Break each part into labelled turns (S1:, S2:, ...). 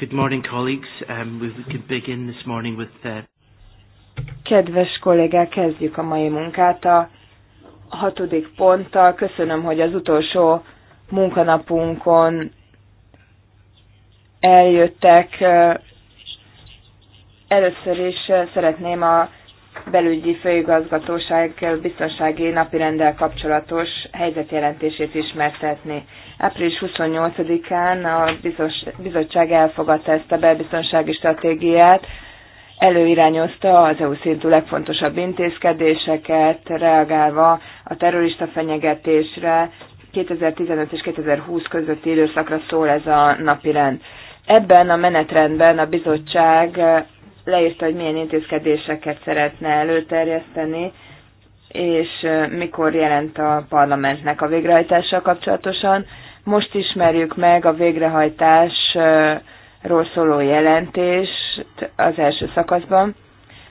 S1: Good morning, colleagues. Um, we, we can begin this morning with the... Uh,
S2: Kedves kollégák, kezdjük a mai munkát a hatodik ponttal. Köszönöm, hogy az utolsó munkanapunkon eljöttek. Először is uh, szeretném a belügyi főigazgatóság biztonsági napirendel kapcsolatos helyzetjelentését ismertetni. Április 28-án a bizottság elfogadta ezt a belbiztonsági stratégiát, előirányozta az EU szintű legfontosabb intézkedéseket, reagálva a terrorista fenyegetésre, 2015 és 2020 közötti időszakra szól ez a napirend. Ebben a menetrendben a bizottság leírta, hogy milyen intézkedéseket szeretne előterjeszteni, és mikor jelent a parlamentnek a végrehajtással kapcsolatosan. Most ismerjük meg a végrehajtásról szóló jelentést az első szakaszban.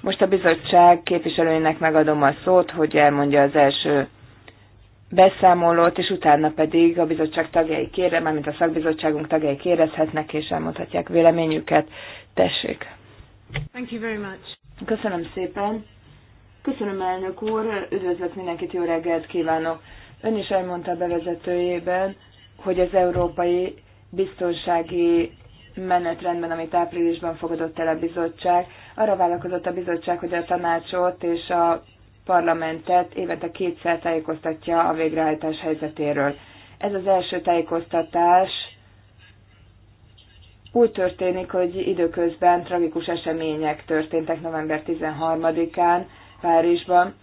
S2: Most a bizottság képviselőinek megadom a szót, hogy elmondja az első beszámolót, és utána pedig a bizottság tagjai kére, mármint a szakbizottságunk tagjai kérezhetnek, és elmondhatják véleményüket. Tessék! Thank you very much. Köszönöm szépen. Köszönöm, elnök úr. Üdvözlök mindenkit, jó reggelt kívánok. Ön is elmondta a bevezetőjében, hogy az európai biztonsági menetrendben, amit áprilisban fogadott el a bizottság, arra vállalkozott a bizottság, hogy a tanácsot és a parlamentet évente kétszer tájékoztatja a végrehajtás helyzetéről. Ez az első tájékoztatás úgy történik, hogy időközben tragikus események történtek november 13-án Párizsban,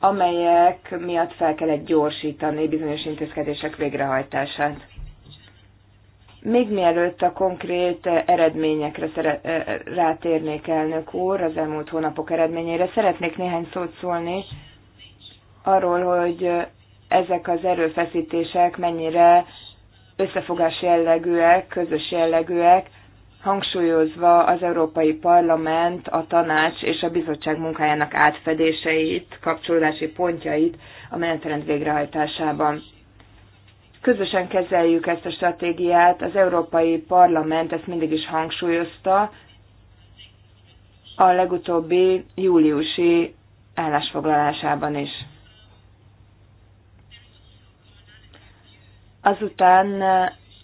S2: amelyek miatt fel kellett gyorsítani bizonyos intézkedések végrehajtását. Még mielőtt a konkrét eredményekre e, e, rátérnék elnök úr, az elmúlt hónapok eredményeire, szeretnék néhány szót szólni arról, hogy ezek az erőfeszítések mennyire összefogás jellegűek, közös jellegűek, hangsúlyozva az Európai Parlament, a Tanács és a Bizottság munkájának átfedéseit, kapcsolódási pontjait a menetrend végrehajtásában. Közösen kezeljük ezt a stratégiát, az Európai Parlament ezt mindig is hangsúlyozta a legutóbbi júliusi állásfoglalásában is. Azután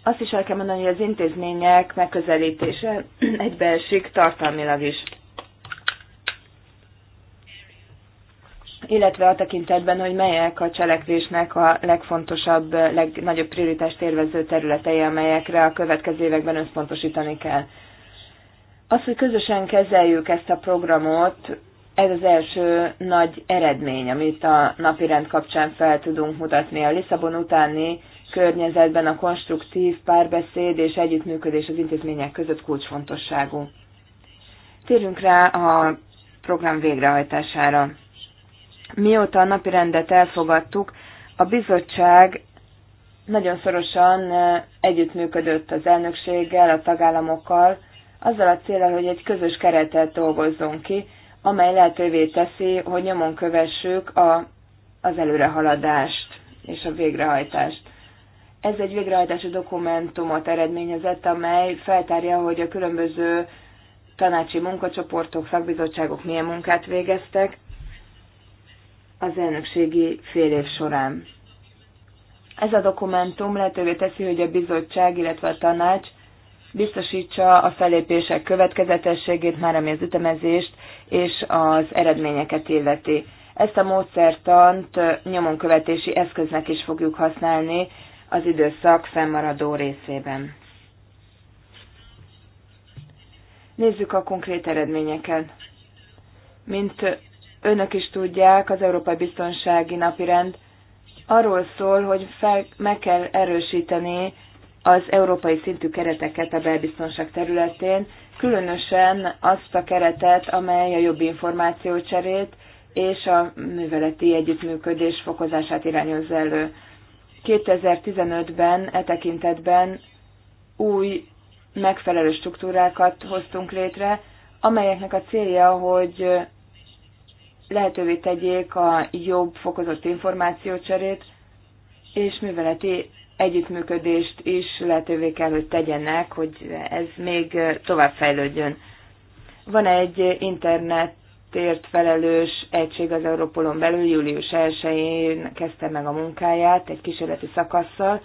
S2: azt is el kell mondani, hogy az intézmények megközelítése egybeesik tartalmilag is. illetve a tekintetben, hogy melyek a cselekvésnek a legfontosabb, legnagyobb prioritást érvező területei, amelyekre a következő években összpontosítani kell. Az, hogy közösen kezeljük ezt a programot, ez az első nagy eredmény, amit a napirend kapcsán fel tudunk mutatni. A Lisszabon utáni környezetben a konstruktív párbeszéd és együttműködés az intézmények között kulcsfontosságú. Térjünk rá a program végrehajtására. Mióta a napirendet elfogadtuk, a bizottság nagyon szorosan eh, együttműködött az elnökséggel, a tagállamokkal, azzal a célral, hogy egy közös keretet dolgozzon ki, amely lehetővé teszi, hogy nyomon kövessük a, az előrehaladást és a végrehajtást. Ez egy végrehajtási dokumentumot eredményezett, amely feltárja, hogy a különböző tanácsi munkacsoportok, szakbizottságok milyen munkát végeztek az elnökségi fél év során. Ez a dokumentum lehetővé teszi, hogy a bizottság, illetve a tanács biztosítsa a felépések következetességét, már ami az ütemezést és az eredményeket illeti. Ezt a módszertant nyomonkövetési eszköznek is fogjuk használni az időszak fennmaradó részében. Nézzük a konkrét eredményeket. Mint önök is tudják, az Európai Biztonsági Napirend arról szól, hogy fel, meg kell erősíteni az európai szintű kereteket a belbiztonság területén, különösen azt a keretet, amely a jobb információcserét és a műveleti együttműködés fokozását irányozza elő. 2015-ben e tekintetben új megfelelő struktúrákat hoztunk létre, amelyeknek a célja, hogy lehetővé tegyék a jobb fokozott információcserét, és műveleti együttműködést is lehetővé kell, hogy tegyenek, hogy ez még tovább fejlődjön. Van egy internet ért felelős egység az Európolon belül július 1-én kezdte meg a munkáját egy kísérleti szakasszal.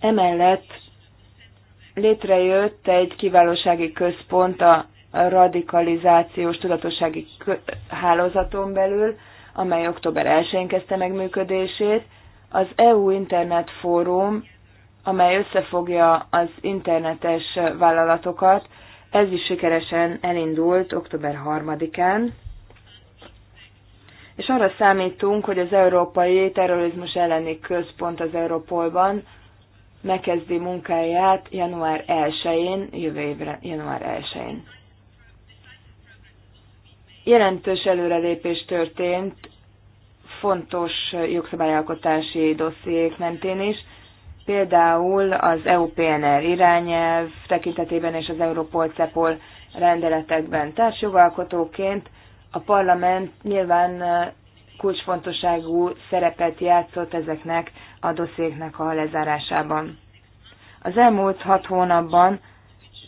S2: Emellett létrejött egy kiválósági központ a radikalizációs tudatossági hálózaton belül, amely október 1-én kezdte meg működését, az EU Internet Fórum, amely összefogja az internetes vállalatokat, ez is sikeresen elindult október 3-án, és arra számítunk, hogy az Európai Terrorizmus elleni központ az Európolban megkezdi munkáját január 1-én, jövő évre, január 1-én. Jelentős előrelépés történt fontos jogszabályalkotási dossziék mentén is, például az EUPNR irányelv tekintetében és az Europol-CEPOL rendeletekben. Társjogalkotóként a parlament nyilván kulcsfontosságú szerepet játszott ezeknek a dossziéknek a lezárásában. Az elmúlt hat hónapban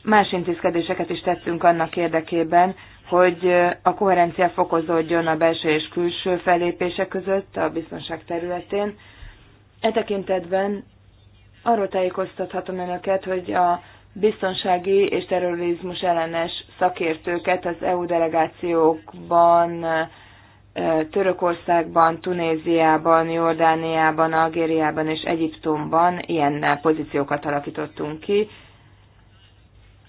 S2: más intézkedéseket is tettünk annak érdekében, hogy a koherencia fokozódjon a belső és külső felépése között a biztonság területén. E tekintetben Arról tájékoztathatom önöket, hogy a biztonsági és terrorizmus ellenes szakértőket az EU delegációkban Törökországban, Tunéziában, Jordániában, Algériában és Egyiptomban ilyen pozíciókat alakítottunk ki.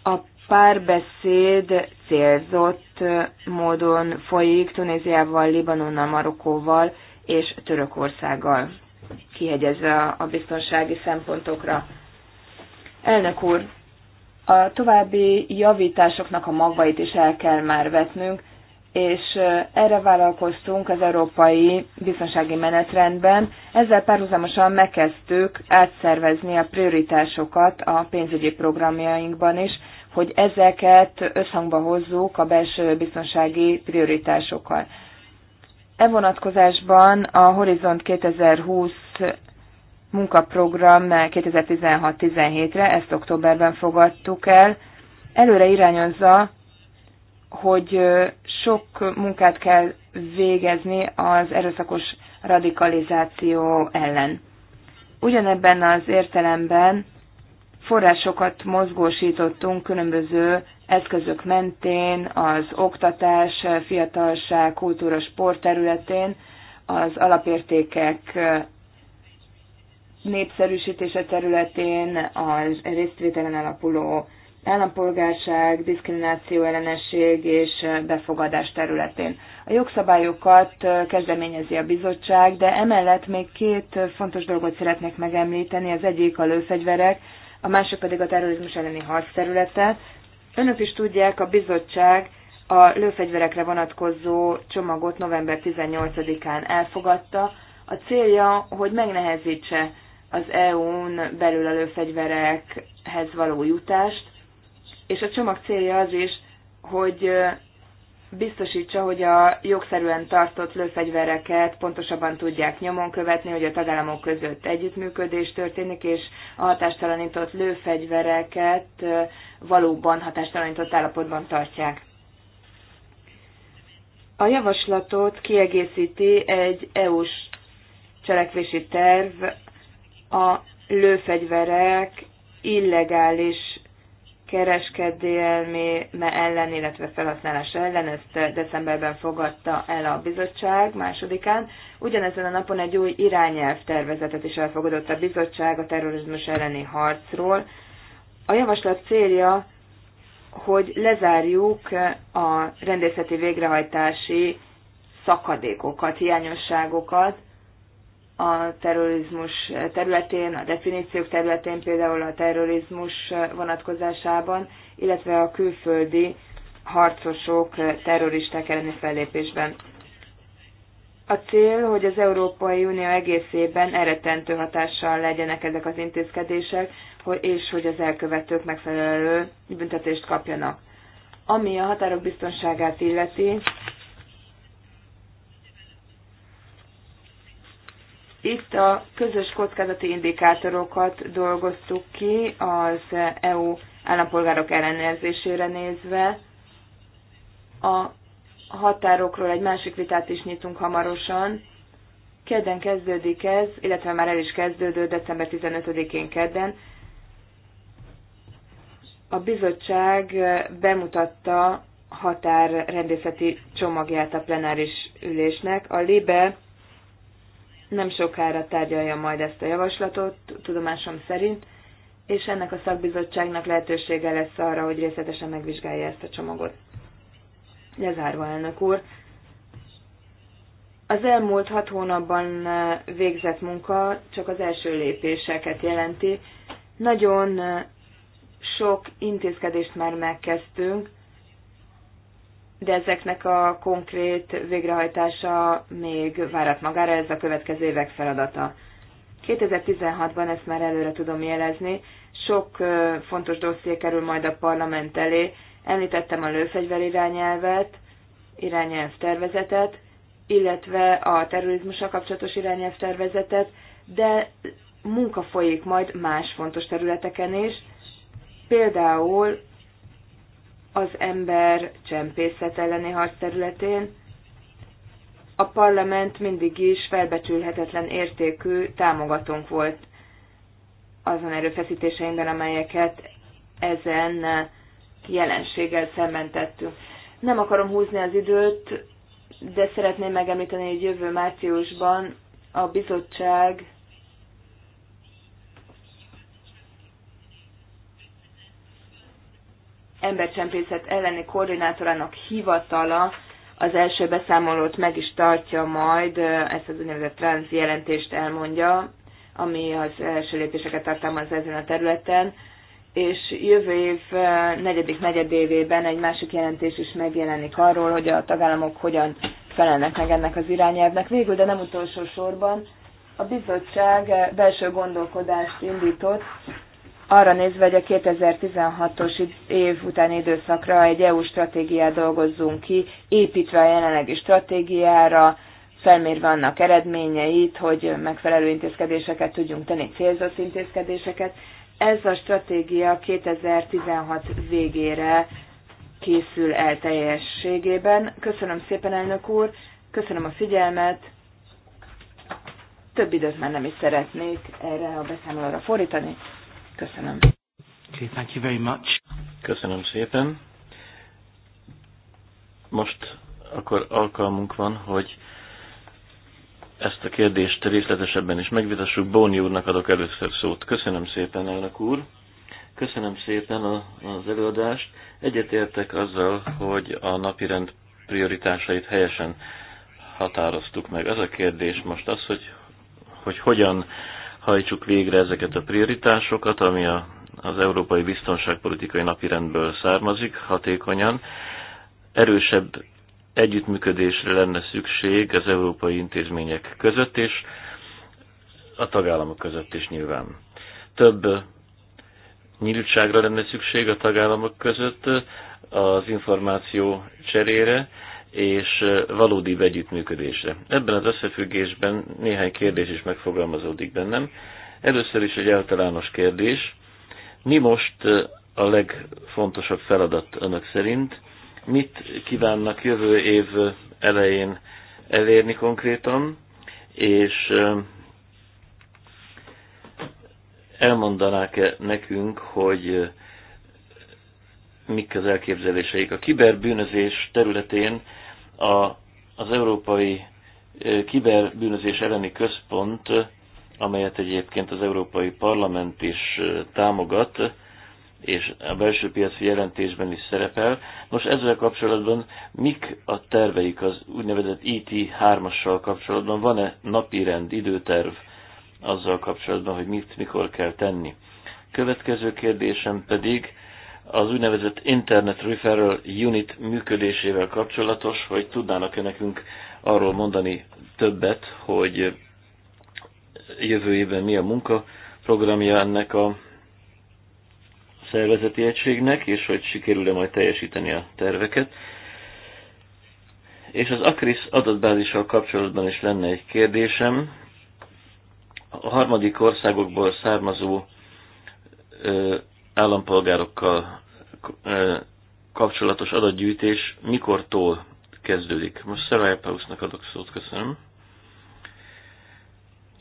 S2: A párbeszéd célzott módon folyik Tunéziával, Libanonnal, Marokkóval és Törökországgal kihegyezve a biztonsági szempontokra. Elnök úr, a további javításoknak a magvait is el kell már vetnünk, és erre vállalkoztunk az európai biztonsági menetrendben. Ezzel párhuzamosan megkezdtük átszervezni a prioritásokat a pénzügyi programjainkban is, hogy ezeket összhangba hozzuk a belső biztonsági prioritásokkal. E vonatkozásban a Horizont 2020 munkaprogram 2016-17-re, ezt októberben fogadtuk el, előre irányozza, hogy sok munkát kell végezni az erőszakos radikalizáció ellen. Ugyanebben az értelemben forrásokat mozgósítottunk különböző eszközök mentén, az oktatás, fiatalság, kultúra, sport területén az alapértékek népszerűsítése területén, az résztvételen alapuló állampolgárság, diszkrimináció ellenesség és befogadás területén. A jogszabályokat kezdeményezi a bizottság, de emellett még két fontos dolgot szeretnék megemlíteni, az egyik a lőfegyverek, a másik pedig a terrorizmus elleni harc területe. Önök is tudják, a bizottság a lőfegyverekre vonatkozó csomagot november 18-án elfogadta. A célja, hogy megnehezítse az EU-n belül a lőfegyverekhez való jutást, és a csomag célja az is, hogy biztosítsa, hogy a jogszerűen tartott lőfegyvereket pontosabban tudják nyomon követni, hogy a tagállamok között együttműködés történik, és a hatástalanított lőfegyvereket valóban hatástalanított állapotban tartják. A javaslatot kiegészíti egy EU-s cselekvési terv a lőfegyverek illegális kereskedelmi ellen, illetve felhasználás ellen, ezt decemberben fogadta el a bizottság másodikán. Ugyanezen a napon egy új irányelv tervezetet is elfogadott a bizottság a terrorizmus elleni harcról. A javaslat célja, hogy lezárjuk a rendészeti végrehajtási szakadékokat, hiányosságokat, a terrorizmus területén, a definíciók területén, például a terrorizmus vonatkozásában, illetve a külföldi harcosok, terroristák elleni fellépésben. A cél, hogy az Európai Unió egészében eretentő hatással legyenek ezek az intézkedések, és hogy az elkövetők megfelelő büntetést kapjanak. Ami a határok biztonságát illeti, Itt a közös kockázati indikátorokat dolgoztuk ki az EU állampolgárok ellenőrzésére nézve. A határokról egy másik vitát is nyitunk hamarosan. Kedden kezdődik ez, illetve már el is kezdődő, december 15-én kedden. A bizottság bemutatta határrendészeti csomagját a plenáris ülésnek. A LIBE nem sokára tárgyalja majd ezt a javaslatot, tudomásom szerint, és ennek a szakbizottságnak lehetősége lesz arra, hogy részletesen megvizsgálja ezt a csomagot. Lezárva, elnök úr, az elmúlt hat hónapban eh, végzett munka csak az első lépéseket jelenti. Nagyon eh, sok intézkedést már megkezdtünk, de ezeknek a konkrét végrehajtása még várat magára, ez a következő évek feladata. 2016-ban ezt már előre tudom jelezni, sok fontos dosszié kerül majd a parlament elé, említettem a lőfegyver irányelvet, irányelv tervezetet, illetve a terrorizmusra kapcsolatos irányelv tervezetet, de munka folyik majd más fontos területeken is, például az ember csempészet elleni harc területén, a parlament mindig is felbecsülhetetlen értékű támogatónk volt azon erőfeszítéseinkben, amelyeket ezen jelenséggel szemben tettünk. Nem akarom húzni az időt, de szeretném megemlíteni, hogy jövő márciusban a bizottság embercsempészet elleni koordinátorának hivatala az első beszámolót meg is tartja majd, ezt az úgynevezett transz jelentést elmondja, ami az első lépéseket tartalmaz ezen a területen, és jövő év negyedik negyedévében egy másik jelentés is megjelenik arról, hogy a tagállamok hogyan felelnek meg ennek az irányelvnek. Végül, de nem utolsó sorban, a bizottság belső gondolkodást indított arra nézve, hogy a 2016-os év utáni időszakra egy EU stratégiát dolgozzunk ki, építve a jelenlegi stratégiára, felmérve annak eredményeit, hogy megfelelő intézkedéseket tudjunk tenni, célzott intézkedéseket. Ez a stratégia 2016 végére készül el teljességében. Köszönöm szépen, elnök úr, köszönöm a figyelmet. Több időt már nem is szeretnék erre a beszámolóra fordítani. Köszönöm.
S3: Okay, thank you very much. Köszönöm szépen. Most akkor alkalmunk van, hogy ezt a kérdést részletesebben is megvitassuk. Bóni úrnak adok először szót. Köszönöm szépen, elnök úr. Köszönöm szépen a, az előadást. Egyetértek azzal, hogy a napirend prioritásait helyesen határoztuk meg. Az a kérdés most az, hogy, hogy hogyan hajtsuk végre ezeket a prioritásokat, ami a, az európai biztonságpolitikai napirendből származik hatékonyan. Erősebb együttműködésre lenne szükség az európai intézmények között és a tagállamok között is nyilván. Több nyíltságra lenne szükség a tagállamok között, az információ cserére, és valódi együttműködésre. Ebben az összefüggésben néhány kérdés is megfogalmazódik bennem. Először is egy általános kérdés. Mi most a legfontosabb feladat önök szerint? Mit kívánnak jövő év elején elérni konkrétan? És elmondanák-e nekünk, hogy mik az elképzeléseik? A kiberbűnözés területén a, az Európai Kiberbűnözés elleni központ, amelyet egyébként az Európai Parlament is támogat, és a belső piaci jelentésben is szerepel. Most ezzel kapcsolatban mik a terveik az úgynevezett IT3-assal e kapcsolatban? Van-e napi rend, időterv azzal kapcsolatban, hogy mit, mikor kell tenni? Következő kérdésem pedig az úgynevezett Internet Referral Unit működésével kapcsolatos, hogy tudnának-e nekünk arról mondani többet, hogy jövő évben mi a munka programja ennek a szervezeti egységnek, és hogy sikerül-e majd teljesíteni a terveket. És az ACRIS adatbázissal kapcsolatban is lenne egy kérdésem. A harmadik országokból származó állampolgárokkal eh, kapcsolatos adatgyűjtés mikortól kezdődik. Most Szerály Pausznak adok szót, köszönöm.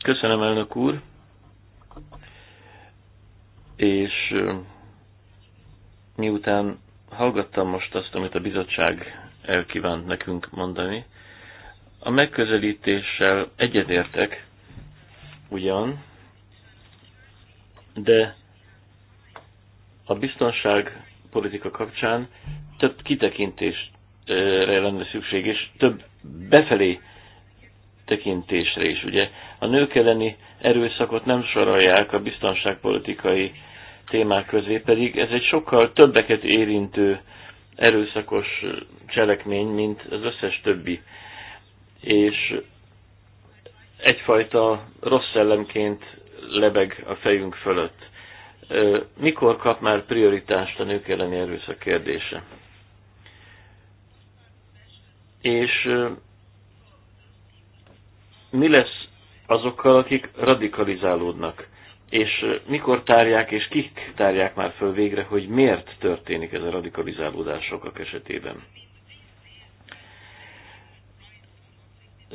S3: Köszönöm, elnök úr. És eh, miután hallgattam most azt, amit a bizottság elkívánt nekünk mondani, a megközelítéssel egyetértek ugyan, de a biztonság politika kapcsán több kitekintésre lenne szükség, és több befelé tekintésre is. Ugye a nők elleni erőszakot nem sorolják a biztonságpolitikai témák közé, pedig ez egy sokkal többeket érintő erőszakos cselekmény, mint az összes többi. És egyfajta rossz szellemként lebeg a fejünk fölött mikor kap már prioritást a nők elleni erőszak kérdése. És mi lesz azokkal, akik radikalizálódnak, és mikor tárják, és kik tárják már föl végre, hogy miért történik ez a radikalizálódás sokak esetében.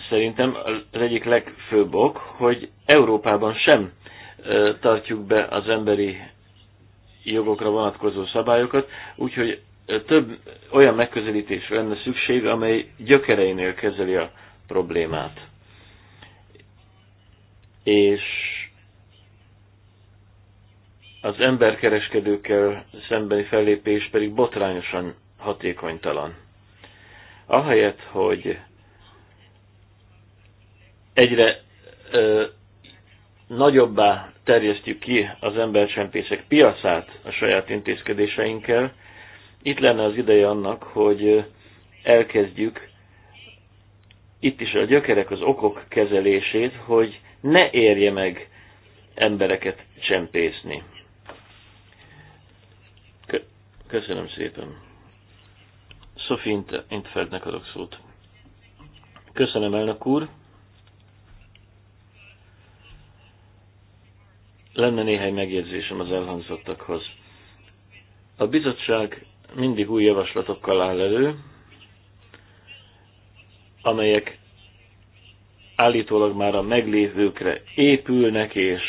S3: Szerintem az egyik legfőbb ok, hogy Európában sem tartjuk be az emberi jogokra vonatkozó szabályokat, úgyhogy több olyan megközelítés, lenne szükség, amely gyökereinél kezeli a problémát. És az emberkereskedőkkel szembeni fellépés pedig botrányosan hatékonytalan. Ahelyett, hogy egyre ö, nagyobbá terjesztjük ki az embercsempészek piacát a saját intézkedéseinkkel, itt lenne az ideje annak, hogy elkezdjük itt is a gyökerek, az okok kezelését, hogy ne érje meg embereket csempészni. Köszönöm szépen. Sophie Intfeldnek adok szót. Köszönöm, elnök úr. Lenne néhány megjegyzésem az elhangzottakhoz. A bizottság mindig új javaslatokkal áll elő, amelyek állítólag már a meglévőkre épülnek, és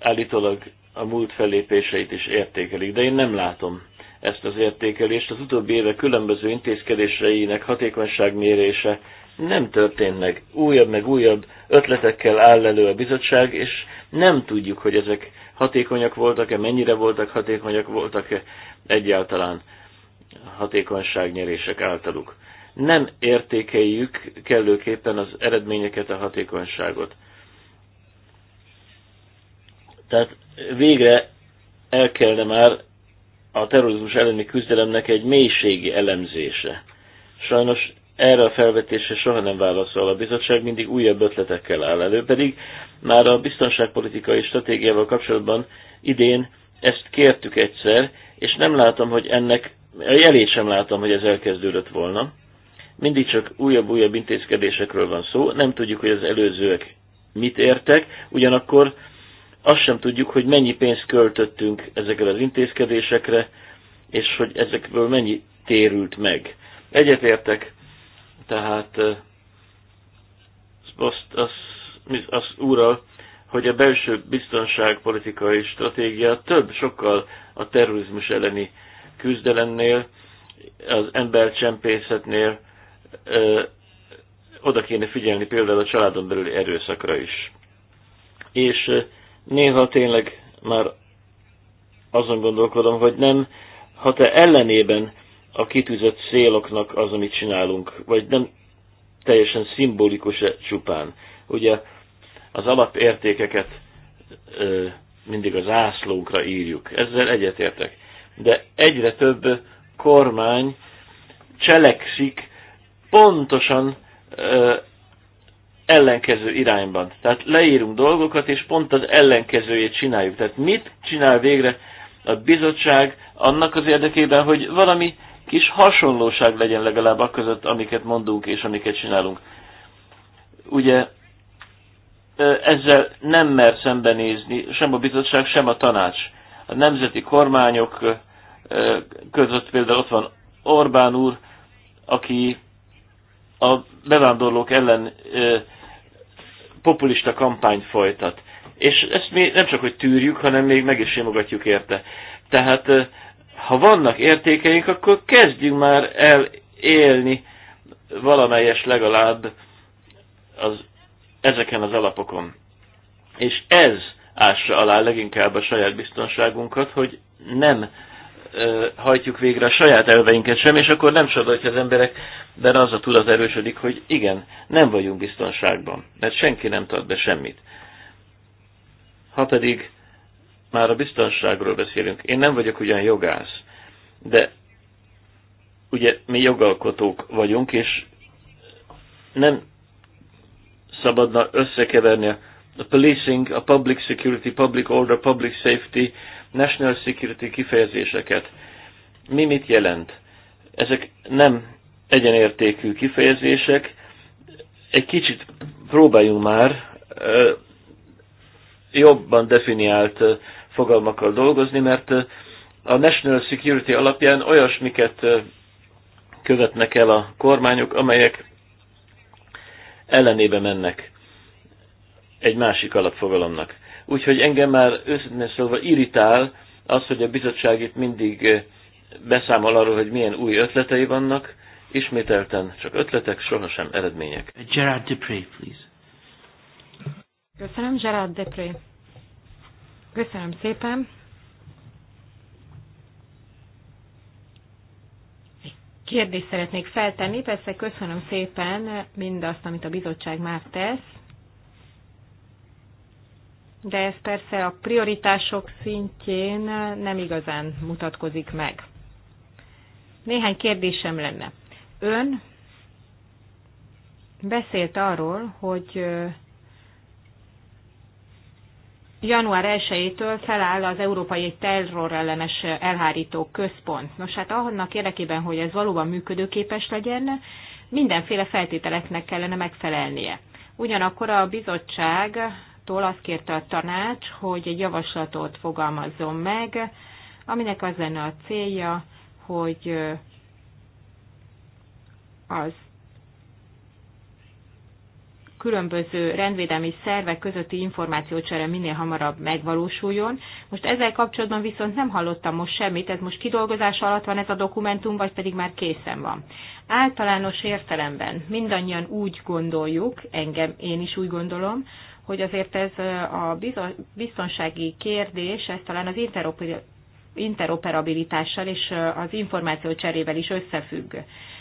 S3: állítólag a múlt fellépéseit is értékelik, de én nem látom ezt az értékelést. Az utóbbi évek különböző intézkedéseinek hatékonyságmérése nem történt meg. Újabb meg újabb ötletekkel áll elő a bizottság, és nem tudjuk, hogy ezek hatékonyak voltak-e, mennyire voltak hatékonyak voltak-e egyáltalán hatékonyságnyerések általuk. Nem értékeljük kellőképpen az eredményeket, a hatékonyságot. Tehát végre el kellene már a terrorizmus elleni küzdelemnek egy mélységi elemzése. Sajnos erre a felvetésre soha nem válaszol a bizottság, mindig újabb ötletekkel áll elő, pedig már a biztonságpolitikai stratégiával kapcsolatban idén ezt kértük egyszer, és nem látom, hogy ennek, a jelét sem látom, hogy ez elkezdődött volna. Mindig csak újabb-újabb intézkedésekről van szó, nem tudjuk, hogy az előzőek mit értek, ugyanakkor azt sem tudjuk, hogy mennyi pénzt költöttünk ezekre az intézkedésekre, és hogy ezekből mennyi térült meg. Egyetértek tehát azt, az, az úrral, hogy a belső biztonságpolitikai stratégia több sokkal a terrorizmus elleni küzdelemnél, az embercsempészetnél ö, oda kéne figyelni például a családon belüli erőszakra is. És ö, néha tényleg már azon gondolkodom, hogy nem, ha te ellenében a kitűzött céloknak az, amit csinálunk, vagy nem teljesen szimbolikus -e csupán. Ugye az alapértékeket ö, mindig az ászlónkra írjuk, ezzel egyetértek. De egyre több kormány cselekszik pontosan ö, ellenkező irányban. Tehát leírunk dolgokat, és pont az ellenkezőjét csináljuk. Tehát mit csinál végre a bizottság annak az érdekében, hogy valami kis hasonlóság legyen legalább a között, amiket mondunk és amiket csinálunk. Ugye ezzel nem mer szembenézni sem a bizottság, sem a tanács. A nemzeti kormányok között például ott van Orbán úr, aki a bevándorlók ellen populista kampányt folytat. És ezt mi nem csak, hogy tűrjük, hanem még meg is simogatjuk érte. Tehát ha vannak értékeink, akkor kezdjünk már el élni valamelyes legalább az, ezeken az alapokon. És ez ássa alá leginkább a saját biztonságunkat, hogy nem ö, hajtjuk végre a saját elveinket sem, és akkor nem csoda, hogy az emberekben az a tudat erősödik, hogy igen, nem vagyunk biztonságban, mert senki nem tart be semmit. Ha pedig már a biztonságról beszélünk. Én nem vagyok ugyan jogász, de ugye mi jogalkotók vagyunk, és nem szabadna összekeverni a policing, a public security, public order, public safety, national security kifejezéseket. Mi mit jelent? Ezek nem egyenértékű kifejezések. Egy kicsit próbáljunk már jobban definiált fogalmakkal dolgozni, mert a National Security alapján olyasmiket követnek el a kormányok, amelyek ellenébe mennek egy másik alapfogalomnak. Úgyhogy engem már őszintén szólva irritál az, hogy a bizottság itt mindig beszámol arról, hogy milyen új ötletei vannak, ismételten csak ötletek, sohasem eredmények.
S1: Gerard Dupré, please. Köszönöm,
S4: Gerard Dupré. Köszönöm szépen. kérdést szeretnék feltenni, persze köszönöm szépen mindazt, amit a bizottság már tesz, de ez persze a prioritások szintjén nem igazán mutatkozik meg. Néhány kérdésem lenne. Ön beszélt arról, hogy január 1-től feláll az Európai Terrorellenes Elhárító Központ. Nos, hát annak érdekében, hogy ez valóban működőképes legyen, mindenféle feltételeknek kellene megfelelnie. Ugyanakkor a bizottságtól azt kérte a tanács, hogy egy javaslatot fogalmazzon meg, aminek az lenne a célja, hogy az különböző rendvédelmi szervek közötti információcsere minél hamarabb megvalósuljon. Most ezzel kapcsolatban viszont nem hallottam most semmit, ez most kidolgozás alatt van ez a dokumentum, vagy pedig már készen van. Általános értelemben mindannyian úgy gondoljuk, engem én is úgy gondolom, hogy azért ez a biztonsági kérdés, ez talán az interoperabilitással és az információ cserével is összefügg.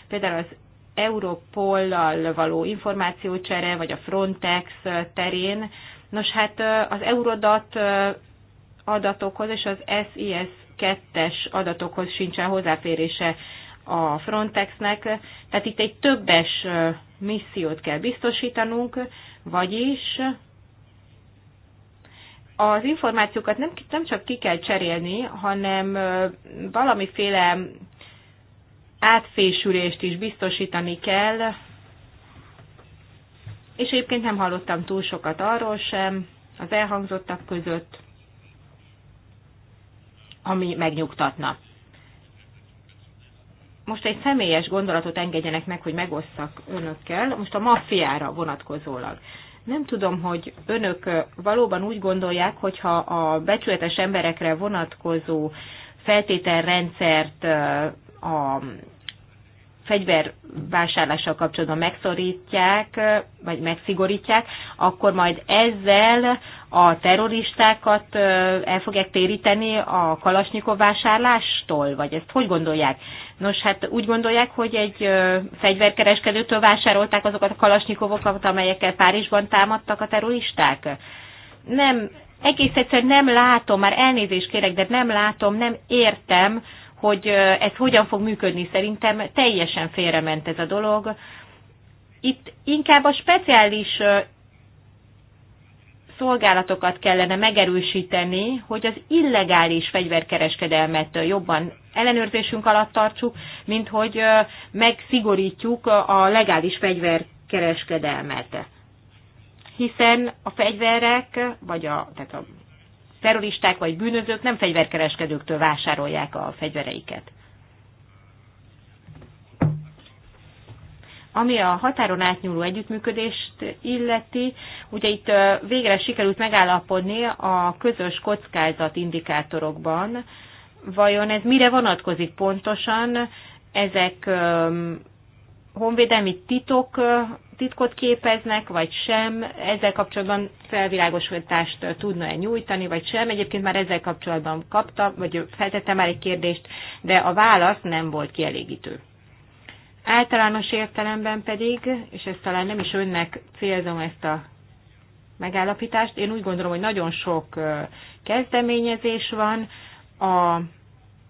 S4: Például az Europollal való információcsere, vagy a Frontex terén. Nos, hát az Eurodat adatokhoz és az SIS 2-es adatokhoz sincsen hozzáférése a Frontexnek, tehát itt egy többes missziót kell biztosítanunk, vagyis az információkat nem, nem csak ki kell cserélni, hanem valamiféle átfésülést is biztosítani kell, és egyébként nem hallottam túl sokat arról sem az elhangzottak között, ami megnyugtatna. Most egy személyes gondolatot engedjenek meg, hogy megosszak önökkel, most a maffiára vonatkozólag. Nem tudom, hogy önök valóban úgy gondolják, hogyha a becsületes emberekre vonatkozó feltételrendszert a fegyvervásárlással kapcsolatban megszorítják, vagy megszigorítják, akkor majd ezzel a terroristákat el fogják téríteni a kalasnyikov vásárlástól, vagy ezt hogy gondolják? Nos, hát úgy gondolják, hogy egy fegyverkereskedőtől vásárolták azokat a kalasnyikovokat, amelyekkel Párizsban támadtak a terroristák? Nem, egész egyszerűen nem látom, már elnézést kérek, de nem látom, nem értem, hogy ez hogyan fog működni. Szerintem teljesen félrement ez a dolog. Itt inkább a speciális szolgálatokat kellene megerősíteni, hogy az illegális fegyverkereskedelmet jobban ellenőrzésünk alatt tartsuk, mint hogy megszigorítjuk a legális fegyverkereskedelmet. Hiszen a fegyverek, vagy a, tehát a terroristák vagy bűnözők nem fegyverkereskedőktől vásárolják a fegyvereiket. Ami a határon átnyúló együttműködést illeti, ugye itt végre sikerült megállapodni a közös kockázat indikátorokban. Vajon ez mire vonatkozik pontosan? Ezek honvédelmi titok titkot képeznek, vagy sem, ezzel kapcsolatban felvilágosítást tudna-e nyújtani, vagy sem. Egyébként már ezzel kapcsolatban kapta, vagy feltette már egy kérdést, de a válasz nem volt kielégítő. Általános értelemben pedig, és ezt talán nem is önnek célzom ezt a megállapítást, én úgy gondolom, hogy nagyon sok kezdeményezés van, a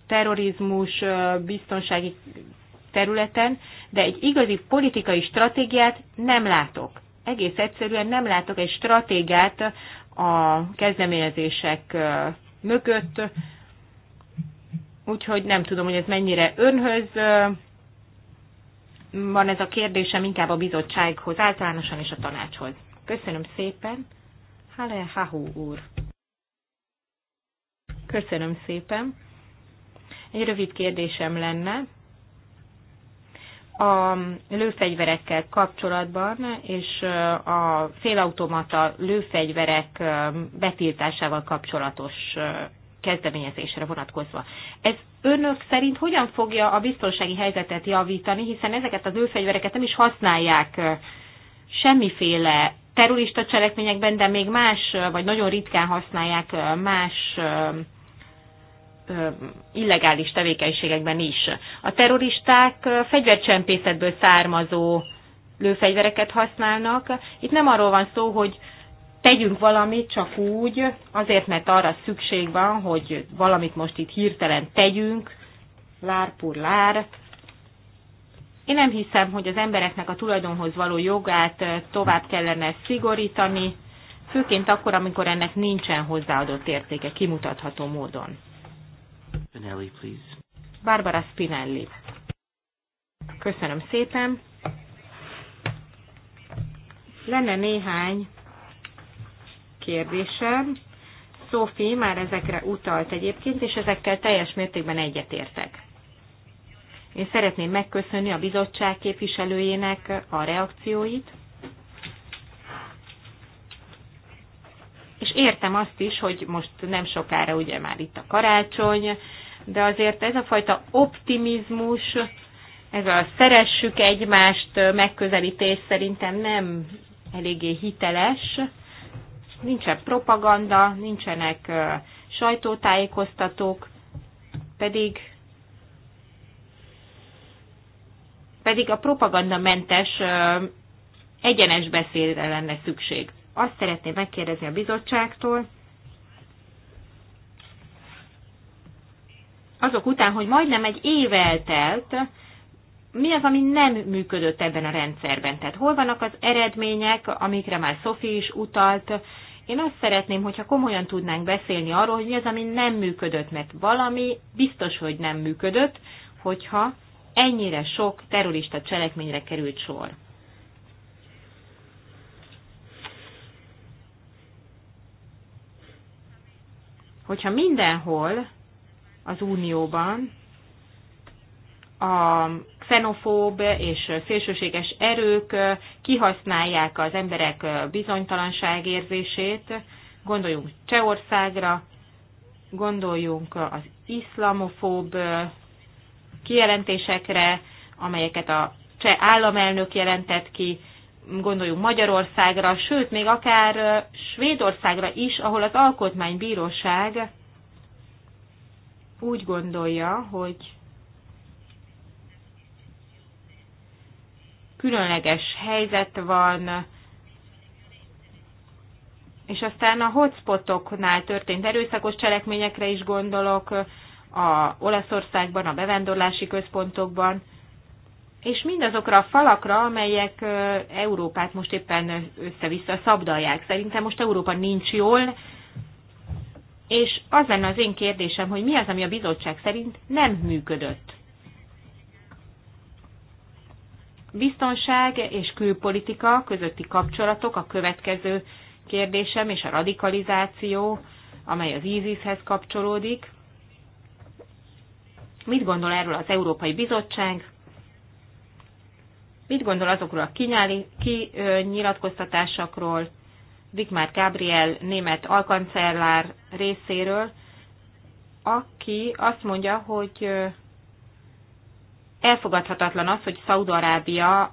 S4: terrorizmus, biztonsági területen, de egy igazi politikai stratégiát nem látok. Egész egyszerűen nem látok egy stratégiát a kezdeményezések mögött, úgyhogy nem tudom, hogy ez mennyire önhöz van ez a kérdésem, inkább a bizottsághoz általánosan és a tanácshoz. Köszönöm szépen. Hale Hahu úr. Köszönöm szépen. Egy rövid kérdésem lenne a lőfegyverekkel kapcsolatban és a félautomata lőfegyverek betiltásával kapcsolatos kezdeményezésre vonatkozva. Ez önök szerint hogyan fogja a biztonsági helyzetet javítani, hiszen ezeket az lőfegyvereket nem is használják semmiféle terrorista cselekményekben, de még más, vagy nagyon ritkán használják más illegális tevékenységekben is. A terroristák fegyvercsempészetből származó lőfegyvereket használnak. Itt nem arról van szó, hogy tegyünk valamit csak úgy, azért, mert arra szükség van, hogy valamit most itt hirtelen tegyünk, lár pur lár. Én nem hiszem, hogy az embereknek a tulajdonhoz való jogát tovább kellene szigorítani, főként akkor, amikor ennek nincsen hozzáadott értéke kimutatható módon.
S1: Spinelli, please.
S4: Barbara Spinelli. Köszönöm szépen. Lenne néhány kérdésem. Sophie már ezekre utalt egyébként, és ezekkel teljes mértékben egyetértek. Én szeretném megköszönni a bizottság képviselőjének a reakcióit, és értem azt is, hogy most nem sokára ugye már itt a karácsony, de azért ez a fajta optimizmus, ez a szeressük egymást megközelítés szerintem nem eléggé hiteles. Nincsen propaganda, nincsenek sajtótájékoztatók, pedig pedig a propagandamentes egyenes beszédre lenne szükség. Azt szeretném megkérdezni a bizottságtól, azok után, hogy majdnem egy év eltelt, mi az, ami nem működött ebben a rendszerben? Tehát hol vannak az eredmények, amikre már Szofi is utalt? Én azt szeretném, hogyha komolyan tudnánk beszélni arról, hogy mi az, ami nem működött, mert valami biztos, hogy nem működött, hogyha ennyire sok terrorista cselekményre került sor. Hogyha mindenhol az Unióban. A xenofób és szélsőséges erők kihasználják az emberek bizonytalanság érzését. Gondoljunk Csehországra, gondoljunk az iszlamofób kijelentésekre, amelyeket a cseh államelnök jelentett ki, gondoljunk Magyarországra, sőt, még akár Svédországra is, ahol az Alkotmánybíróság úgy gondolja, hogy különleges helyzet van, és aztán a hotspotoknál történt erőszakos cselekményekre is gondolok, a Olaszországban, a bevándorlási központokban, és mindazokra a falakra, amelyek Európát most éppen össze-vissza szabdalják. Szerintem most Európa nincs jól, és az lenne az én kérdésem, hogy mi az, ami a bizottság szerint nem működött. Biztonság és külpolitika közötti kapcsolatok a következő kérdésem, és a radikalizáció, amely az ISIS-hez kapcsolódik. Mit gondol erről az Európai Bizottság? Mit gondol azokról a kinyilatkoztatásokról, Digmár Gabriel német alkancellár részéről, aki azt mondja, hogy elfogadhatatlan az, hogy Szaudarábia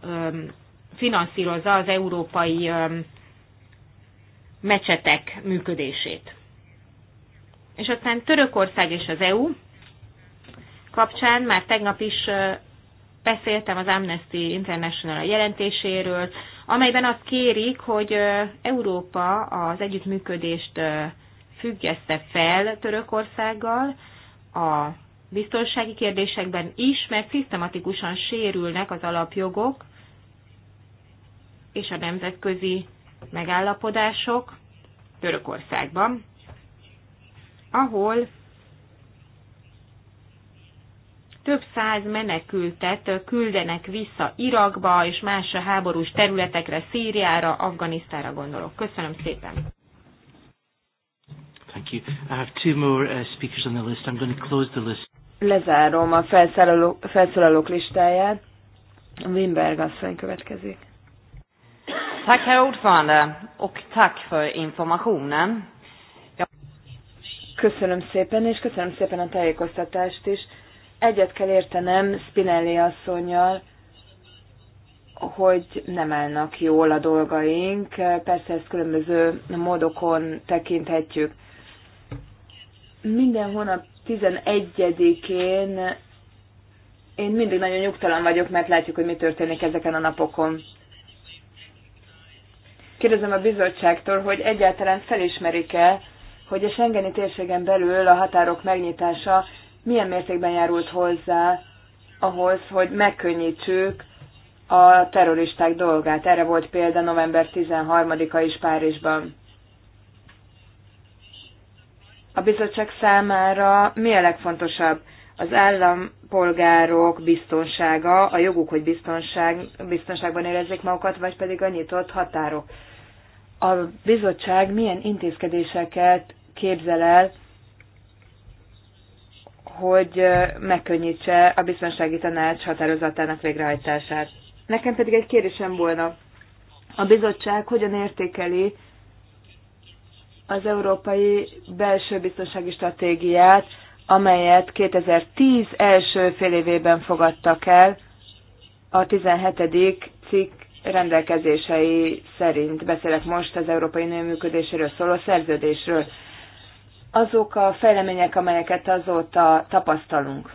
S4: finanszírozza az európai mecsetek működését. És aztán Törökország és az EU kapcsán már tegnap is beszéltem az Amnesty International jelentéséről, amelyben azt kérik, hogy Európa az együttműködést függeszte fel Törökországgal a biztonsági kérdésekben is, mert szisztematikusan sérülnek az alapjogok és a nemzetközi megállapodások Törökországban, ahol több száz menekültet küldenek vissza Irakba és más háborús területekre, Szíriára, Afganisztára gondolok. Köszönöm szépen!
S1: Thank you. I have two more uh, speakers on the list. I'm going to close the list.
S2: Lezárom a felszólalók, felszólalók listáját. Wimberg asszony következik.
S4: Tack herr ordförande och tack för informationen.
S2: Köszönöm szépen, és köszönöm szépen a tájékoztatást is. Egyet kell értenem Spinelli asszonyjal, hogy nem állnak jól a dolgaink, persze ezt különböző módokon tekinthetjük. Minden hónap 11-én én mindig nagyon nyugtalan vagyok, mert látjuk, hogy mi történik ezeken a napokon. Kérdezem a bizottságtól, hogy egyáltalán felismerik-e, hogy a Schengeni térségen belül a határok megnyitása milyen mértékben járult hozzá ahhoz, hogy megkönnyítsük a terroristák dolgát. Erre volt példa november 13-a is Párizsban. A bizottság számára mi a legfontosabb? Az állampolgárok biztonsága, a joguk, hogy biztonság, biztonságban érezzék magukat, vagy pedig a nyitott határok. A bizottság milyen intézkedéseket képzel el hogy megkönnyítse a biztonsági tanács határozatának végrehajtását. Nekem pedig egy kérdésem volna. A bizottság hogyan értékeli az európai belső biztonsági stratégiát, amelyet 2010 első fél évében fogadtak el a 17. cikk rendelkezései szerint. Beszélek most az Európai Nőműködéséről szóló szerződésről azok a fejlemények, amelyeket azóta tapasztalunk.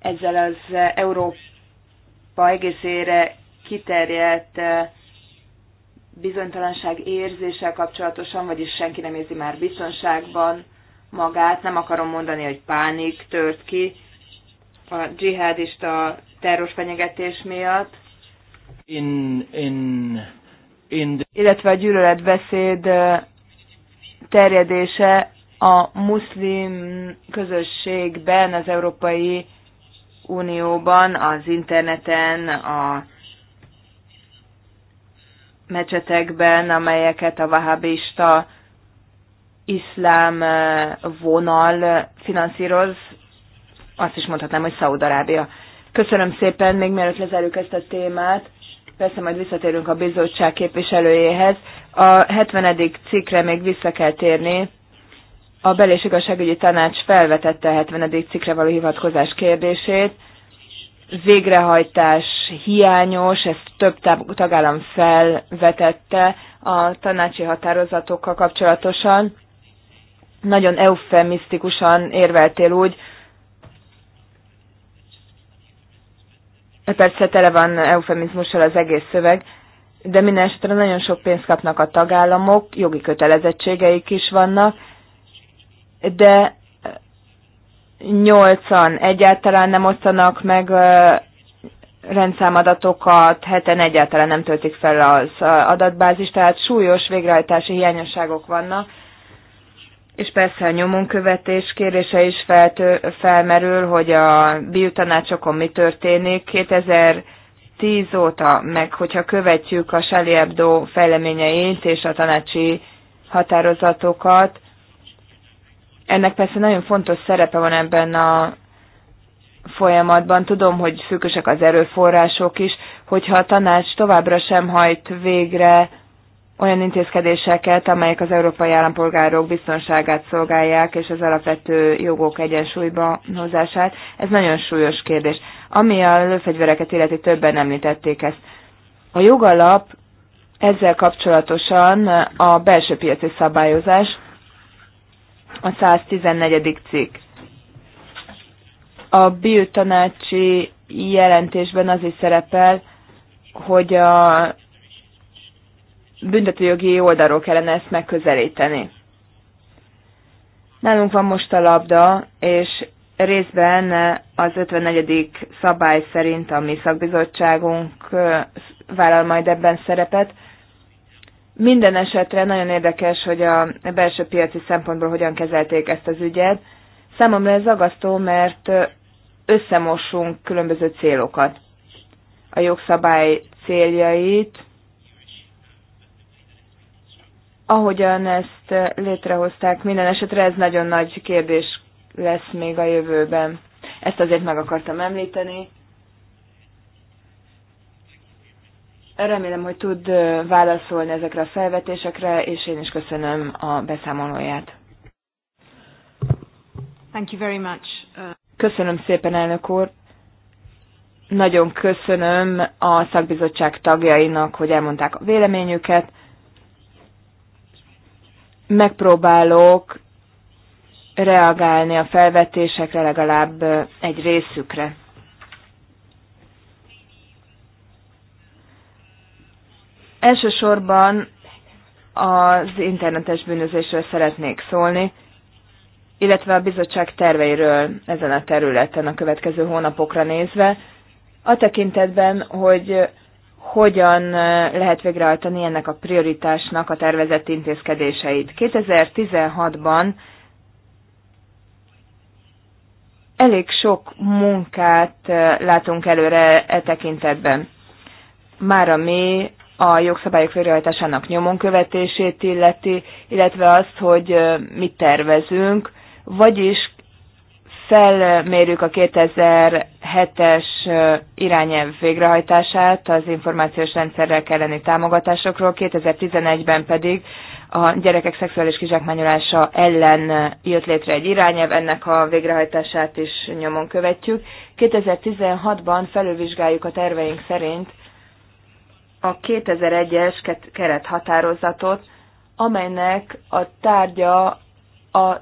S2: Ezzel az Európa egészére kiterjedt eh, bizonytalanság érzéssel kapcsolatosan, vagyis senki nem érzi már biztonságban magát, nem akarom mondani, hogy pánik tört ki a dzsihádista terror fenyegetés miatt. In, in, in the... Illetve a gyűlöletbeszéd eh, terjedése a muszlim közösségben, az Európai Unióban, az interneten, a mecsetekben, amelyeket a vahabista iszlám eh, vonal finanszíroz, azt is mondhatnám, hogy Szaúd-Arábia. Köszönöm szépen, még mielőtt lezárjuk ezt a témát, persze majd visszatérünk a bizottság képviselőjéhez. A 70. cikkre még vissza kell térni, a bel- és igazságügyi tanács felvetette a 70. cikkre való hivatkozás kérdését. Végrehajtás hiányos, ezt több tagállam felvetette a tanácsi határozatokkal kapcsolatosan. Nagyon eufemisztikusan érveltél úgy, persze tele van eufemizmussal az egész szöveg, de minden esetre nagyon sok pénzt kapnak a tagállamok, jogi kötelezettségeik is vannak, de nyolcan egyáltalán nem osztanak meg rendszámadatokat, heten egyáltalán nem töltik fel az adatbázis, tehát súlyos végrehajtási hiányosságok vannak, és persze a nyomonkövetés kérése is feltő, felmerül, hogy a biotanácsokon mi történik. 2010 óta, meg hogyha követjük a Shelley Hebdo fejleményeit és a tanácsi határozatokat, ennek persze nagyon fontos szerepe van ebben a folyamatban. Tudom, hogy szűkösek az erőforrások is, hogyha a tanács továbbra sem hajt végre olyan intézkedéseket, amelyek az európai állampolgárok biztonságát szolgálják, és az alapvető jogok egyensúlyba hozását. Ez nagyon súlyos kérdés. Ami a lőfegyvereket illeti, többen említették ezt. A jogalap ezzel kapcsolatosan a belső piaci szabályozás, a 114. cikk. A biotanácsi jelentésben az is szerepel, hogy a büntetőjogi oldalról kellene ezt megközelíteni. Nálunk van most a labda, és részben az 54. szabály szerint a mi szakbizottságunk vállal majd ebben szerepet, minden esetre nagyon érdekes, hogy a belső piaci szempontból hogyan kezelték ezt az ügyet. Számomra ez agasztó, mert összemossunk különböző célokat. A jogszabály céljait, ahogyan ezt létrehozták, minden esetre ez nagyon nagy kérdés lesz még a jövőben. Ezt azért meg akartam említeni. Remélem, hogy tud válaszolni ezekre a felvetésekre, és én is köszönöm a beszámolóját.
S4: Thank you very much. Uh,
S2: köszönöm szépen, elnök úr. Nagyon köszönöm a szakbizottság tagjainak, hogy elmondták a véleményüket. Megpróbálok reagálni a felvetésekre legalább egy részükre. Elsősorban az internetes bűnözésről szeretnék szólni, illetve a bizottság terveiről ezen a területen a következő hónapokra nézve, a tekintetben, hogy hogyan lehet végrehajtani ennek a prioritásnak a tervezett intézkedéseit. 2016-ban elég sok munkát látunk előre e tekintetben. Már a mi a jogszabályok végrehajtásának nyomon követését illeti, illetve azt, hogy mit tervezünk, vagyis felmérjük a 2007-es irányelv végrehajtását az információs rendszerrel kelleni támogatásokról, 2011-ben pedig a gyerekek szexuális kizsákmányolása ellen jött létre egy irányelv, ennek a végrehajtását is nyomon követjük. 2016-ban felülvizsgáljuk a terveink szerint a 2001-es kerethatározatot, amelynek a tárgya a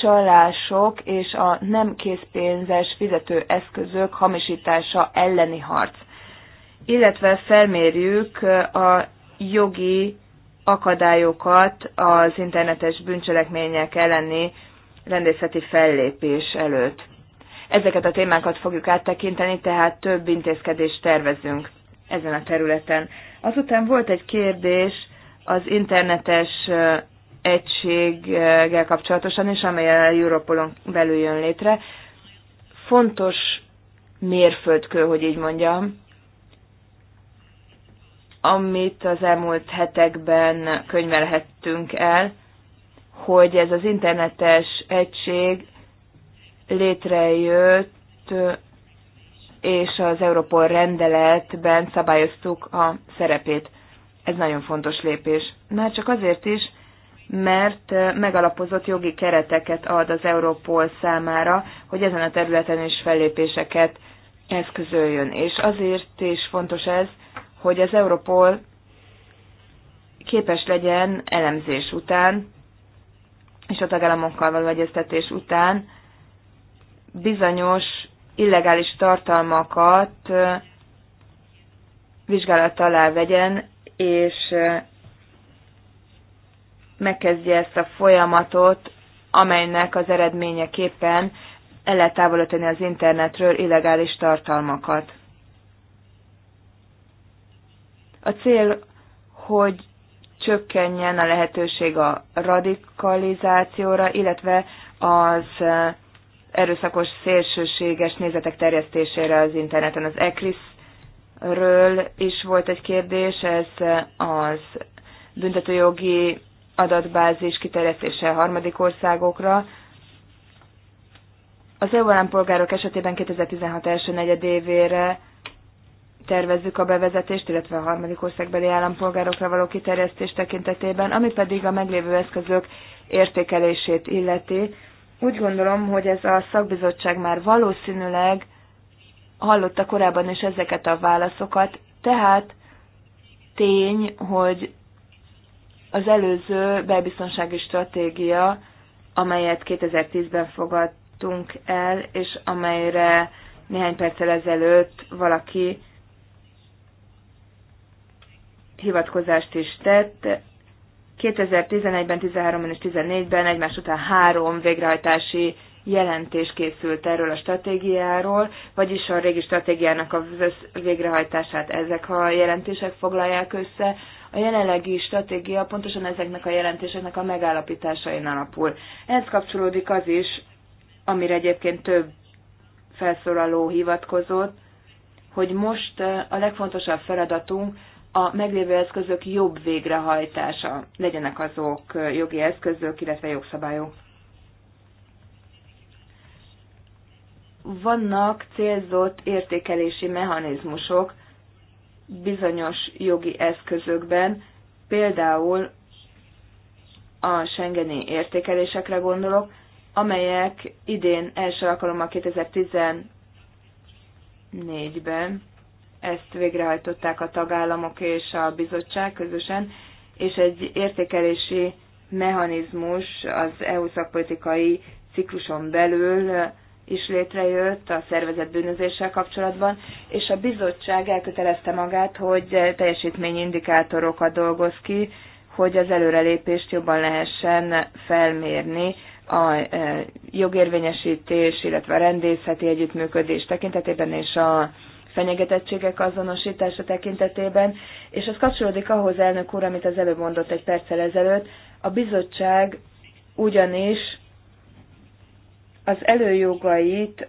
S2: csalások és a nem készpénzes fizetőeszközök hamisítása elleni harc, illetve felmérjük a jogi akadályokat az internetes bűncselekmények elleni rendészeti fellépés előtt. Ezeket a témákat fogjuk áttekinteni, tehát több intézkedést tervezünk ezen a területen. Azután volt egy kérdés az internetes egységgel kapcsolatosan és amely a Europolon belül jön létre. Fontos mérföldkő, hogy így mondjam, amit az elmúlt hetekben könyvelhettünk el, hogy ez az internetes egység létrejött és az Europol rendeletben szabályoztuk a szerepét. Ez nagyon fontos lépés. Már csak azért is, mert eh, megalapozott jogi kereteket ad az Europol számára, hogy ezen a területen is fellépéseket eszközöljön. És azért is fontos ez, hogy az Europol képes legyen elemzés után, és a tagállamokkal való egyeztetés után bizonyos illegális tartalmakat vizsgálat alá vegyen, és megkezdje ezt a folyamatot, amelynek az eredményeképpen el lehet távolítani az internetről illegális tartalmakat. A cél, hogy csökkenjen a lehetőség a radikalizációra, illetve az erőszakos szélsőséges nézetek terjesztésére az interneten. Az ECRIS-ről is volt egy kérdés, ez az büntetőjogi adatbázis kiterjesztése harmadik országokra. Az EU állampolgárok esetében 2016 első negyedévére tervezzük a bevezetést, illetve a harmadik országbeli állampolgárokra való kiterjesztés tekintetében, ami pedig a meglévő eszközök értékelését illeti. Úgy gondolom, hogy ez a szakbizottság már valószínűleg hallotta korábban is ezeket a válaszokat, tehát tény, hogy az előző belbiztonsági stratégia, amelyet 2010-ben fogadtunk el, és amelyre néhány perccel ezelőtt valaki hivatkozást is tett, 2011-ben, 13-ban és 14-ben egymás után három végrehajtási jelentés készült erről a stratégiáról, vagyis a régi stratégiának a végrehajtását ezek a jelentések foglalják össze. A jelenlegi stratégia pontosan ezeknek a jelentéseknek a megállapításain alapul. Ehhez kapcsolódik az is, amire egyébként több felszólaló hivatkozott, hogy most eh, a legfontosabb feladatunk a meglévő eszközök jobb végrehajtása, legyenek azok jogi eszközök, illetve jogszabályok. Vannak célzott értékelési mechanizmusok bizonyos jogi eszközökben, például a Schengeni értékelésekre gondolok, amelyek idén első alkalommal 2014-ben ezt végrehajtották a tagállamok és a bizottság közösen, és egy értékelési mechanizmus az EU szakpolitikai cikluson belül is létrejött a szervezet bűnözéssel kapcsolatban, és a bizottság elkötelezte magát, hogy teljesítményindikátorokat dolgoz ki, hogy az előrelépést jobban lehessen felmérni a e, jogérvényesítés, illetve a rendészeti együttműködés tekintetében és a fenyegetettségek azonosítása tekintetében, és ez kapcsolódik ahhoz, elnök úr, amit az előbb mondott egy perccel ezelőtt, a bizottság ugyanis az előjogait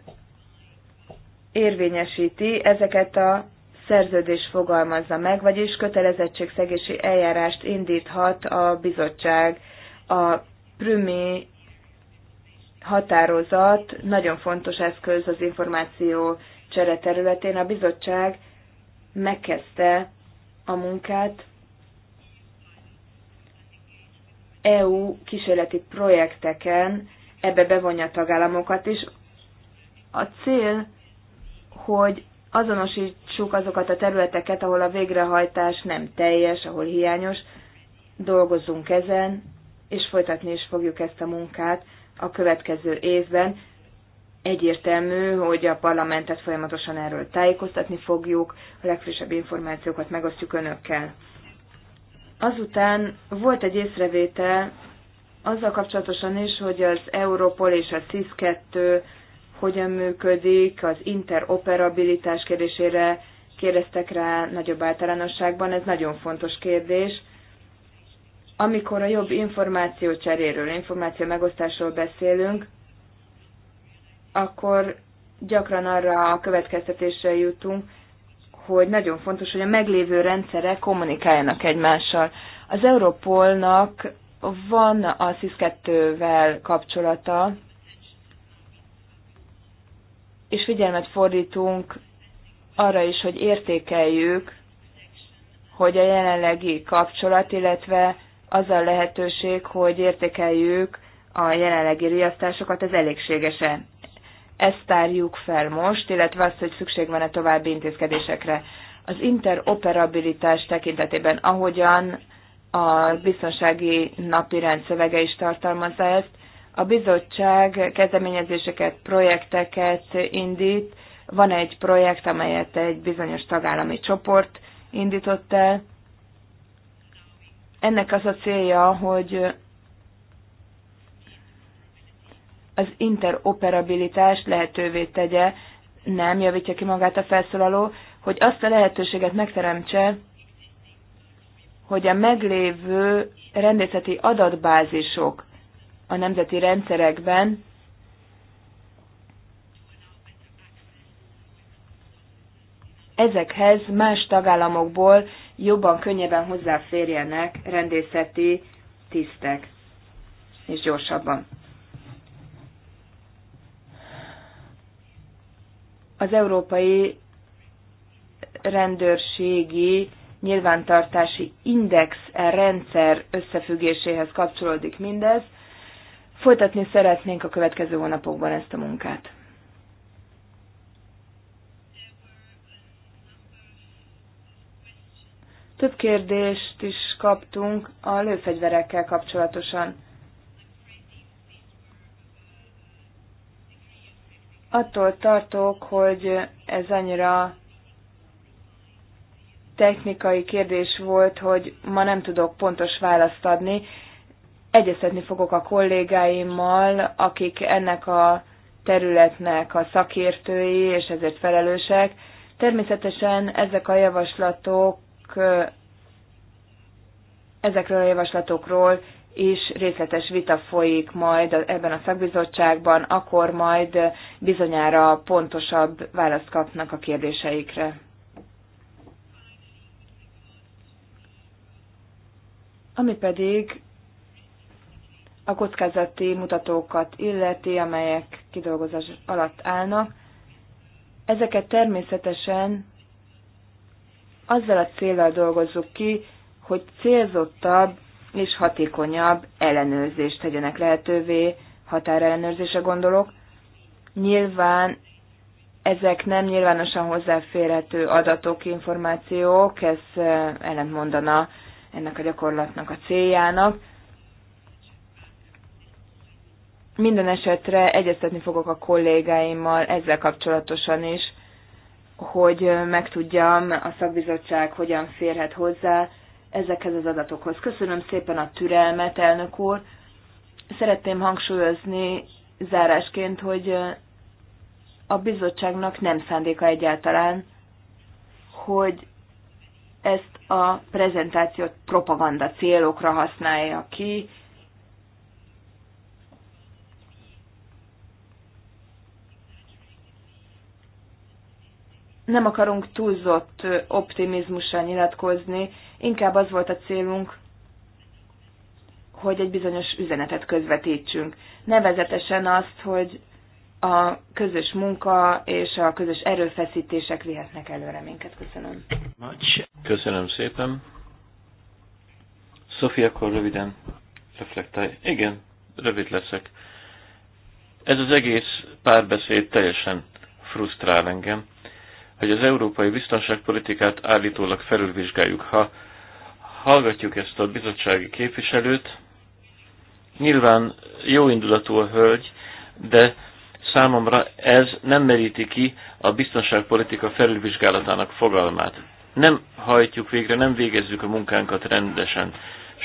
S2: érvényesíti, ezeket a szerződés fogalmazza meg, vagyis kötelezettségszegési eljárást indíthat a bizottság. A prümi határozat nagyon fontos eszköz az információ csere területén a bizottság megkezdte a munkát EU kísérleti projekteken, ebbe bevonja a tagállamokat is. A cél, hogy azonosítsuk azokat a területeket, ahol a végrehajtás nem teljes, ahol hiányos, dolgozunk ezen, és folytatni is fogjuk ezt a munkát a következő évben, Egyértelmű, hogy a parlamentet folyamatosan erről tájékoztatni fogjuk, a legfrissebb információkat megosztjuk önökkel. Azután volt egy észrevétel azzal kapcsolatosan is, hogy az Europol és a CIS-2 hogyan működik, az interoperabilitás kérdésére kérdeztek rá nagyobb általánosságban, ez nagyon fontos kérdés. Amikor a jobb információ cseréről, információ megosztásról beszélünk, akkor gyakran arra a következtetésre jutunk, hogy nagyon fontos, hogy a meglévő rendszerek kommunikáljanak egymással. Az Europolnak van a SIS-2-vel kapcsolata, és figyelmet fordítunk arra is, hogy értékeljük, hogy a jelenlegi kapcsolat, illetve az a lehetőség, hogy értékeljük a jelenlegi riasztásokat, ez elégséges ezt tárjuk fel most, illetve azt, hogy szükség van-e további intézkedésekre. Az interoperabilitás tekintetében, ahogyan a biztonsági napirend szövege is tartalmazza ezt, a bizottság kezdeményezéseket, projekteket indít. Van egy projekt, amelyet egy bizonyos tagállami csoport indított el. Ennek az a célja, hogy az interoperabilitást lehetővé tegye, nem javítja ki magát a felszólaló, hogy azt a lehetőséget megteremtse, hogy a meglévő rendészeti adatbázisok a nemzeti rendszerekben ezekhez más tagállamokból jobban, könnyebben hozzáférjenek rendészeti tisztek, és gyorsabban. az európai rendőrségi nyilvántartási index e rendszer összefüggéséhez kapcsolódik mindez. Folytatni szeretnénk a következő hónapokban ezt a munkát. Több kérdést is kaptunk a lőfegyverekkel kapcsolatosan. attól tartok, hogy ez annyira technikai kérdés volt, hogy ma nem tudok pontos választ adni. Egyeztetni fogok a kollégáimmal, akik ennek a területnek a szakértői, és ezért felelősek. Természetesen ezek a javaslatok, ezekről a javaslatokról is részletes vita folyik majd ebben a szakbizottságban, akkor majd bizonyára pontosabb választ kapnak a kérdéseikre. Ami pedig a kockázati mutatókat illeti, amelyek kidolgozás alatt állnak, ezeket természetesen azzal a célral dolgozzuk ki, hogy célzottabb és hatékonyabb ellenőrzést tegyenek lehetővé, határellenőrzése gondolok. Nyilván ezek nem nyilvánosan hozzáférhető adatok, információk, ez eh, ellentmondana ennek a gyakorlatnak a céljának. Minden esetre egyeztetni fogok a kollégáimmal ezzel kapcsolatosan is, hogy eh, megtudjam a szakbizottság hogyan férhet hozzá ezekhez az adatokhoz. Köszönöm szépen a türelmet, elnök úr. Szeretném hangsúlyozni zárásként, hogy a bizottságnak nem szándéka egyáltalán, hogy ezt a prezentációt propaganda célokra használja ki. Nem akarunk túlzott optimizmussal nyilatkozni, Inkább az volt a célunk, hogy egy bizonyos üzenetet közvetítsünk. Nevezetesen azt, hogy a közös munka és a közös erőfeszítések vihetnek előre minket. Köszönöm.
S3: Köszönöm szépen. Sofia, akkor röviden reflektálj. Igen, rövid leszek. Ez az egész párbeszéd teljesen frusztrál engem, hogy az európai biztonságpolitikát állítólag felülvizsgáljuk. Ha hallgatjuk ezt a bizottsági képviselőt. Nyilván jóindulatú a hölgy, de számomra ez nem meríti ki a biztonságpolitika felülvizsgálatának fogalmát. Nem hajtjuk végre, nem végezzük a munkánkat rendesen.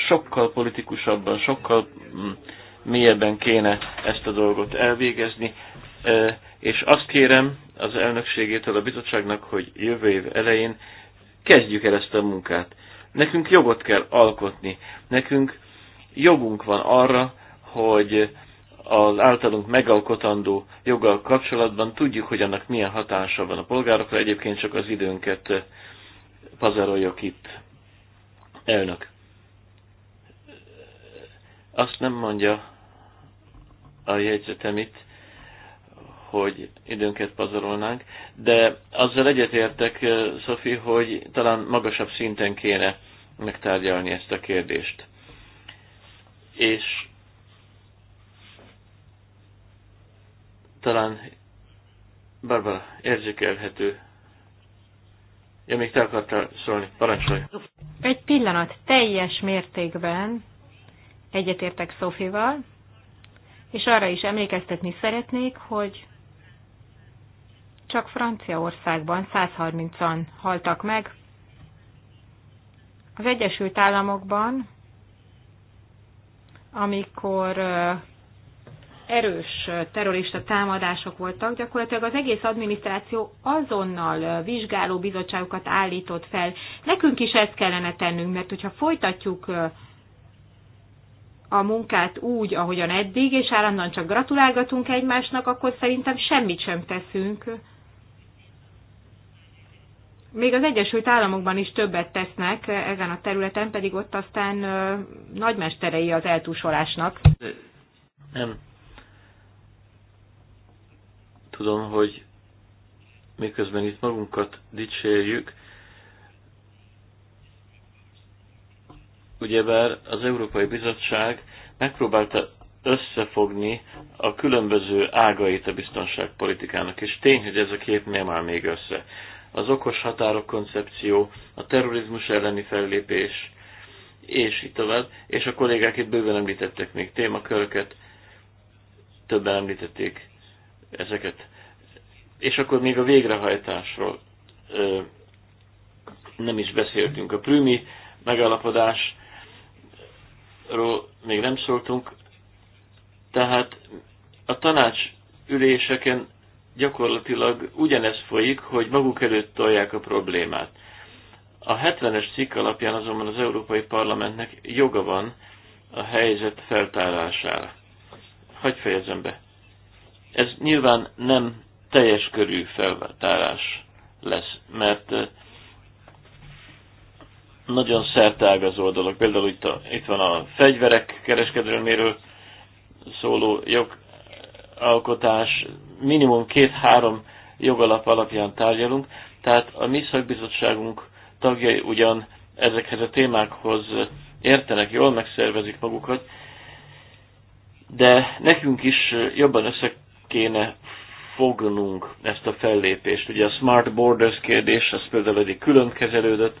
S3: Sokkal politikusabban, sokkal mm, mélyebben kéne ezt a dolgot elvégezni, és azt kérem az elnökségétől a bizottságnak, hogy jövő év elején kezdjük el ezt a munkát. Nekünk jogot kell alkotni, nekünk jogunk van arra, hogy az általunk megalkotandó joggal kapcsolatban tudjuk, hogy annak milyen hatása van a polgárokra, egyébként csak az időnket pazaroljak itt. Elnök. Azt nem mondja a jegyzetem itt, hogy időnket pazarolnánk, de azzal egyetértek, eh, Szofi, hogy talán magasabb szinten kéne megtárgyalni ezt a kérdést. És talán Barbara érzékelhető. Ja, még te akartál szólni, parancsolj.
S4: Egy pillanat, teljes mértékben egyetértek Szofival, és arra is emlékeztetni szeretnék, hogy csak Franciaországban 130-an haltak meg. Az Egyesült Államokban, amikor erős terrorista támadások voltak, gyakorlatilag az egész adminisztráció azonnal vizsgáló bizottságokat állított fel. Nekünk is ezt kellene tennünk, mert hogyha folytatjuk a munkát úgy, ahogyan eddig, és állandóan csak gratulálgatunk egymásnak, akkor szerintem semmit sem teszünk még az Egyesült Államokban is többet tesznek ezen a területen, pedig ott aztán nagymesterei az eltúsolásnak.
S3: Nem. Tudom, hogy miközben itt magunkat dicsérjük, ugyebár az Európai Bizottság megpróbálta összefogni a különböző ágait a biztonságpolitikának, és tény, hogy ez a kép nem áll még össze az okos határok koncepció, a terrorizmus elleni fellépés, és így tovább, és a kollégák itt bőven említettek még témaköröket, többen említették ezeket. És akkor még a végrehajtásról ö, nem is beszéltünk. A prümi megállapodásról még nem szóltunk, tehát a tanács üléseken gyakorlatilag ugyanez folyik, hogy maguk előtt tolják a problémát. A 70-es cikk alapján azonban az Európai Parlamentnek joga van a helyzet feltárására. Hagy fejezem be. Ez nyilván nem teljes körű feltárás lesz, mert eh, nagyon szertágazó dolog. Például itt, a, itt van a fegyverek kereskedelméről szóló jogalkotás, minimum két-három jogalap alapján tárgyalunk, tehát a mi szakbizottságunk tagjai ugyan ezekhez a témákhoz értenek, jól megszervezik magukat, de nekünk is jobban össze kéne fognunk ezt a fellépést. Ugye a Smart Borders kérdés, az például eddig külön kezelődött.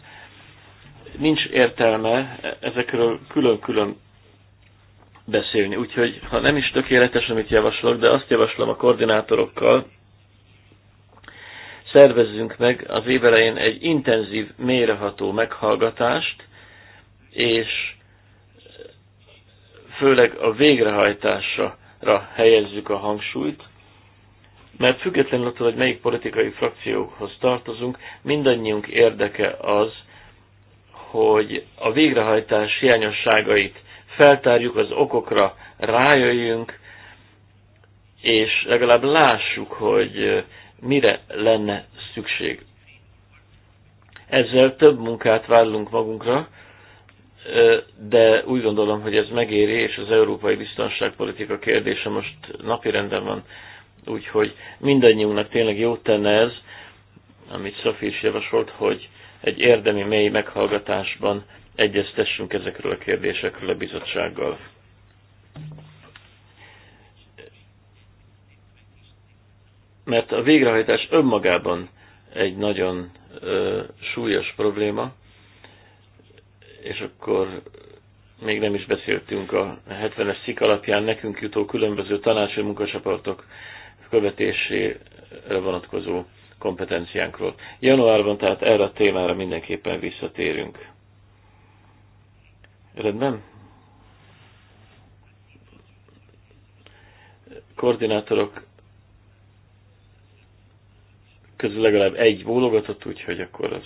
S3: Nincs értelme ezekről külön-külön beszélni. Úgyhogy, ha nem is tökéletes, amit javaslok, de azt javaslom a koordinátorokkal, szervezzünk meg az évelején egy intenzív, méreható meghallgatást, és főleg a végrehajtásra helyezzük a hangsúlyt, mert függetlenül attól, hogy melyik politikai frakcióhoz tartozunk, mindannyiunk érdeke az, hogy a végrehajtás hiányosságait feltárjuk az okokra, rájöjjünk, és legalább lássuk, hogy mire lenne szükség. Ezzel több munkát vállunk magunkra, de úgy gondolom, hogy ez megéri, és az európai biztonságpolitika kérdése most napirenden van, úgyhogy mindannyiunknak tényleg jót tenne ez, amit Szofi is javasolt, hogy egy érdemi mély meghallgatásban egyeztessünk ezekről a kérdésekről a bizottsággal. Mert a végrehajtás önmagában egy nagyon ö, súlyos probléma, és akkor még nem is beszéltünk a 70-es cikk alapján nekünk jutó különböző tanácsi munkacsoportok követésére vonatkozó kompetenciánkról. Januárban tehát erre a témára mindenképpen visszatérünk. Rendben? Koordinátorok közül legalább egy bólogatott, úgyhogy akkor az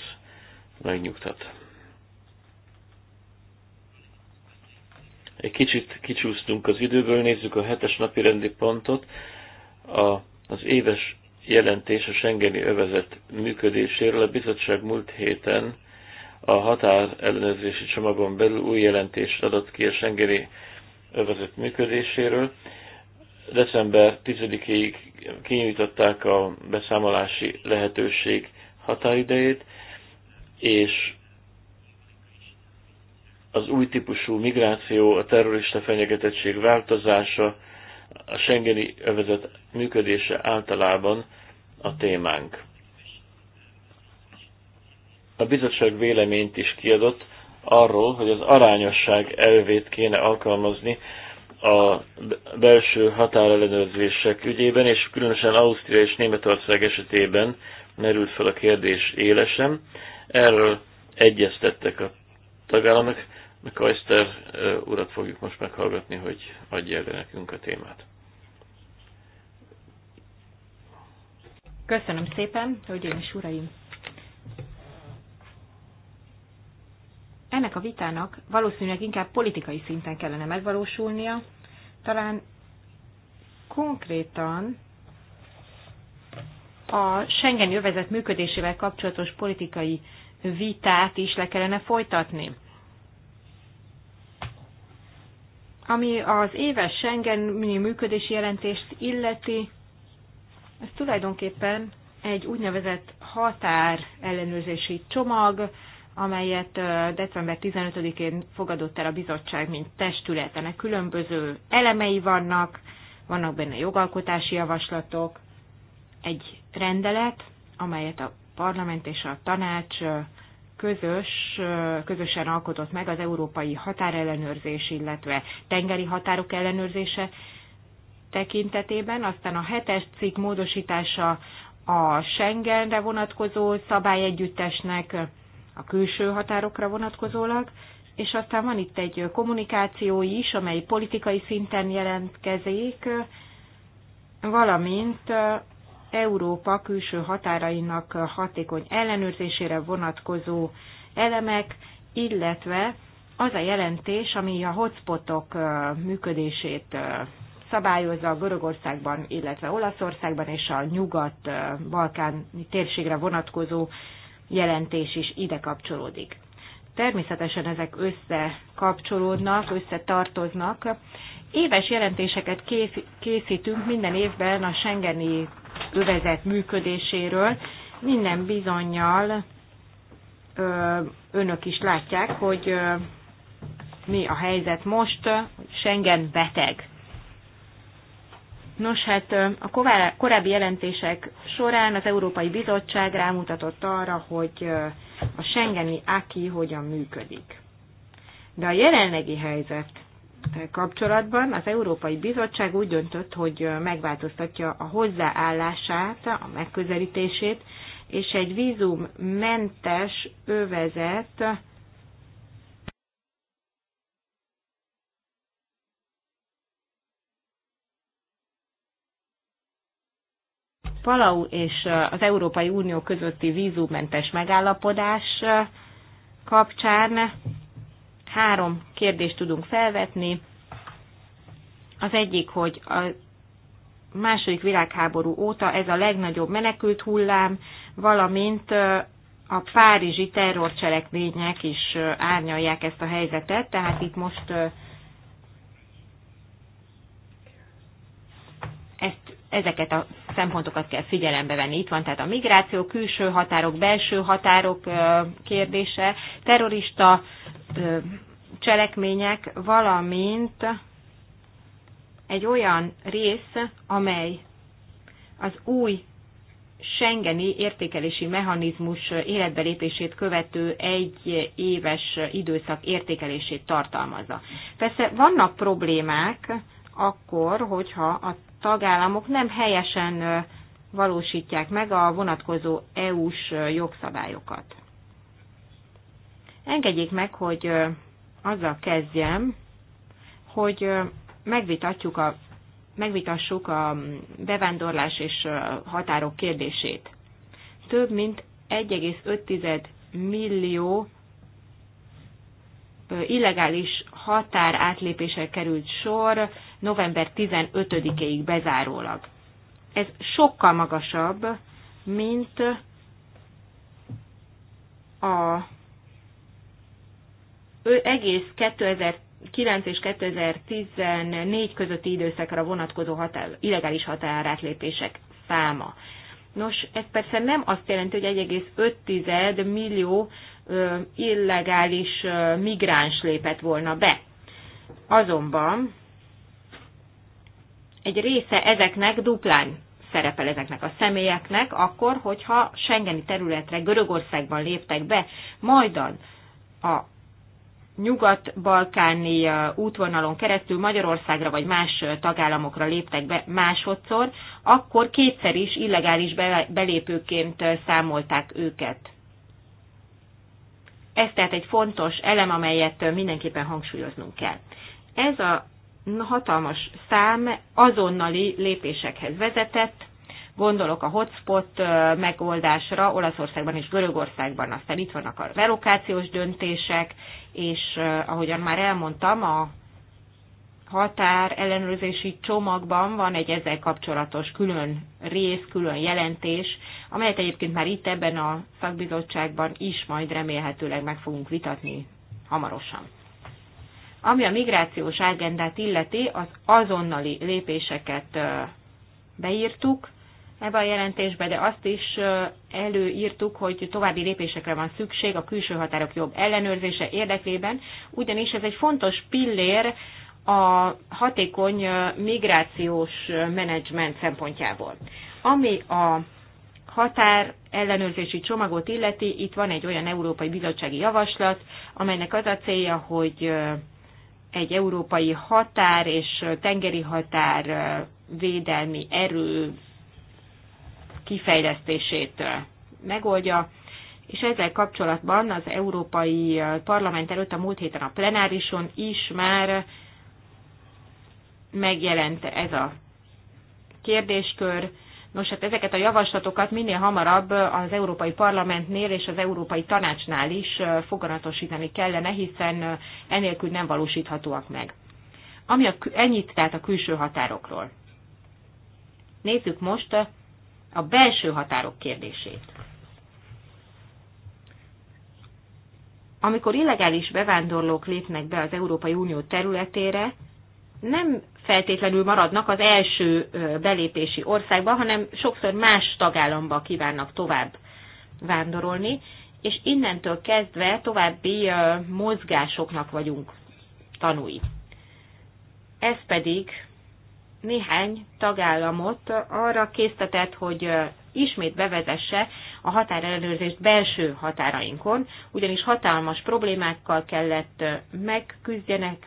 S3: megnyugtat. Egy kicsit kicsúsztunk az időből, nézzük a hetes napi rendi pontot. A, az éves jelentés a Schengeni övezet működéséről a bizottság múlt héten a határ ellenőrzési csomagon belül új jelentést adott ki a Schengeni övezet működéséről. December 10-ig kinyújtották a beszámolási lehetőség határidejét, és az új típusú migráció, a terrorista fenyegetettség változása, a Schengeni övezet működése általában a témánk a bizottság véleményt is kiadott arról, hogy az arányosság elvét kéne alkalmazni a belső határellenőrzések ügyében, és különösen Ausztria és Németország esetében merült fel a kérdés élesen. Erről egyeztettek a tagállamok. Kajszter urat fogjuk most meghallgatni, hogy adja el nekünk a témát.
S4: Köszönöm szépen, hogy én is uraim! ennek a vitának valószínűleg inkább politikai szinten kellene megvalósulnia, talán konkrétan a Schengen jövezet működésével kapcsolatos politikai vitát is le kellene folytatni. Ami az éves Schengen működési jelentést illeti, ez tulajdonképpen egy úgynevezett határ ellenőrzési csomag, amelyet december 15-én fogadott el a bizottság, mint testület. Ennek különböző elemei vannak, vannak benne jogalkotási javaslatok, egy rendelet, amelyet a parlament és a tanács közös, közösen alkotott meg az európai határellenőrzés, illetve tengeri határok ellenőrzése tekintetében, aztán a hetes cikk módosítása a Schengenre vonatkozó szabályegyüttesnek, a külső határokra vonatkozólag, és aztán van itt egy kommunikáció is, amely politikai szinten jelentkezik, valamint Európa külső határainak hatékony ellenőrzésére vonatkozó elemek, illetve az a jelentés, ami a hotspotok működését szabályozza a Görögországban, illetve Olaszországban és a nyugat-balkáni térségre vonatkozó jelentés is ide kapcsolódik. Természetesen ezek összekapcsolódnak, összetartoznak. Éves jelentéseket készítünk minden évben a Schengeni övezet működéséről. Minden bizonyal önök is látják, hogy mi a helyzet most, Schengen beteg. Nos, hát a korábbi jelentések során az Európai Bizottság rámutatott arra, hogy a Schengeni AKI hogyan működik. De a jelenlegi helyzet kapcsolatban az Európai Bizottság úgy döntött, hogy megváltoztatja a hozzáállását, a megközelítését, és egy vízummentes övezet
S1: Palau és
S4: az Európai Unió közötti vízummentes megállapodás kapcsán három kérdést tudunk felvetni. Az egyik, hogy a második világháború óta ez a legnagyobb menekült hullám, valamint a párizsi terrorcselekmények is árnyalják ezt a helyzetet, tehát itt most ezeket a szempontokat kell figyelembe venni. Itt van tehát a migráció, külső határok, belső határok kérdése, terrorista cselekmények, valamint egy olyan rész, amely az új Schengeni értékelési mechanizmus életbelépését követő egy éves időszak értékelését tartalmazza. Persze vannak problémák akkor, hogyha a tagállamok nem helyesen valósítják meg a vonatkozó EU-s jogszabályokat. Engedjék meg, hogy azzal kezdjem, hogy megvitatjuk a, megvitassuk a bevándorlás és határok kérdését. Több mint 1,5 millió illegális határátlépésre került sor november 15-ig bezárólag. Ez sokkal magasabb, mint a egész 2009 és 2014 közötti időszakra vonatkozó határ, illegális határátlépések száma. Nos, ez persze nem azt jelenti, hogy 1,5 millió illegális migráns lépett volna be. Azonban egy része ezeknek duplán szerepel ezeknek a személyeknek, akkor, hogyha Schengeni területre Görögországban léptek be, majdan a nyugat-balkáni útvonalon keresztül Magyarországra vagy más tagállamokra léptek be másodszor, akkor kétszer is illegális belépőként számolták őket. Ez tehát egy fontos elem, amelyet mindenképpen hangsúlyoznunk kell. Ez a hatalmas szám azonnali lépésekhez vezetett, gondolok a hotspot megoldásra Olaszországban és Görögországban, aztán itt vannak a relokációs döntések, és ahogyan már elmondtam, a határ ellenőrzési csomagban van egy ezzel kapcsolatos külön rész, külön jelentés, amelyet egyébként már itt ebben a szakbizottságban is majd remélhetőleg meg fogunk vitatni hamarosan. Ami a migrációs agendát illeti, az azonnali lépéseket beírtuk ebbe a jelentésbe, de azt is előírtuk, hogy további lépésekre van szükség a külső határok jobb ellenőrzése érdekében, ugyanis ez egy fontos pillér a hatékony migrációs menedzsment szempontjából. Ami a határ ellenőrzési csomagot illeti, itt van egy olyan Európai Bizottsági Javaslat, amelynek az a célja, hogy egy európai határ és tengeri határ védelmi erő kifejlesztését megoldja, és ezzel kapcsolatban az Európai Parlament előtt a múlt héten a plenárison is már megjelent ez a kérdéskör, Nos, hát ezeket a javaslatokat minél hamarabb az Európai Parlamentnél és az Európai Tanácsnál is foganatosítani kellene, hiszen enélkül nem valósíthatóak meg. Ami a, ennyit tehát a külső határokról. Nézzük most a belső határok kérdését. Amikor illegális bevándorlók lépnek be az Európai Unió területére, nem feltétlenül maradnak az első belépési országba, hanem sokszor más tagállamba kívánnak tovább vándorolni, és innentől kezdve további mozgásoknak vagyunk tanúi. Ez pedig néhány tagállamot arra késztetett, hogy ismét bevezesse a határellenőrzést belső határainkon, ugyanis hatalmas problémákkal kellett megküzdjenek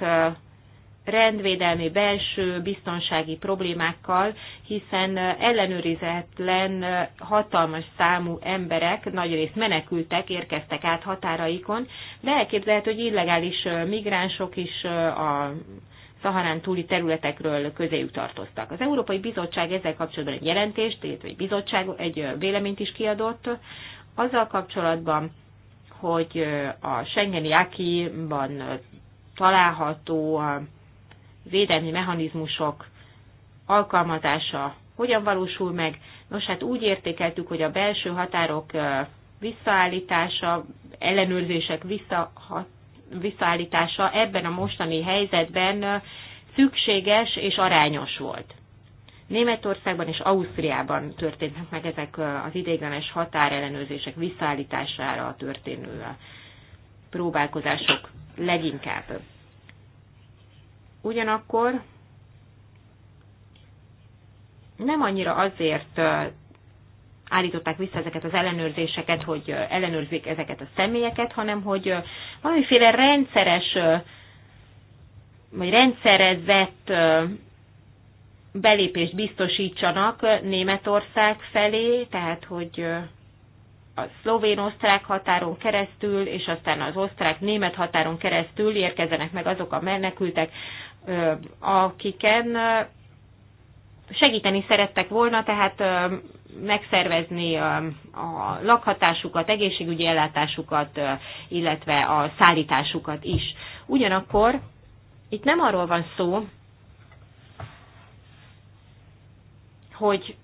S4: rendvédelmi, belső, biztonsági problémákkal, hiszen ellenőrizetlen hatalmas számú emberek, nagyrészt menekültek, érkeztek át határaikon, de elképzelhető, hogy illegális migránsok is a Szaharán túli területekről közéjük tartoztak. Az Európai Bizottság ezzel kapcsolatban egy jelentést, illetve egy bizottság egy véleményt is kiadott, azzal kapcsolatban, hogy a Schengeni Aki-ban található védelmi mechanizmusok alkalmazása hogyan valósul meg. Nos, hát úgy értékeltük, hogy a belső határok visszaállítása, ellenőrzések vissza, visszaállítása ebben a mostani helyzetben szükséges és arányos volt. Németországban és Ausztriában történtek meg ezek az ideiglenes határellenőrzések visszaállítására történő próbálkozások leginkább. Ugyanakkor nem annyira azért állították vissza ezeket az ellenőrzéseket, hogy ellenőrzik ezeket a személyeket, hanem hogy valamiféle rendszeres vagy rendszerezett belépést biztosítsanak Németország felé, tehát hogy a szlovén-osztrák határon keresztül, és aztán az osztrák-német határon keresztül érkezenek meg azok a menekültek, akiken segíteni szerettek volna, tehát megszervezni a lakhatásukat, egészségügyi ellátásukat, illetve a szállításukat is. Ugyanakkor itt nem arról van szó, hogy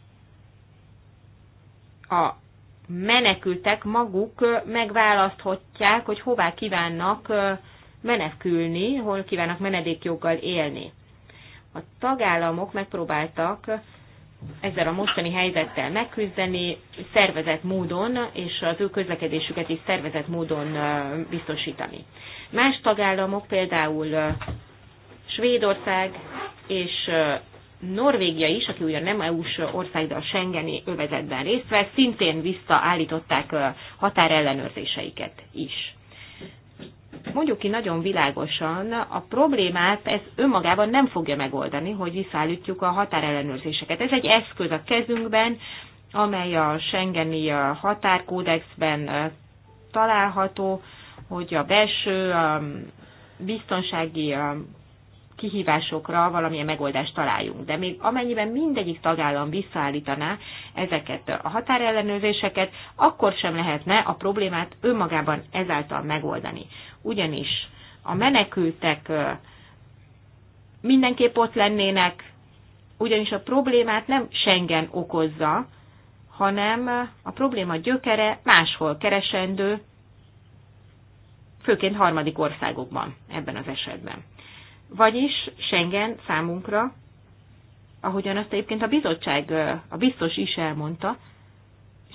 S4: a menekültek maguk megválaszthatják, hogy hová kívánnak menekülni, hol kívánnak menedékjoggal élni. A tagállamok megpróbáltak ezzel a mostani helyzettel megküzdeni szervezett módon, és az ő közlekedésüket is szervezett módon biztosítani. Más tagállamok, például Svédország és Norvégia is, aki ugyan nem EU-s ország, de a Schengeni övezetben részt vesz, szintén visszaállították határellenőrzéseiket is mondjuk ki nagyon világosan, a problémát ez önmagában nem fogja megoldani, hogy visszaállítjuk a határellenőrzéseket. Ez egy eszköz a kezünkben, amely a Schengeni határkódexben található, hogy a belső biztonsági kihívásokra valamilyen megoldást találjunk. De még amennyiben mindegyik tagállam visszaállítaná ezeket a határellenőrzéseket, akkor sem lehetne a problémát önmagában ezáltal megoldani. Ugyanis a menekültek mindenképp ott lennének, ugyanis a problémát nem Schengen okozza, hanem a probléma gyökere máshol keresendő, főként harmadik országokban ebben az esetben. Vagyis Schengen számunkra, ahogyan azt egyébként a bizottság, a biztos is elmondta,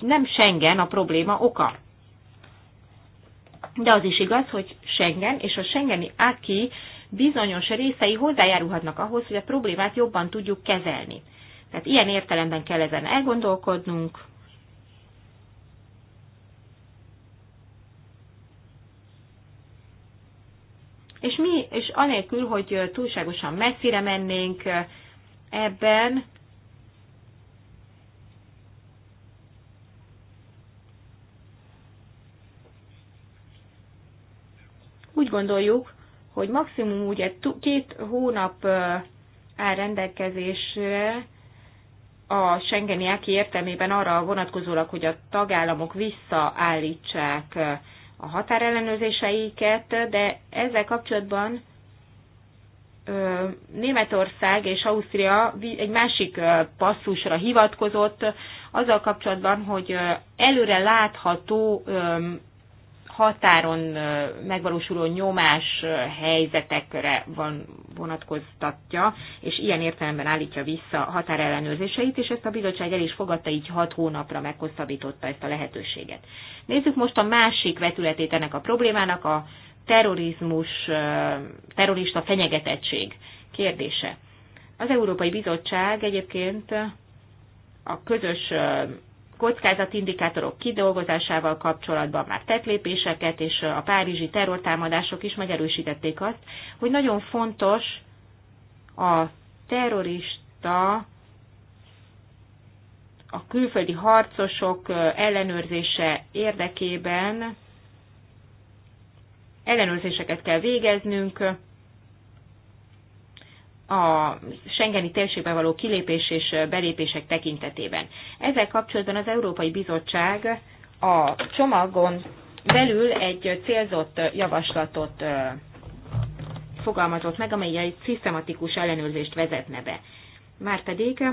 S4: nem Schengen a probléma oka. De az is igaz, hogy Schengen és a Schengeni aki bizonyos részei hozzájárulhatnak ahhoz, hogy a problémát jobban tudjuk kezelni. Tehát ilyen értelemben kell ezen elgondolkodnunk, és mi, és anélkül, hogy túlságosan messzire mennénk ebben, úgy gondoljuk, hogy maximum ugye két hónap áll rendelkezésre a Schengeni értelmében arra vonatkozólag, hogy a tagállamok visszaállítsák a határellenőrzéseiket, de ezzel kapcsolatban Németország és Ausztria egy másik passzusra hivatkozott, azzal kapcsolatban, hogy előre látható határon megvalósuló nyomás helyzetekre van vonatkoztatja, és ilyen értelemben állítja vissza határellenőrzéseit, és ezt a bizottság el is fogadta, így hat hónapra meghosszabbította ezt a lehetőséget. Nézzük most a másik vetületét ennek a problémának, a terrorizmus, terrorista fenyegetettség kérdése. Az Európai Bizottság egyébként a közös kockázatindikátorok kidolgozásával kapcsolatban már tett lépéseket, és a párizsi terrortámadások is megerősítették azt, hogy nagyon fontos a terrorista a külföldi harcosok ellenőrzése érdekében ellenőrzéseket kell végeznünk, a Schengeni térségbe való kilépés és belépések tekintetében. Ezzel kapcsolatban az Európai Bizottság a csomagon belül egy célzott javaslatot fogalmazott meg, amely egy szisztematikus ellenőrzést vezetne be. Márpedig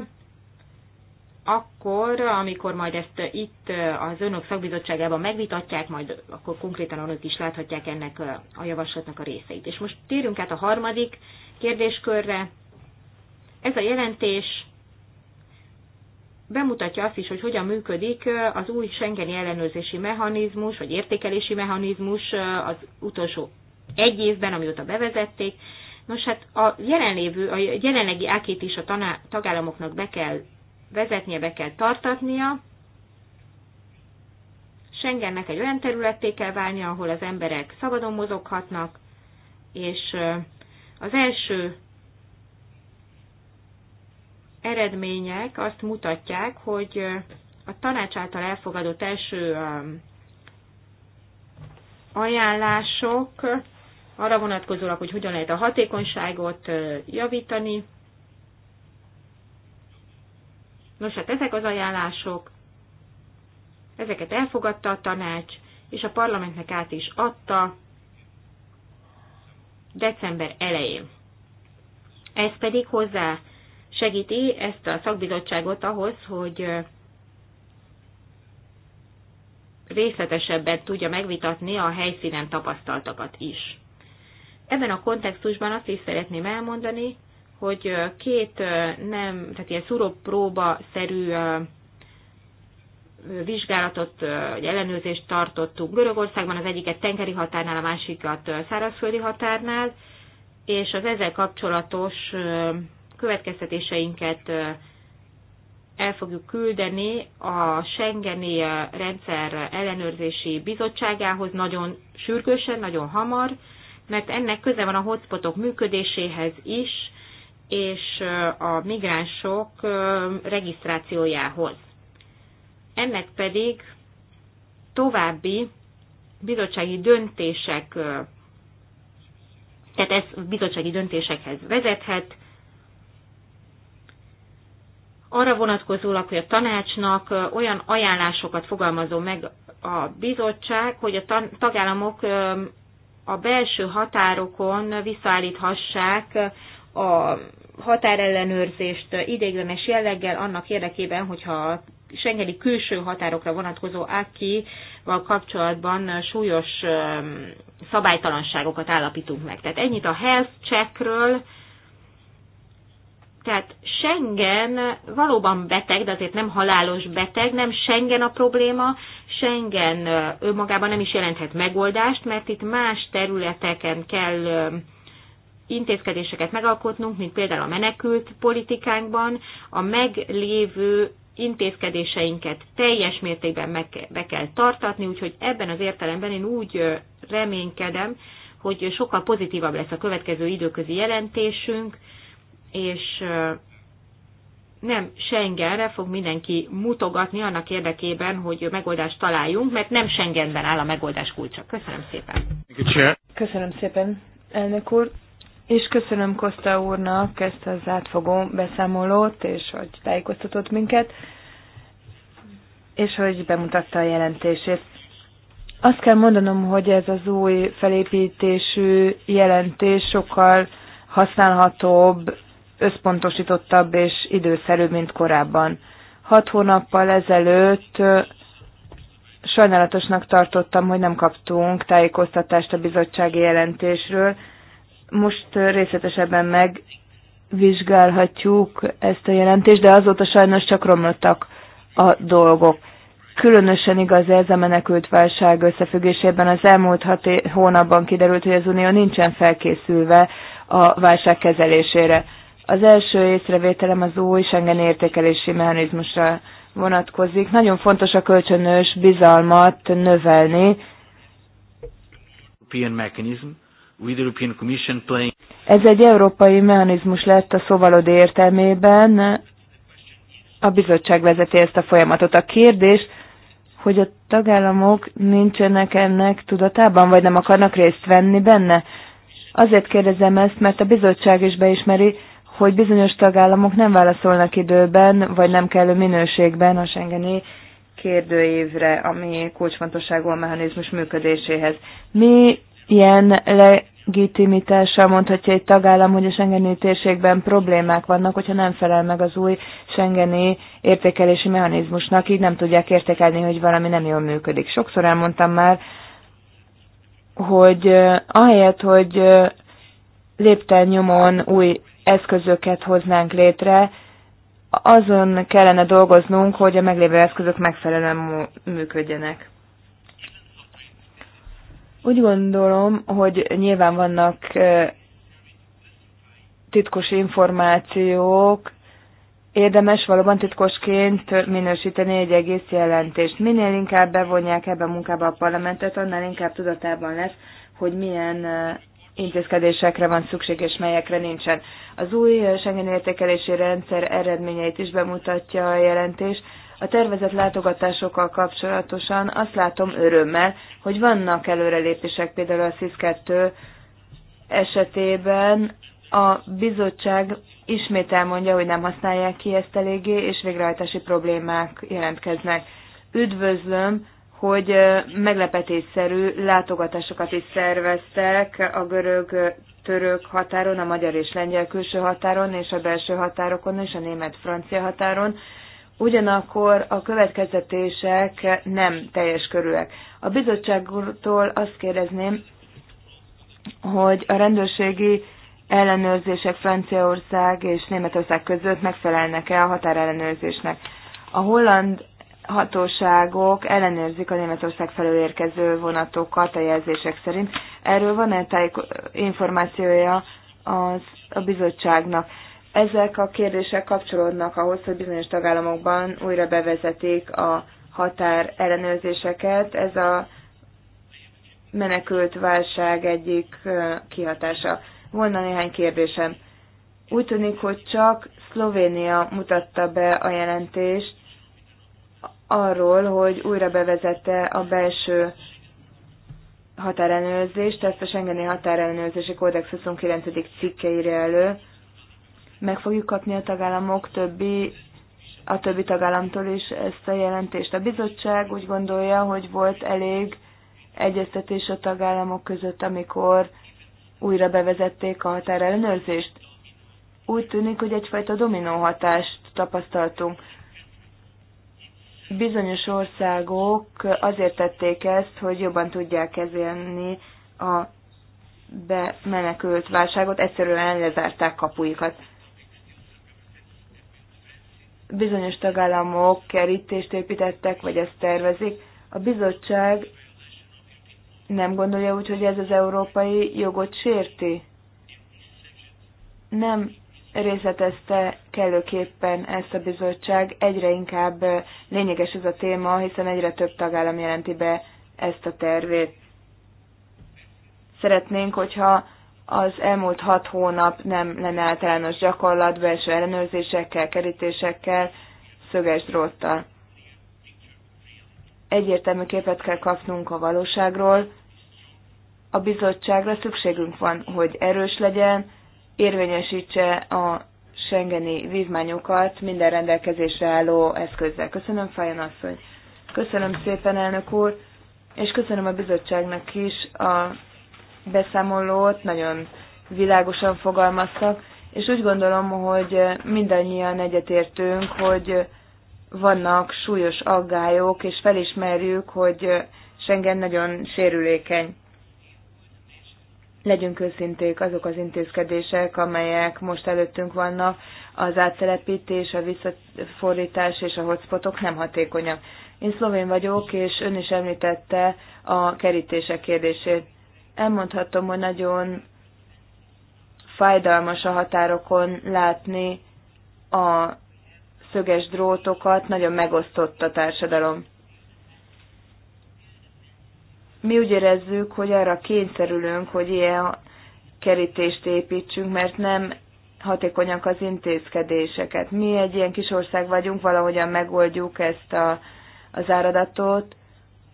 S4: akkor, amikor majd ezt itt az önök szakbizottságában megvitatják, majd akkor konkrétan önök is láthatják ennek a javaslatnak a részeit. És most térjünk át a harmadik kérdéskörre. Ez a jelentés bemutatja azt is, hogy hogyan működik az új Schengeni ellenőrzési mechanizmus, vagy értékelési mechanizmus az utolsó egy évben, amióta bevezették. Nos, hát a, jelenlévő, a jelenlegi ákét is a taná, tagállamoknak be kell vezetnie, be kell tartatnia. Schengennek egy olyan területté kell válnia, ahol az emberek szabadon mozoghatnak, és az első eredmények azt mutatják, hogy a tanács által elfogadott első ajánlások arra vonatkozólag, hogy hogyan lehet a hatékonyságot javítani. Nos, hát ezek az ajánlások, ezeket elfogadta a tanács, és a parlamentnek át is adta december elején. Ez pedig hozzá segíti ezt a szakbizottságot ahhoz, hogy részletesebben tudja megvitatni a helyszínen tapasztaltakat is. Ebben a kontextusban azt is szeretném elmondani, hogy két nem, tehát ilyen szúrópróba-szerű vizsgálatot, egy ellenőrzést tartottunk Görögországban, az egyiket tengeri határnál, a másikat szárazföldi határnál, és az ezzel kapcsolatos következtetéseinket el fogjuk küldeni a Schengeni Rendszer Ellenőrzési Bizottságához nagyon sürgősen, nagyon hamar, mert ennek köze van a hotspotok működéséhez is, és a migránsok regisztrációjához ennek pedig további bizottsági döntések, tehát ez bizottsági döntésekhez vezethet, arra vonatkozólag, hogy a tanácsnak olyan ajánlásokat fogalmazó meg a bizottság, hogy a tagállamok a belső határokon visszaállíthassák a határellenőrzést ideiglenes jelleggel annak érdekében, hogyha Schengeni külső határokra vonatkozó AKI-val kapcsolatban súlyos szabálytalanságokat állapítunk meg. Tehát ennyit a health checkről, tehát Schengen valóban beteg, de azért nem halálos beteg, nem Schengen a probléma, Schengen önmagában nem is jelenthet megoldást, mert itt más területeken kell intézkedéseket megalkotnunk, mint például a menekült politikánkban, a meglévő intézkedéseinket teljes mértékben meg, be kell tartatni, úgyhogy ebben az értelemben én úgy reménykedem, hogy sokkal pozitívabb lesz a következő időközi jelentésünk, és nem Schengenre fog mindenki mutogatni annak érdekében, hogy megoldást találjunk, mert nem Schengenben áll a megoldás kulcsa. Köszönöm szépen. Köszönöm
S2: szépen, elnök úr és köszönöm Kosta úrnak ezt az átfogó beszámolót, és hogy tájékoztatott minket, és hogy bemutatta a jelentését. Azt kell mondanom, hogy ez az új felépítésű jelentés sokkal használhatóbb, összpontosítottabb és időszerűbb, mint korábban. Hat hónappal ezelőtt sajnálatosnak tartottam, hogy nem kaptunk tájékoztatást a bizottsági jelentésről, most részletesebben megvizsgálhatjuk ezt a jelentést, de azóta sajnos csak romlottak a dolgok. Különösen igaz ez a menekült válság összefüggésében. Az elmúlt hat hónapban kiderült, hogy az Unió nincsen felkészülve a válság kezelésére. Az első észrevételem az új Schengen értékelési mechanizmusra vonatkozik. Nagyon fontos a kölcsönös bizalmat növelni.
S3: European mechanism
S2: ez egy európai mechanizmus lett a szóvalodi értelmében. A bizottság vezeti ezt a folyamatot. A kérdés, hogy a tagállamok nincsenek ennek tudatában, vagy nem akarnak részt venni benne. Azért kérdezem ezt, mert a bizottság is beismeri, hogy bizonyos tagállamok nem válaszolnak időben, vagy nem kellő minőségben a Schengeni kérdőívre, ami kulcsfontosságú a mechanizmus működéséhez. Mi ilyen le, legitimitással mondhatja egy tagállam, hogy a Schengeni térségben problémák vannak, hogyha nem felel meg az új Schengeni értékelési mechanizmusnak, így nem tudják értékelni, hogy valami nem jól működik. Sokszor elmondtam már, hogy eh, ahelyett, hogy eh, lépten nyomon új eszközöket hoznánk létre, azon kellene dolgoznunk, hogy a meglévő eszközök megfelelően működjenek. Úgy gondolom, hogy nyilván vannak titkos információk, érdemes valóban titkosként minősíteni egy egész jelentést. Minél inkább bevonják ebbe a munkába a parlamentet, annál inkább tudatában lesz, hogy milyen intézkedésekre van szükség, és melyekre nincsen. Az új Schengen értékelési rendszer eredményeit is bemutatja a jelentés, a tervezett látogatásokkal kapcsolatosan azt látom örömmel, hogy vannak előrelépések, például a SZISZ-2 esetében a bizottság ismét elmondja, hogy nem használják ki ezt eléggé, és végrehajtási problémák jelentkeznek. Üdvözlöm, hogy meglepetésszerű látogatásokat is szerveztek a görög-török határon, a magyar és lengyel külső határon, és a belső határokon, és a német-francia határon, ugyanakkor a következetések nem teljes körűek. A bizottságtól azt kérdezném, hogy a rendőrségi ellenőrzések Franciaország és Németország között megfelelnek-e a határellenőrzésnek. A holland hatóságok ellenőrzik a Németország felől érkező vonatokat a jelzések szerint. Erről van-e információja az, a bizottságnak? Ezek a kérdések kapcsolódnak ahhoz, hogy bizonyos tagállamokban újra bevezetik a határ ellenőrzéseket. Ez a menekült válság egyik kihatása. Volna néhány kérdésem. Úgy tűnik, hogy csak Szlovénia mutatta be a jelentést arról, hogy újra bevezette a belső határellenőrzést, ezt a Schengeni határellenőrzési kódex 29. cikkeire elő meg fogjuk kapni a tagállamok többi, a többi tagállamtól is ezt a jelentést. A bizottság úgy gondolja, hogy volt elég egyeztetés a tagállamok között, amikor újra bevezették a határellenőrzést. Úgy tűnik, hogy egyfajta dominó hatást tapasztaltunk. Bizonyos országok azért tették ezt, hogy jobban tudják kezelni a bemenekült válságot, egyszerűen lezárták kapuikat. Bizonyos tagállamok kerítést építettek, vagy ezt tervezik. A bizottság nem gondolja úgy, hogy ez az európai jogot sérti? Nem részletezte kellőképpen ezt a bizottság. Egyre inkább lényeges ez a téma, hiszen egyre több tagállam jelenti be ezt a tervét. Szeretnénk, hogyha az elmúlt hat hónap nem lenne általános gyakorlat belső ellenőrzésekkel, kerítésekkel, szöges dróttal. Egyértelmű képet kell kapnunk a valóságról. A bizottságra szükségünk van, hogy erős legyen, érvényesítse a Schengeni vívmányokat minden rendelkezésre álló eszközzel. Köszönöm, Fajon asszony! Köszönöm szépen, elnök úr, és köszönöm a bizottságnak is a beszámolót, nagyon világosan fogalmaztak, és úgy gondolom, hogy mindannyian egyetértünk, hogy vannak súlyos aggályok, és felismerjük, hogy Schengen nagyon sérülékeny. Legyünk őszinték, azok az intézkedések, amelyek most előttünk vannak, az áttelepítés, a visszafordítás és a hotspotok nem hatékonyak. Én szlovén vagyok, és ön is említette a kerítések kérdését elmondhatom, hogy nagyon fájdalmas a határokon látni a szöges drótokat, nagyon megosztott a társadalom. Mi úgy érezzük, hogy arra kényszerülünk, hogy ilyen kerítést építsünk, mert nem hatékonyak az intézkedéseket. Mi egy ilyen kis ország vagyunk, valahogyan megoldjuk ezt a, az áradatot.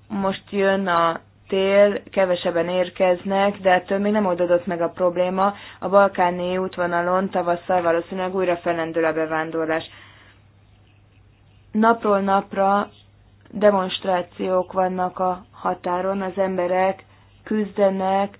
S2: Most jön a tél, kevesebben érkeznek, de ettől még nem oldódott meg a probléma. A balkáni útvonalon tavasszal valószínűleg újra felendül a bevándorlás. Napról napra demonstrációk vannak a határon, az emberek küzdenek,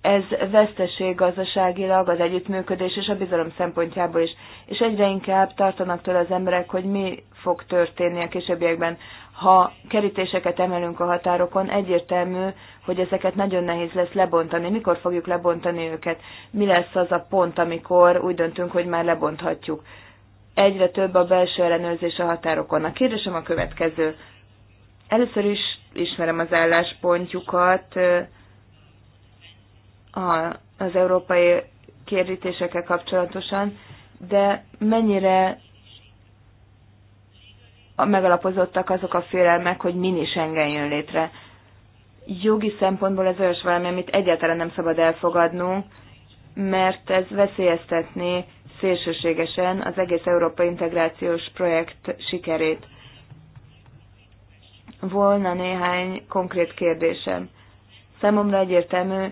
S2: ez veszteség gazdaságilag, az együttműködés és a bizalom szempontjából is. És egyre inkább tartanak tőle az emberek, hogy mi fog történni a későbbiekben. Ha kerítéseket emelünk a határokon, egyértelmű, hogy ezeket nagyon nehéz lesz lebontani. Mikor fogjuk lebontani őket? Mi lesz az a pont, amikor úgy döntünk, hogy már lebonthatjuk? Egyre több a belső ellenőrzés a határokon. A kérdésem a következő. Először is ismerem az álláspontjukat az európai kérdítésekkel kapcsolatosan, de mennyire megalapozottak azok a félelmek, hogy is engem jön létre. Jogi szempontból ez olyas valami, amit egyáltalán nem szabad elfogadnunk, mert ez veszélyeztetné szélsőségesen az egész Európa integrációs projekt sikerét. Volna néhány konkrét kérdésem. Számomra egyértelmű,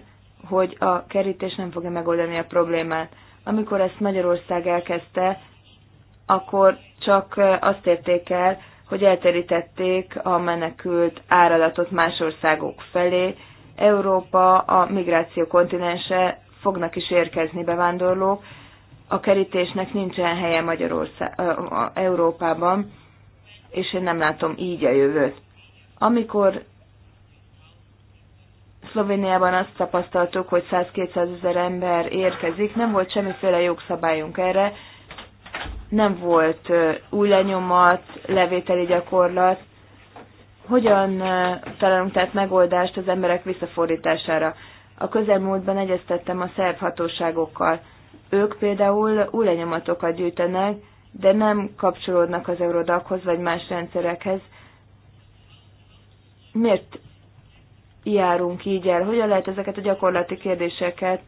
S2: hogy a kerítés nem fogja megoldani a problémát. Amikor ezt Magyarország elkezdte, akkor csak eh, azt érték el, hogy elterítették a menekült áradatot más országok felé. Európa a migráció kontinense, fognak is érkezni bevándorlók, a kerítésnek nincsen helye Magyarország, eh, Európában, és én nem látom így a jövőt. Amikor Szlovéniában azt tapasztaltuk, hogy 100-200 ezer ember érkezik, nem volt semmiféle jogszabályunk erre, nem volt új lenyomat, levételi gyakorlat. Hogyan találunk tehát megoldást az emberek visszafordítására? A közelmúltban egyeztettem a szerb hatóságokkal. Ők például új lenyomatokat gyűjtenek, de nem kapcsolódnak az eurodakhoz vagy más rendszerekhez. Miért járunk így el? Hogyan lehet ezeket a gyakorlati kérdéseket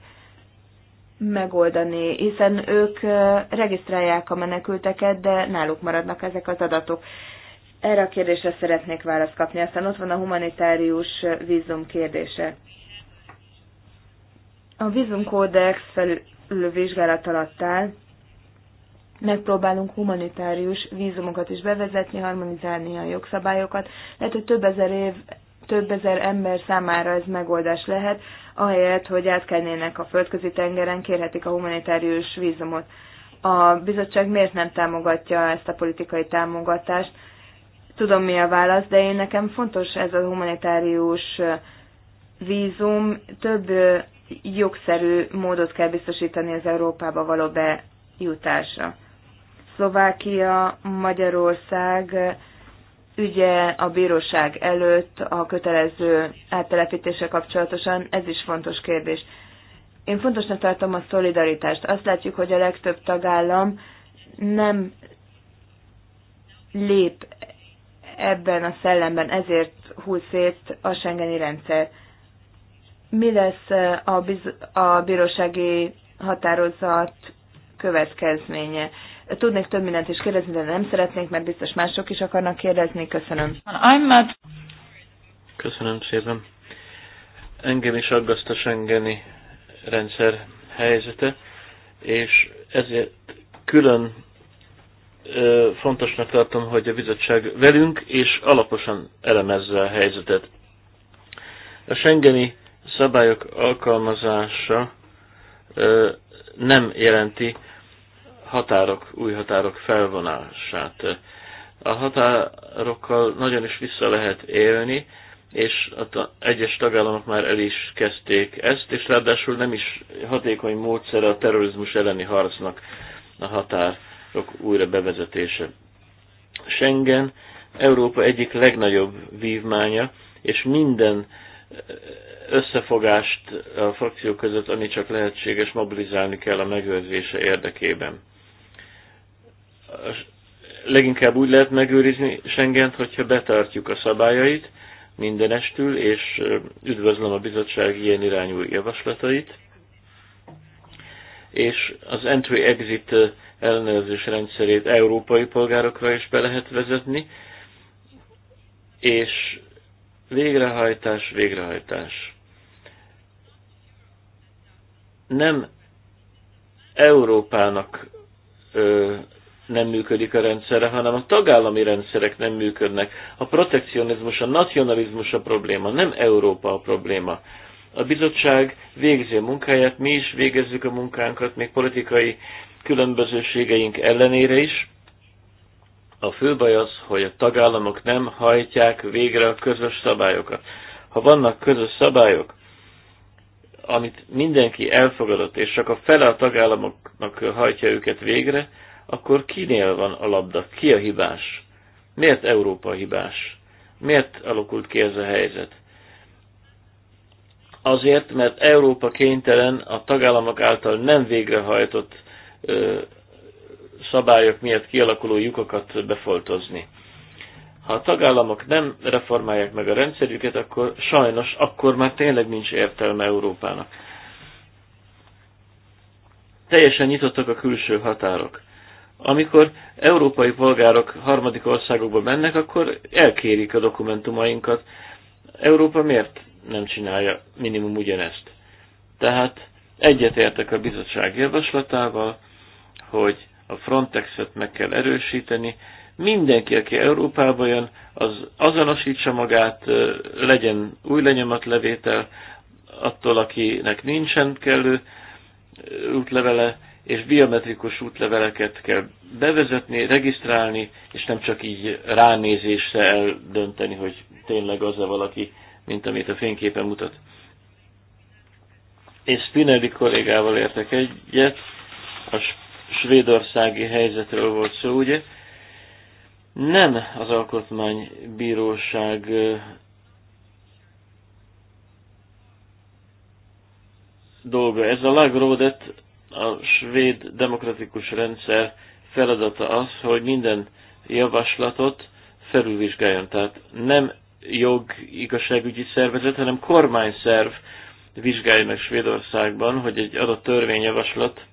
S2: megoldani, hiszen ők regisztrálják a menekülteket, de náluk maradnak ezek az adatok. Erre a kérdésre szeretnék választ kapni. Aztán ott van a humanitárius vízum kérdése. A vízumkódex felülvizsgálat alatt áll. Megpróbálunk humanitárius vízumokat is bevezetni, harmonizálni a jogszabályokat. Lehet, hogy több ezer év több ezer ember számára ez megoldás lehet, ahelyett, hogy átkelnének a földközi tengeren, kérhetik a humanitárius vízumot. A bizottság miért nem támogatja ezt a politikai támogatást? Tudom, mi a válasz, de én nekem fontos ez a humanitárius vízum. Több jogszerű módot kell biztosítani az Európába való bejutásra. Szlovákia, Magyarország, ügye a bíróság előtt a kötelező áttelepítése kapcsolatosan, ez is fontos kérdés. Én fontosnak tartom a szolidaritást. Azt látjuk, hogy a legtöbb tagállam nem lép ebben a szellemben, ezért húz szét a Schengeni rendszer. Mi lesz a, biz- a bírósági határozat következménye? Tudnék több mindent is kérdezni, de nem szeretnék, mert biztos mások is akarnak kérdezni. Köszönöm.
S3: Köszönöm szépen. Engem is aggaszt a Schengeni rendszer helyzete, és ezért külön fontosnak tartom, hogy a bizottság velünk és alaposan elemezze a helyzetet. A Schengeni szabályok alkalmazása nem jelenti határok, új határok felvonását. A határokkal nagyon is vissza lehet élni, és a egyes tagállamok már el is kezdték ezt, és ráadásul nem is hatékony módszere a terrorizmus elleni harcnak a határok újra bevezetése. Schengen Európa egyik legnagyobb vívmánya, és minden eh, összefogást a frakciók között, ami csak lehetséges, mobilizálni kell a megőrzése érdekében leginkább úgy lehet megőrizni Schengent, hogyha betartjuk a szabályait mindenestül, és üdvözlöm a bizottság ilyen irányú javaslatait. És az entry-exit ellenőrzés rendszerét európai polgárokra is be lehet vezetni, és végrehajtás, végrehajtás. Nem Európának ö, nem működik a rendszere, hanem a tagállami rendszerek nem működnek. A protekcionizmus, a nacionalizmus a probléma, nem Európa a probléma. A bizottság végzi a munkáját, mi is végezzük a munkánkat, még politikai különbözőségeink ellenére is. A fő baj az, hogy a tagállamok nem hajtják végre a közös szabályokat. Ha vannak közös szabályok, amit mindenki elfogadott, és csak a fele a tagállamoknak hajtja őket végre, akkor kinél van a labda? Ki a hibás? Miért Európa hibás? Miért alakult ki ez a helyzet? Azért, mert Európa kénytelen a tagállamok által nem végrehajtott ö, szabályok miatt kialakuló lyukakat befoltozni. Ha a tagállamok nem reformálják meg a rendszerüket, akkor sajnos akkor már tényleg nincs értelme Európának. Teljesen nyitottak a külső határok amikor európai polgárok harmadik országokba mennek, akkor elkérik a dokumentumainkat. Európa miért nem csinálja minimum ugyanezt? Tehát egyetértek a bizottság javaslatával, hogy a Frontexet meg kell erősíteni, mindenki, aki Európába jön, az azonosítsa magát, legyen új lenyomatlevétel, attól, akinek nincsen kellő útlevele, és biometrikus útleveleket kell bevezetni, regisztrálni, és nem csak így ránézésre eldönteni, hogy tényleg az-e valaki, mint amit a fényképen mutat. Én Spinelli kollégával értek egyet, a svédországi helyzetről volt szó, ugye? Nem az alkotmánybíróság dolga. Ez a lagrodet a svéd demokratikus rendszer feladata az, hogy minden javaslatot felülvizsgáljon. Tehát nem jog igazságügyi szervezet, hanem kormányszerv vizsgálja meg Svédországban, hogy egy adott törvényjavaslat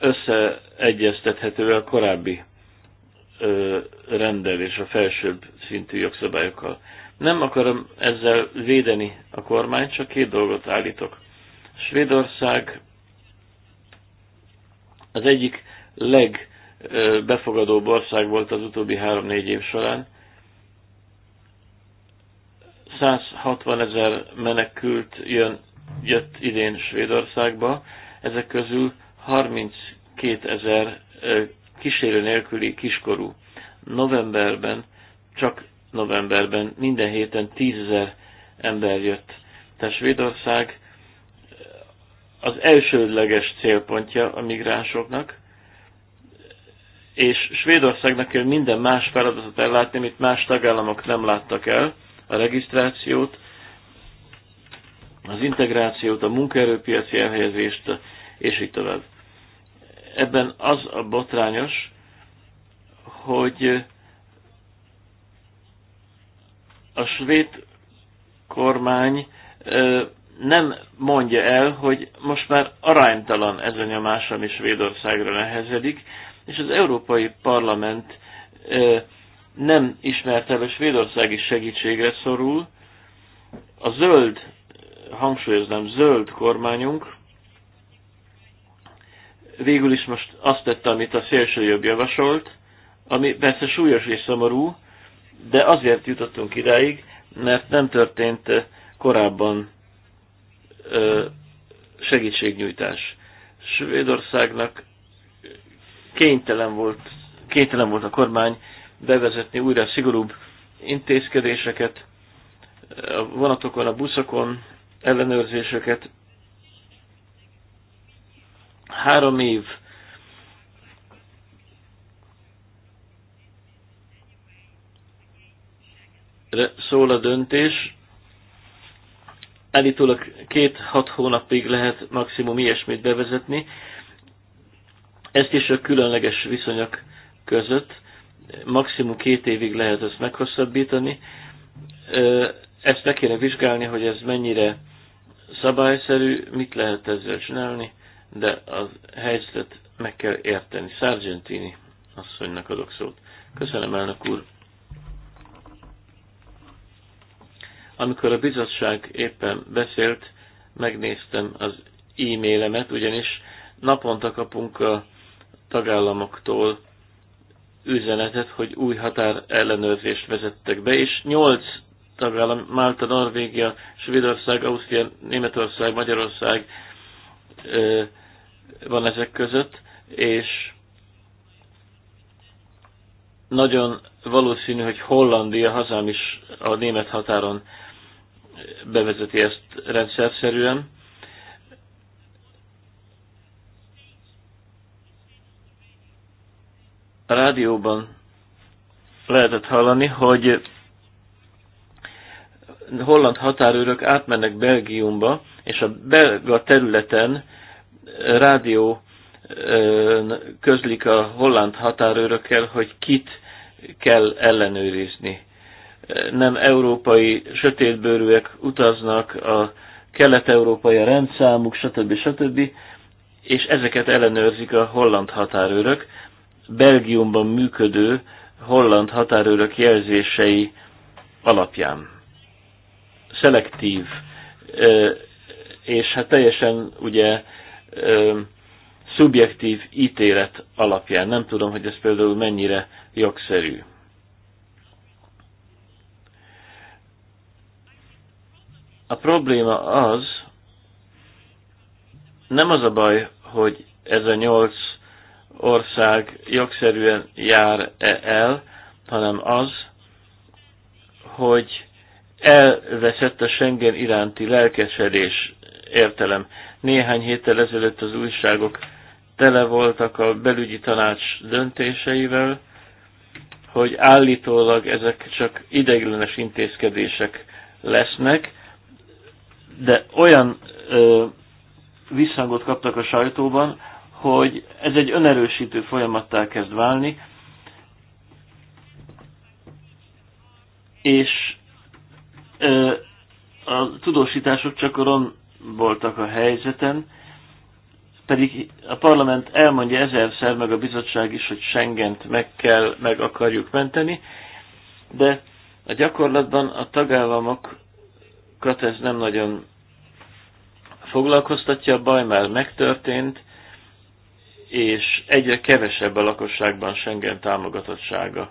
S3: összeegyeztethető a korábbi rendelés a felsőbb szintű jogszabályokkal. Nem akarom ezzel védeni a kormányt, csak két dolgot állítok. Svédország az egyik legbefogadóbb ország volt az utóbbi három-négy év során. 160 ezer menekült jön, jött idén Svédországba, ezek közül 32 ezer kísérő nélküli kiskorú. Novemberben csak novemberben minden héten tízezer ember jött. Tehát Svédország az elsődleges célpontja a migránsoknak, és Svédországnak kell minden más feladatot ellátni, amit más tagállamok nem láttak el, a regisztrációt, az integrációt, a munkaerőpiaci elhelyezést, és így tovább. Ebben az a botrányos, hogy a svéd kormány nem mondja el, hogy most már aránytalan ez a nyomás, ami Svédországra nehezedik, és az Európai Parlament nem ismert el, hogy Svédország is segítségre szorul. A zöld, hangsúlyoznám, zöld kormányunk végül is most azt tette, amit a jobb javasolt, ami persze súlyos és szomorú, de azért jutottunk idáig, mert nem történt eh, korábban segítségnyújtás. Svédországnak kénytelen volt, kénytelen volt a kormány bevezetni újra szigorúbb intézkedéseket, a vonatokon, a buszokon ellenőrzéseket. Három év szól a döntés. Elítólag két-hat hónapig lehet maximum ilyesmit bevezetni. Ezt is a különleges viszonyok között maximum két évig lehet ezt meghosszabbítani. Ezt meg kéne vizsgálni, hogy ez mennyire szabályszerű, mit lehet ezzel csinálni, de az helyzetet meg kell érteni. Sargentini asszonynak adok szót. Köszönöm, elnök úr. Amikor a bizottság éppen beszélt, megnéztem az e-mailemet, ugyanis naponta kapunk a tagállamoktól üzenetet, hogy új határ ellenőrzést vezettek be, és nyolc tagállam, Málta, Norvégia, Svédország, Ausztria, Németország, Magyarország van ezek között, és nagyon valószínű, hogy Hollandia, hazám is a német határon bevezeti ezt rendszerszerűen. A rádióban lehetett hallani, hogy holland határőrök átmennek Belgiumba, és a belga területen rádió közlik a holland határőrökkel, hogy kit kell ellenőrizni. Nem európai sötétbőrűek utaznak, a kelet-európai a rendszámuk, stb. stb. És ezeket ellenőrzik a holland határőrök. Belgiumban működő holland határőrök jelzései alapján. Szelektív, és hát teljesen ugye szubjektív ítélet alapján. Nem tudom, hogy ez például mennyire jogszerű. A probléma az, nem az a baj, hogy ez a nyolc ország jogszerűen jár -e el, hanem az, hogy elveszett a Schengen iránti lelkesedés értelem. Néhány héttel ezelőtt az újságok tele voltak a belügyi tanács döntéseivel, hogy állítólag ezek csak ideiglenes intézkedések lesznek, de olyan ö, visszhangot kaptak a sajtóban, hogy ez egy önerősítő folyamattá kezd válni, és ö, a tudósítások csak voltak a helyzeten, pedig a parlament elmondja ezerszer, meg a bizottság is, hogy Schengent meg kell, meg akarjuk menteni, de a gyakorlatban a tagállamokat ez nem nagyon foglalkoztatja, a baj már megtörtént, és egyre kevesebb a lakosságban Schengen támogatottsága.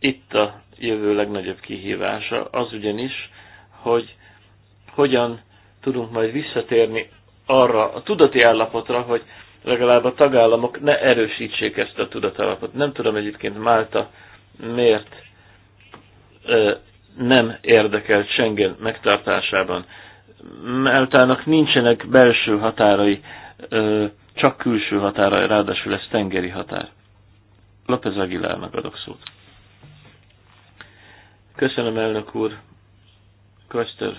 S3: Itt a jövő legnagyobb kihívása az ugyanis, hogy hogyan tudunk majd visszatérni arra a tudati állapotra, hogy legalább a tagállamok ne erősítsék ezt a tudatállapot. Nem tudom egyébként Málta miért ö, nem érdekelt Schengen megtartásában. Máltának nincsenek belső határai, ö, csak külső határai, ráadásul ez tengeri határ. López Aguilárnak adok szót. Köszönöm, elnök úr, Köszönöm,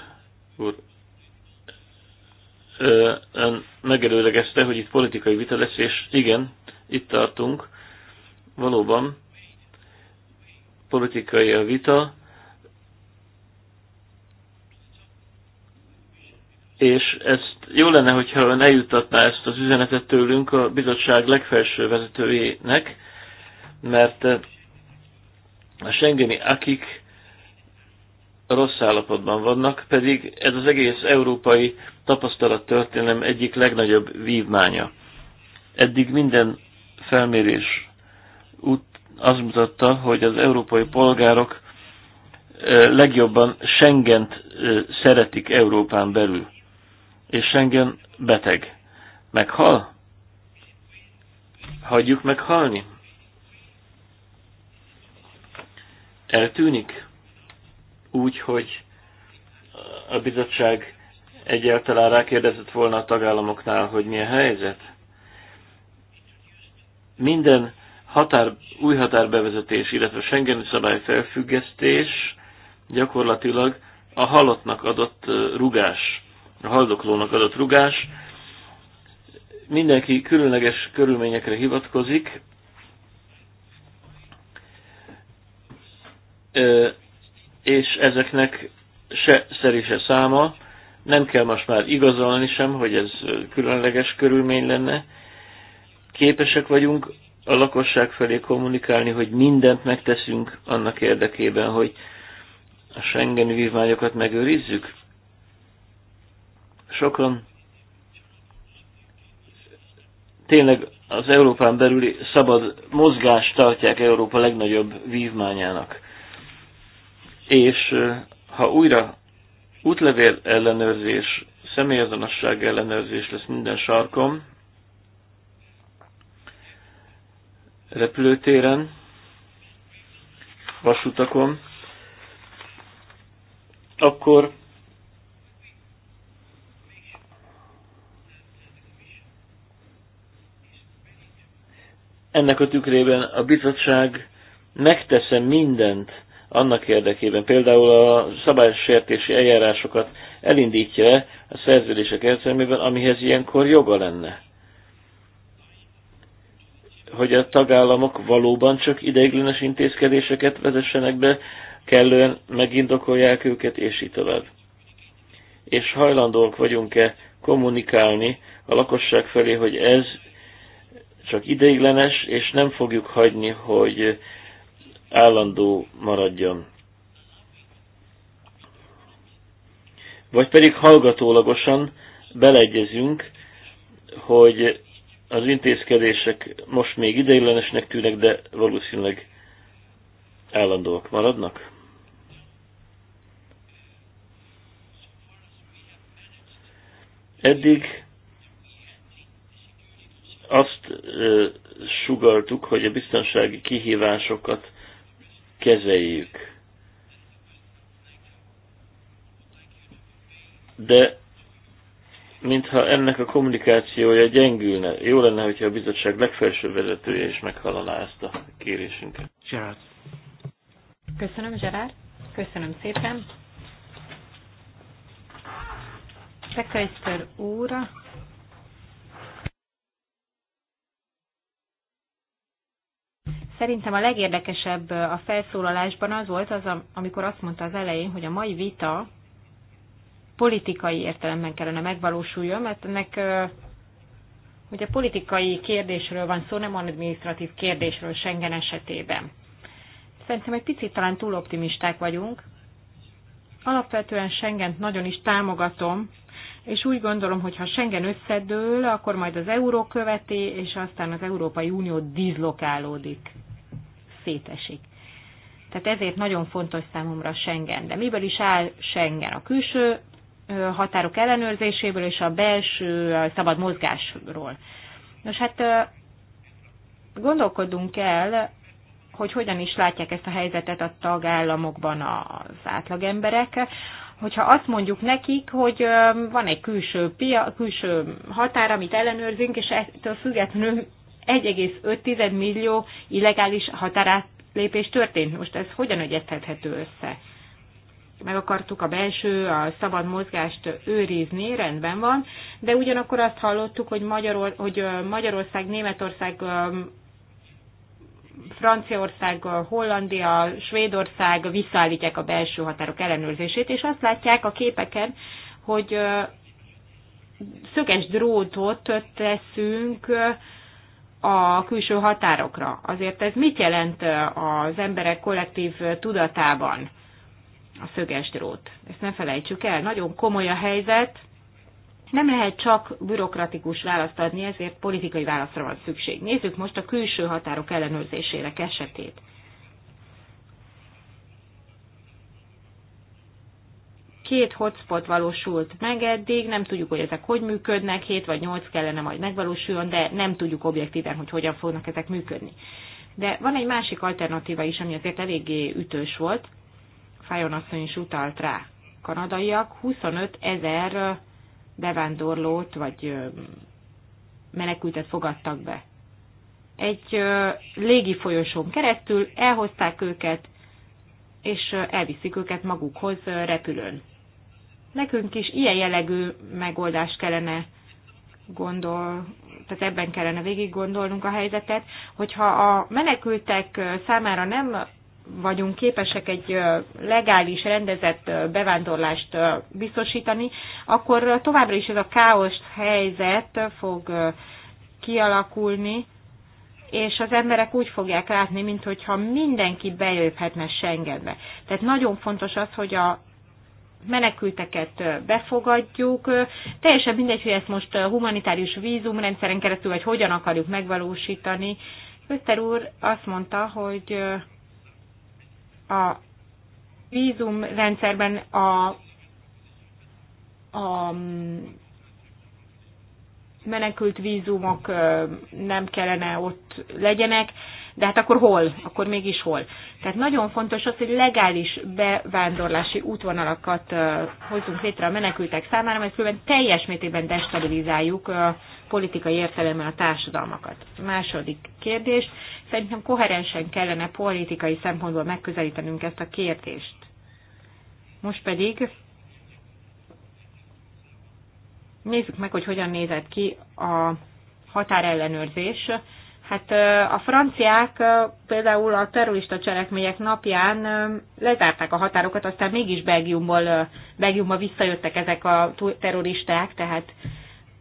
S3: úr megelőlegezte, hogy itt politikai vita lesz, és igen, itt tartunk. Valóban politikai a vita, és ezt jó lenne, hogyha ön eljutatná ezt az üzenetet tőlünk a bizottság legfelső vezetőjének, mert a Schengeni akik rossz állapotban vannak, pedig ez az egész európai tapasztalat történelem egyik legnagyobb vívmánya. Eddig minden felmérés út azt mutatta, hogy az európai polgárok legjobban Schengent szeretik Európán belül. És Schengen beteg. Meghal? Hagyjuk meghalni? Eltűnik? Úgy, hogy a bizottság egyáltalán rákérdezett volna a tagállamoknál, hogy mi a helyzet. Minden határ, új határbevezetés, illetve Schengeni szabály felfüggesztés gyakorlatilag a halottnak adott rugás, a haldoklónak adott rugás. Mindenki különleges körülményekre hivatkozik. És ezeknek se szeri se száma, nem kell most már igazolni sem, hogy ez különleges körülmény lenne. Képesek vagyunk a lakosság felé kommunikálni, hogy mindent megteszünk annak érdekében, hogy a Schengeni vívmányokat megőrizzük. Sokan tényleg az Európán belüli szabad mozgást tartják Európa legnagyobb vívmányának. És ha újra útlevél ellenőrzés, személyazonosság ellenőrzés lesz minden sarkon, repülőtéren, vasutakon, akkor ennek a tükrében a bizottság megteszem mindent, annak érdekében például a szabálysértési eljárásokat elindítja a szerződések értelmében, amihez ilyenkor joga lenne. Hogy a tagállamok valóban csak ideiglenes intézkedéseket vezessenek be, kellően megindokolják őket, és így tovább. És hajlandók vagyunk-e kommunikálni a lakosság felé, hogy ez csak ideiglenes, és nem fogjuk hagyni, hogy állandó maradjon. Vagy pedig hallgatólagosan beleegyezünk, hogy az intézkedések most még ideiglenesnek tűnnek, de valószínűleg állandóak maradnak. Eddig azt ö, sugaltuk, hogy a biztonsági kihívásokat kezeljük. De mintha ennek a kommunikációja gyengülne. Jó lenne, hogyha a bizottság legfelső vezetője is meghallaná ezt a kérésünket. Gerard.
S4: Köszönöm, Gerard. Köszönöm szépen.
S1: Pekaiszter úr
S4: Szerintem a legérdekesebb a felszólalásban az volt, az, amikor azt mondta az elején, hogy a mai vita politikai értelemben kellene megvalósuljon, mert ennek hogy a politikai kérdésről van szó, nem administratív kérdésről Schengen esetében. Szerintem egy picit talán túl optimisták vagyunk. Alapvetően Schengent nagyon is támogatom, és úgy gondolom, hogy ha Schengen összedől, akkor majd az euró követi, és aztán az Európai Unió dizlokálódik szétesik. Tehát ezért nagyon fontos számomra Schengen. De miből is áll Schengen? A külső határok ellenőrzéséből és a belső szabad mozgásról. Nos hát gondolkodunk el, hogy hogyan is látják ezt a helyzetet a tagállamokban az átlagemberek. Hogyha azt mondjuk nekik, hogy van egy külső, pia, külső határ, amit ellenőrzünk, és ettől függetlenül 1,5 millió illegális határátlépés történt. Most ez hogyan egyeztethető össze? meg akartuk a belső, a szabad mozgást őrizni, rendben van, de ugyanakkor azt hallottuk, hogy, Magyaror, hogy Magyarország, Németország, Franciaország, Hollandia, Svédország visszaállítják a belső határok ellenőrzését, és azt látják a képeken, hogy szöges drótot teszünk a külső határokra. Azért ez mit jelent az emberek kollektív tudatában a szöges drót? Ezt ne felejtsük el. Nagyon komoly a helyzet. Nem lehet csak bürokratikus választ adni, ezért politikai válaszra van szükség. Nézzük most a külső határok ellenőrzésére esetét. két hotspot valósult meg eddig, nem tudjuk, hogy ezek hogy működnek, 7 vagy 8 kellene majd megvalósuljon, de nem tudjuk objektíven, hogy hogyan fognak ezek működni. De van egy másik alternatíva is, ami azért eléggé ütős volt, Fájon asszony is utalt rá. Kanadaiak 25 ezer bevándorlót vagy menekültet fogadtak be. Egy légi folyosón keresztül elhozták őket, és elviszik őket magukhoz repülőn. Nekünk is ilyen jellegű megoldást kellene gondol, tehát ebben kellene végig gondolnunk a helyzetet, hogyha a menekültek számára nem vagyunk képesek egy legális, rendezett bevándorlást biztosítani, akkor továbbra is ez a káosz helyzet fog kialakulni, és az emberek úgy fogják látni, mintha mindenki bejöhetne Schengenbe. Tehát nagyon fontos az, hogy a menekülteket befogadjuk. Teljesen mindegy, hogy ezt most humanitárius vízumrendszeren keresztül, vagy hogyan akarjuk megvalósítani. Öster úr azt mondta, hogy a vízumrendszerben a, a mm, menekült vízumok nem kellene ott legyenek. De hát akkor hol? Akkor mégis hol? Tehát nagyon fontos az, hogy legális bevándorlási útvonalakat hozzunk létre a menekültek számára, mert különben teljes mértékben destabilizáljuk politikai értelemben a társadalmakat. Második kérdés. Szerintem koherensen kellene politikai szempontból megközelítenünk ezt a kérdést. Most pedig nézzük meg, hogy hogyan nézett ki a határellenőrzés Hát a franciák például a terrorista cselekmények napján lezárták a határokat, aztán mégis Belgiumból, Belgiumba visszajöttek ezek a terroristák, tehát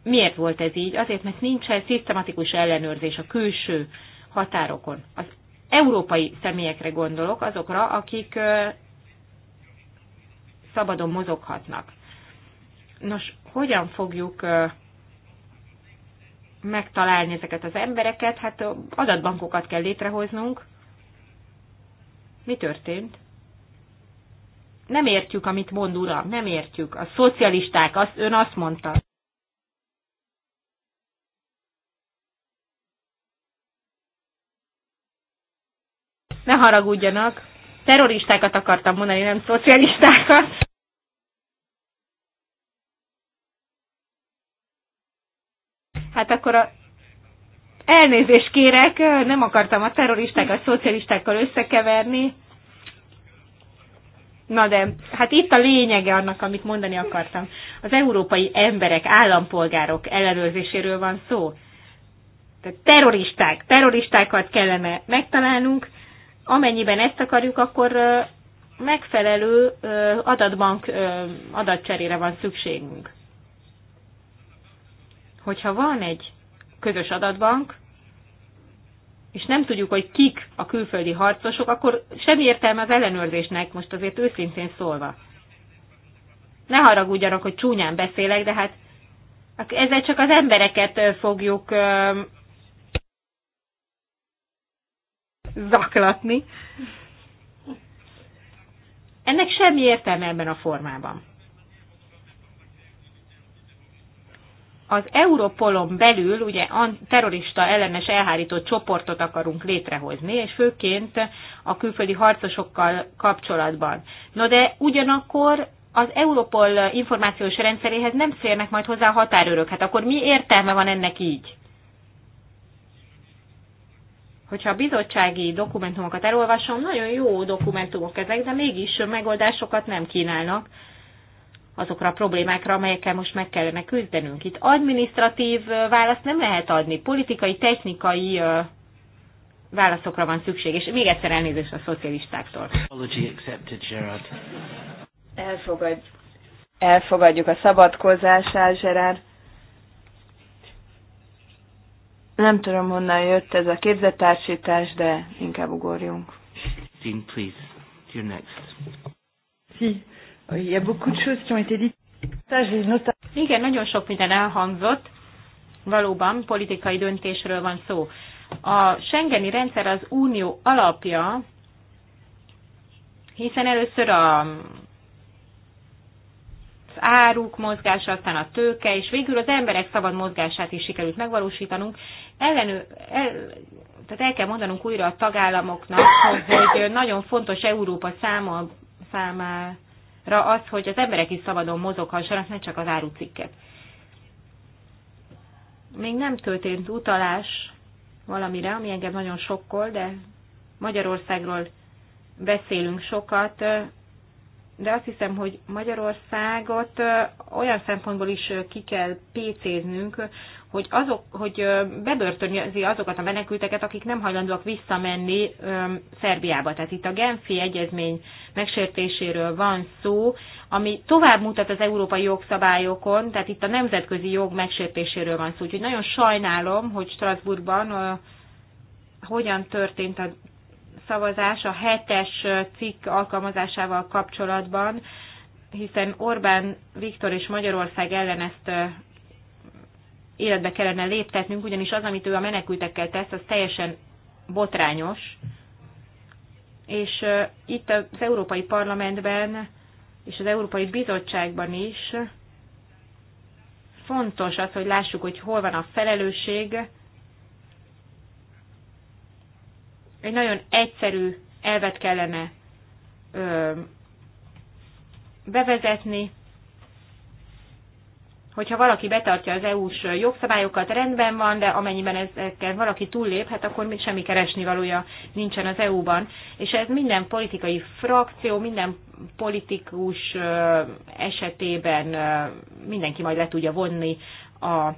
S4: miért volt ez így? Azért, mert nincsen szisztematikus ellenőrzés a külső határokon. Az európai személyekre gondolok, azokra, akik szabadon mozoghatnak. Nos, hogyan fogjuk megtalálni ezeket az embereket, hát adatbankokat kell létrehoznunk. Mi történt? Nem értjük, amit mond uram, nem értjük. A szocialisták, azt, ön azt mondta. Ne haragudjanak, terroristákat akartam mondani, nem szocialistákat. Hát akkor a elnézést kérek, nem akartam a terroristák a szocialistákkal összekeverni. Na de, hát itt a lényege annak, amit mondani akartam. Az európai emberek, állampolgárok ellenőrzéséről van szó. Tehát terroristák, terroristákat kellene megtalálnunk. Amennyiben ezt akarjuk, akkor megfelelő adatbank adatcserére van szükségünk hogyha van egy közös adatbank, és nem tudjuk, hogy kik a külföldi harcosok, akkor semmi értelme az ellenőrzésnek, most azért őszintén szólva. Ne haragudjanak, hogy csúnyán beszélek, de hát ezzel csak az embereket fogjuk zaklatni. Ennek semmi értelme ebben a formában. az Europolon belül ugye terrorista ellenes elhárított csoportot akarunk létrehozni, és főként a külföldi harcosokkal kapcsolatban. No de ugyanakkor az Europol információs rendszeréhez nem férnek majd hozzá a határőrök. Hát akkor mi értelme van ennek így? Hogyha a bizottsági dokumentumokat elolvasom, nagyon jó dokumentumok ezek, de mégis megoldásokat nem kínálnak azokra a problémákra, amelyekkel most meg kellene küzdenünk. Itt administratív választ nem lehet adni, politikai, technikai válaszokra van szükség, és még egyszer elnézést a szocialistáktól.
S2: Elfogad. Elfogadjuk a szabadkozását, Gerard. Nem tudom, honnan jött ez a képzettársítás, de inkább ugorjunk.
S1: Dean, please, you're next.
S4: Sí. Igen, nagyon sok minden elhangzott, valóban politikai döntésről van szó. A Schengeni rendszer az unió alapja, hiszen először a, az áruk mozgása, aztán a tőke, és végül az emberek szabad mozgását is sikerült megvalósítanunk. Ellenő, el, tehát el kell mondanunk újra a tagállamoknak, hogy nagyon fontos Európa száma, számára ra az, hogy az emberek is szabadon mozoghassanak, ne csak az árucikket. Még nem történt utalás valamire, ami engem nagyon sokkol, de Magyarországról beszélünk sokat, de azt hiszem, hogy Magyarországot olyan szempontból is ki kell pécéznünk, hogy, azok, hogy bebörtönzi azokat a menekülteket, akik nem hajlandóak visszamenni Szerbiába. Tehát itt a Genfi egyezmény megsértéséről van szó, ami tovább mutat az európai jogszabályokon, tehát itt a nemzetközi jog megsértéséről van szó. Úgyhogy nagyon sajnálom, hogy Strasbourgban hogyan történt a szavazás a hetes cikk alkalmazásával kapcsolatban, hiszen Orbán Viktor és Magyarország ellen ezt életbe kellene léptetnünk, ugyanis az, amit ő a menekültekkel tesz, az teljesen botrányos. És itt az Európai Parlamentben és az Európai Bizottságban is fontos az, hogy lássuk, hogy hol van a felelősség. Egy nagyon egyszerű elvet kellene ö, bevezetni, hogyha valaki betartja az EU-s jogszabályokat, rendben van, de amennyiben ezekkel valaki túllép, hát akkor még semmi keresni valója nincsen az EU-ban. És ez minden politikai frakció, minden politikus esetében mindenki majd le tudja vonni a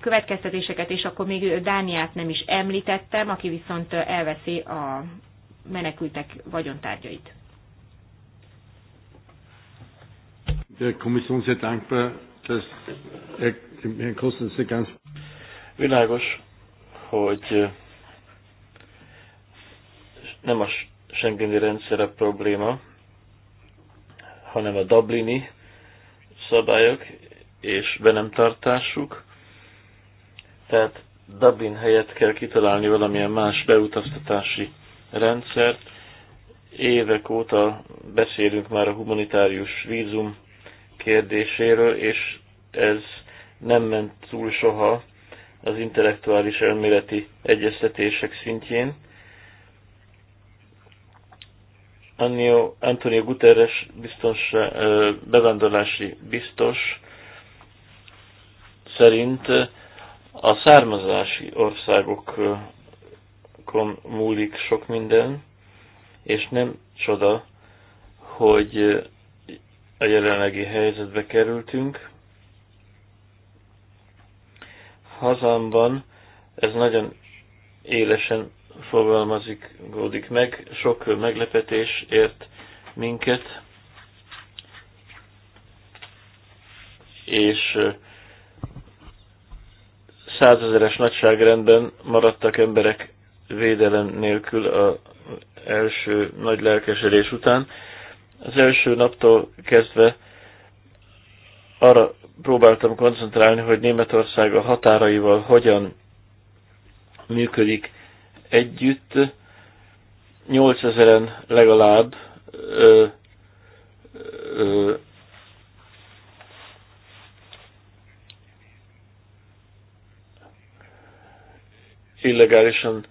S4: következtetéseket, és akkor még Dániát nem is említettem, aki viszont elveszi a menekültek vagyontárgyait. der Kommission sehr dankbar, dass Kostner sehr ganz...
S3: Világos, hogy eh, nem a Schengeni rendszer a probléma, hanem a Dublini szabályok és be nem tartásuk. Tehát Dublin helyett kell kitalálni valamilyen más beutaztatási rendszert. Évek óta beszélünk már a humanitárius vízum kérdéséről, és ez nem ment túl soha az intellektuális elméleti egyeztetések szintjén. Antonio Guterres biztons, bevándorlási biztos szerint a származási országokon múlik sok minden, és nem csoda, hogy a jelenlegi helyzetbe kerültünk. Hazamban ez nagyon élesen fogalmazik, gódik meg, sok meglepetés ért minket, és százezeres nagyságrendben maradtak emberek védelem nélkül a első nagy lelkesedés után az első naptól kezdve arra próbáltam koncentrálni, hogy Németország a határaival hogyan működik együtt. 8000-en legalább ö, ö, illegálisan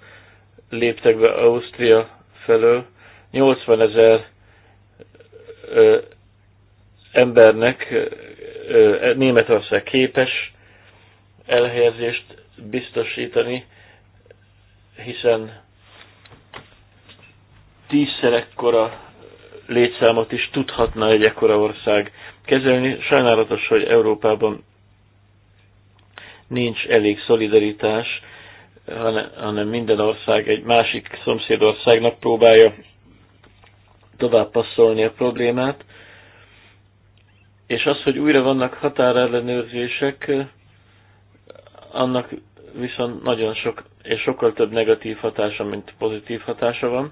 S3: léptek be Ausztria felől. 80 ezer ö, embernek ö, Németország képes elhelyezést biztosítani, hiszen tízszer ekkora létszámot is tudhatna egy ekkora ország kezelni. Sajnálatos, hogy Európában nincs elég szolidaritás, hanem minden ország egy másik szomszédországnak próbálja tovább passzolni a problémát, és az, hogy újra vannak határellenőrzések, annak viszont nagyon sok, és sokkal több negatív hatása, mint pozitív hatása van.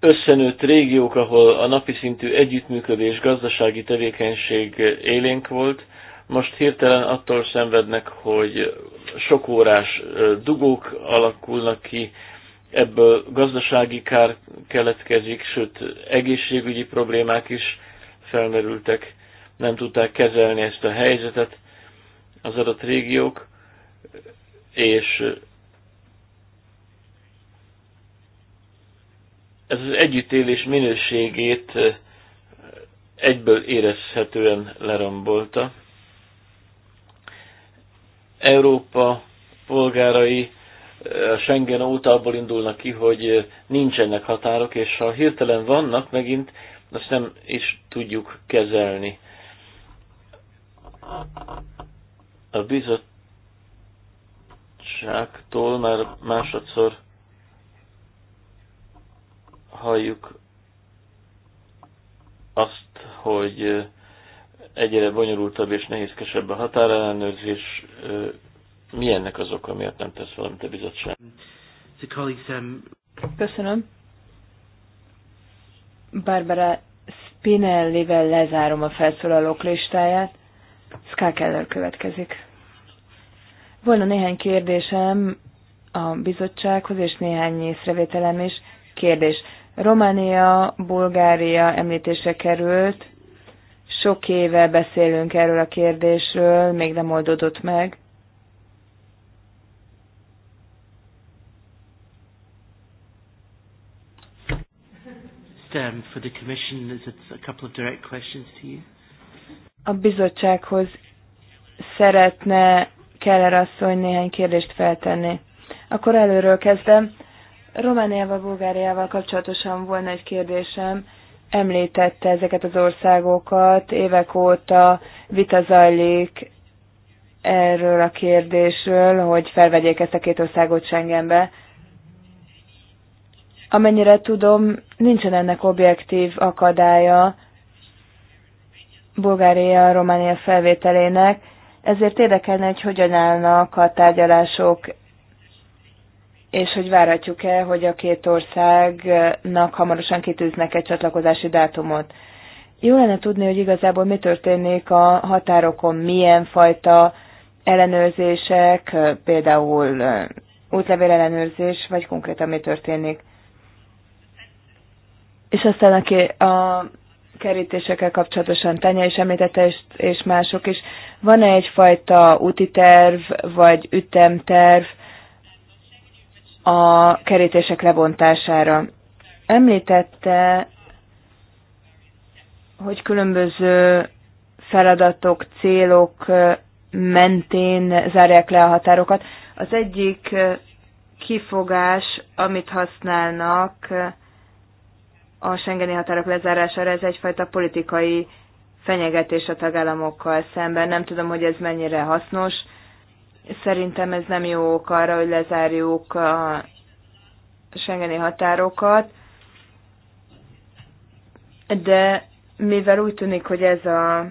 S3: Összenőtt régiók, ahol a napi szintű együttműködés, gazdasági tevékenység élénk volt, most hirtelen attól szenvednek, hogy sokórás dugók alakulnak ki, ebből gazdasági kár keletkezik, sőt egészségügyi problémák is felmerültek, nem tudták kezelni ezt a helyzetet az adott régiók, és ez az együttélés minőségét egyből érezhetően lerombolta. Európa polgárai eh, Schengen óta abból indulnak ki, hogy eh, nincsenek határok, és ha hirtelen vannak megint, azt nem is tudjuk kezelni. A bizottságtól már másodszor halljuk azt, hogy eh, egyre bonyolultabb és nehézkesebb a határellenőrzés. Mi ennek az oka, miért nem tesz valamit a bizottság?
S1: Um,
S2: Köszönöm. Barbara Spinellivel lezárom a felszólalók listáját. Ská Keller következik. Volna néhány kérdésem a bizottsághoz, és néhány észrevételem is. Kérdés. Románia, Bulgária említése került, sok éve beszélünk erről a kérdésről, még nem oldódott
S1: meg. for the commission is a couple of direct questions to you.
S2: A bizottsághoz szeretne Keller asszony néhány kérdést feltenni. Akkor előről kezdem. Romániával, Bulgáriával kapcsolatosan volna egy kérdésem említette ezeket az országokat, évek óta vita zajlik erről a kérdésről, hogy felvegyék ezt a két országot Schengenbe. Amennyire tudom, nincsen ennek objektív akadálya Bulgária, Románia felvételének, ezért érdekelne, hogy hogyan állnak a tárgyalások és hogy várhatjuk-e, hogy a két országnak hamarosan kitűznek egy csatlakozási dátumot. Jó lenne tudni, hogy igazából mi történik a határokon, milyen fajta ellenőrzések, például útlevél ellenőrzés, vagy konkrétan mi történik. És aztán aki a kerítésekkel kapcsolatosan Tanya is említette, és, és mások is, van-e egyfajta úti terv, vagy ütemterv, a kerítések lebontására. Említette, hogy különböző feladatok, célok mentén zárják le a határokat. Az egyik kifogás, amit használnak a Schengeni határok lezárására, ez egyfajta politikai fenyegetés a tagállamokkal szemben. Nem tudom, hogy ez mennyire hasznos Szerintem ez nem jó ok arra, hogy lezárjuk a Schengeni határokat, de mivel úgy tűnik, hogy ez a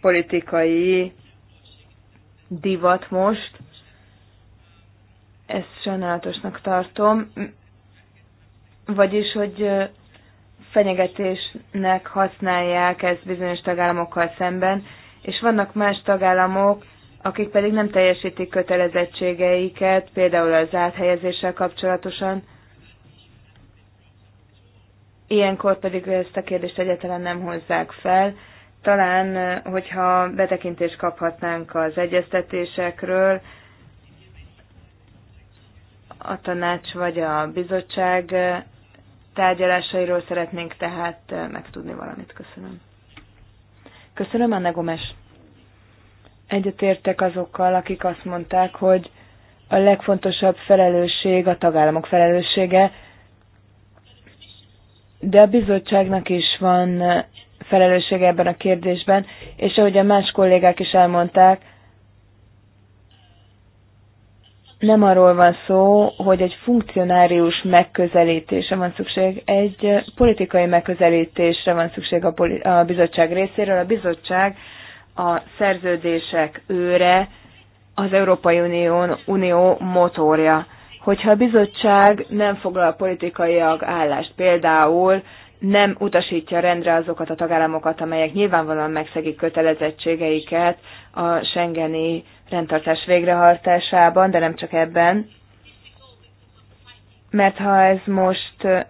S2: politikai divat most, ezt sajnálatosnak tartom, vagyis, hogy fenyegetésnek használják ezt bizonyos tagállamokkal szemben, és vannak más tagállamok, akik pedig nem teljesítik kötelezettségeiket, például az áthelyezéssel kapcsolatosan. Ilyenkor pedig ezt a kérdést egyáltalán nem hozzák fel. Talán, hogyha betekintést kaphatnánk az egyeztetésekről, a tanács vagy a bizottság tárgyalásairól szeretnénk tehát megtudni valamit. Köszönöm. Köszönöm, Anna Gomes. Egyetértek azokkal, akik azt mondták, hogy a legfontosabb felelősség a tagállamok felelőssége, de a bizottságnak is van felelőssége ebben a kérdésben, és ahogy a más kollégák is elmondták, nem arról van szó, hogy egy funkcionárius megközelítése van szükség, egy politikai megközelítésre van szükség a, a bizottság részéről. A bizottság a szerződések őre, az Európai Unión, Unió motorja. Hogyha a bizottság nem foglal politikaiak állást, például nem utasítja rendre azokat a tagállamokat, amelyek nyilvánvalóan megszegik kötelezettségeiket a Schengeni rendtartás végrehajtásában, de nem csak ebben. Mert ha ez most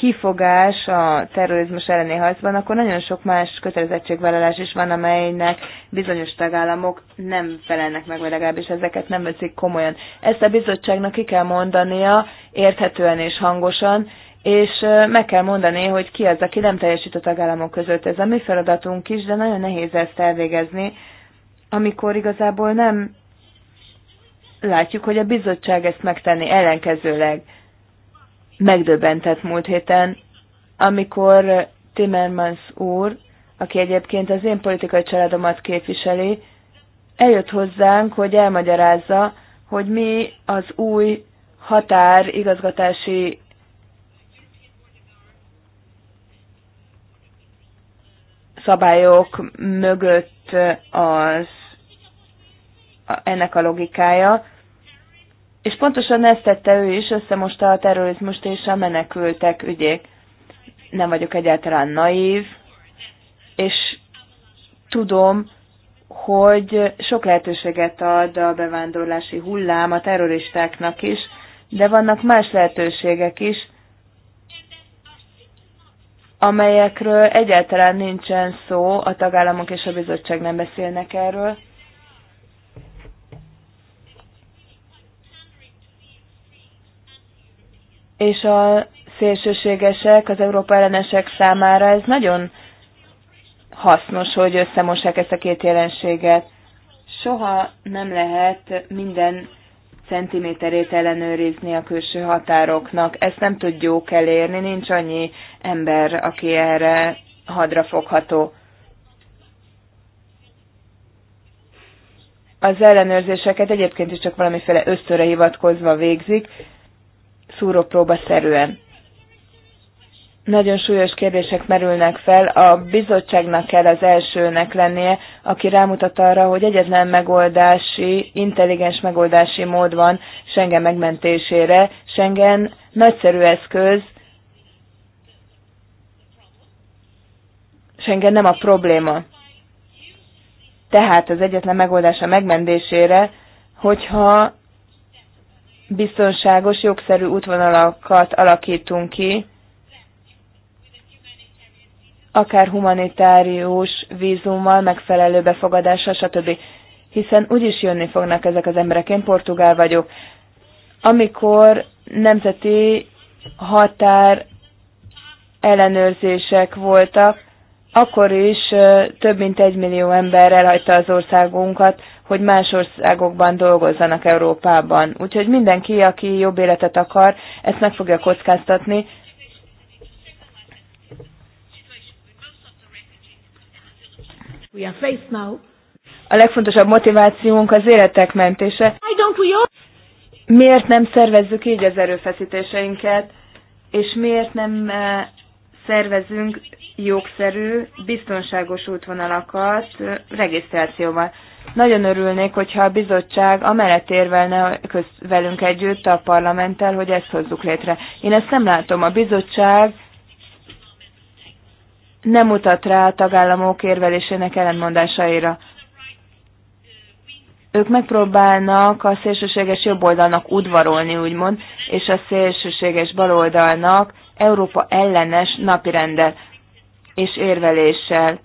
S2: kifogás a terrorizmus elleni harcban, akkor nagyon sok más kötelezettségvállalás is van, amelynek bizonyos tagállamok nem felelnek meg, vagy legalábbis ezeket nem veszik komolyan. Ezt a bizottságnak ki kell mondania érthetően és hangosan, és meg kell mondani, hogy ki az, aki nem teljesít a tagállamok között. Ez a mi feladatunk is, de nagyon nehéz ezt elvégezni, amikor igazából nem látjuk, hogy a bizottság ezt megtenni ellenkezőleg megdöbbentett múlt héten, amikor Timmermans úr, aki egyébként az én politikai családomat képviseli, eljött hozzánk, hogy elmagyarázza, hogy mi az új határ igazgatási szabályok mögött az ennek a logikája. És pontosan ezt tette ő is, összemosta a terrorizmust és a menekültek ügyék. Nem vagyok egyáltalán naív, és tudom, hogy sok lehetőséget ad a bevándorlási hullám a terroristáknak is, de vannak más lehetőségek is, amelyekről egyáltalán nincsen szó, a tagállamok és a bizottság nem beszélnek erről. és a szélsőségesek, az Európa ellenesek számára ez nagyon hasznos, hogy összemossák ezt a két jelenséget. Soha nem lehet minden centiméterét ellenőrizni a külső határoknak. Ezt nem tudjuk elérni, nincs annyi ember, aki erre hadra fogható. Az ellenőrzéseket egyébként is csak valamiféle ösztöre hivatkozva végzik, szerűen. Nagyon súlyos kérdések merülnek fel, a bizottságnak kell az elsőnek lennie, aki rámutat arra, hogy egyetlen megoldási, intelligens megoldási mód van Schengen megmentésére. Schengen nagyszerű eszköz, Schengen nem a probléma. Tehát az egyetlen megoldás a megmentésére, hogyha biztonságos, jogszerű útvonalakat alakítunk ki, akár humanitárius vízummal, megfelelő befogadással, stb. Hiszen úgyis jönni fognak ezek az emberek. Én portugál vagyok. Amikor nemzeti határ ellenőrzések voltak, akkor is több mint egy millió ember elhagyta az országunkat hogy más országokban dolgozzanak Európában. Úgyhogy mindenki, aki jobb életet akar, ezt meg fogja kockáztatni. A legfontosabb motivációnk az életek mentése. Miért nem szervezzük így az erőfeszítéseinket, és miért nem eh, szervezünk jogszerű, biztonságos útvonalakat eh, regisztrációval? Nagyon örülnék, hogyha a bizottság amellett érvelne köz, velünk együtt a parlamenttel, hogy ezt hozzuk létre. Én ezt nem látom. A bizottság nem mutat rá a tagállamok érvelésének ellentmondásaira. Ők megpróbálnak a szélsőséges jobboldalnak udvarolni, úgymond, és a szélsőséges baloldalnak Európa ellenes napirendel és érveléssel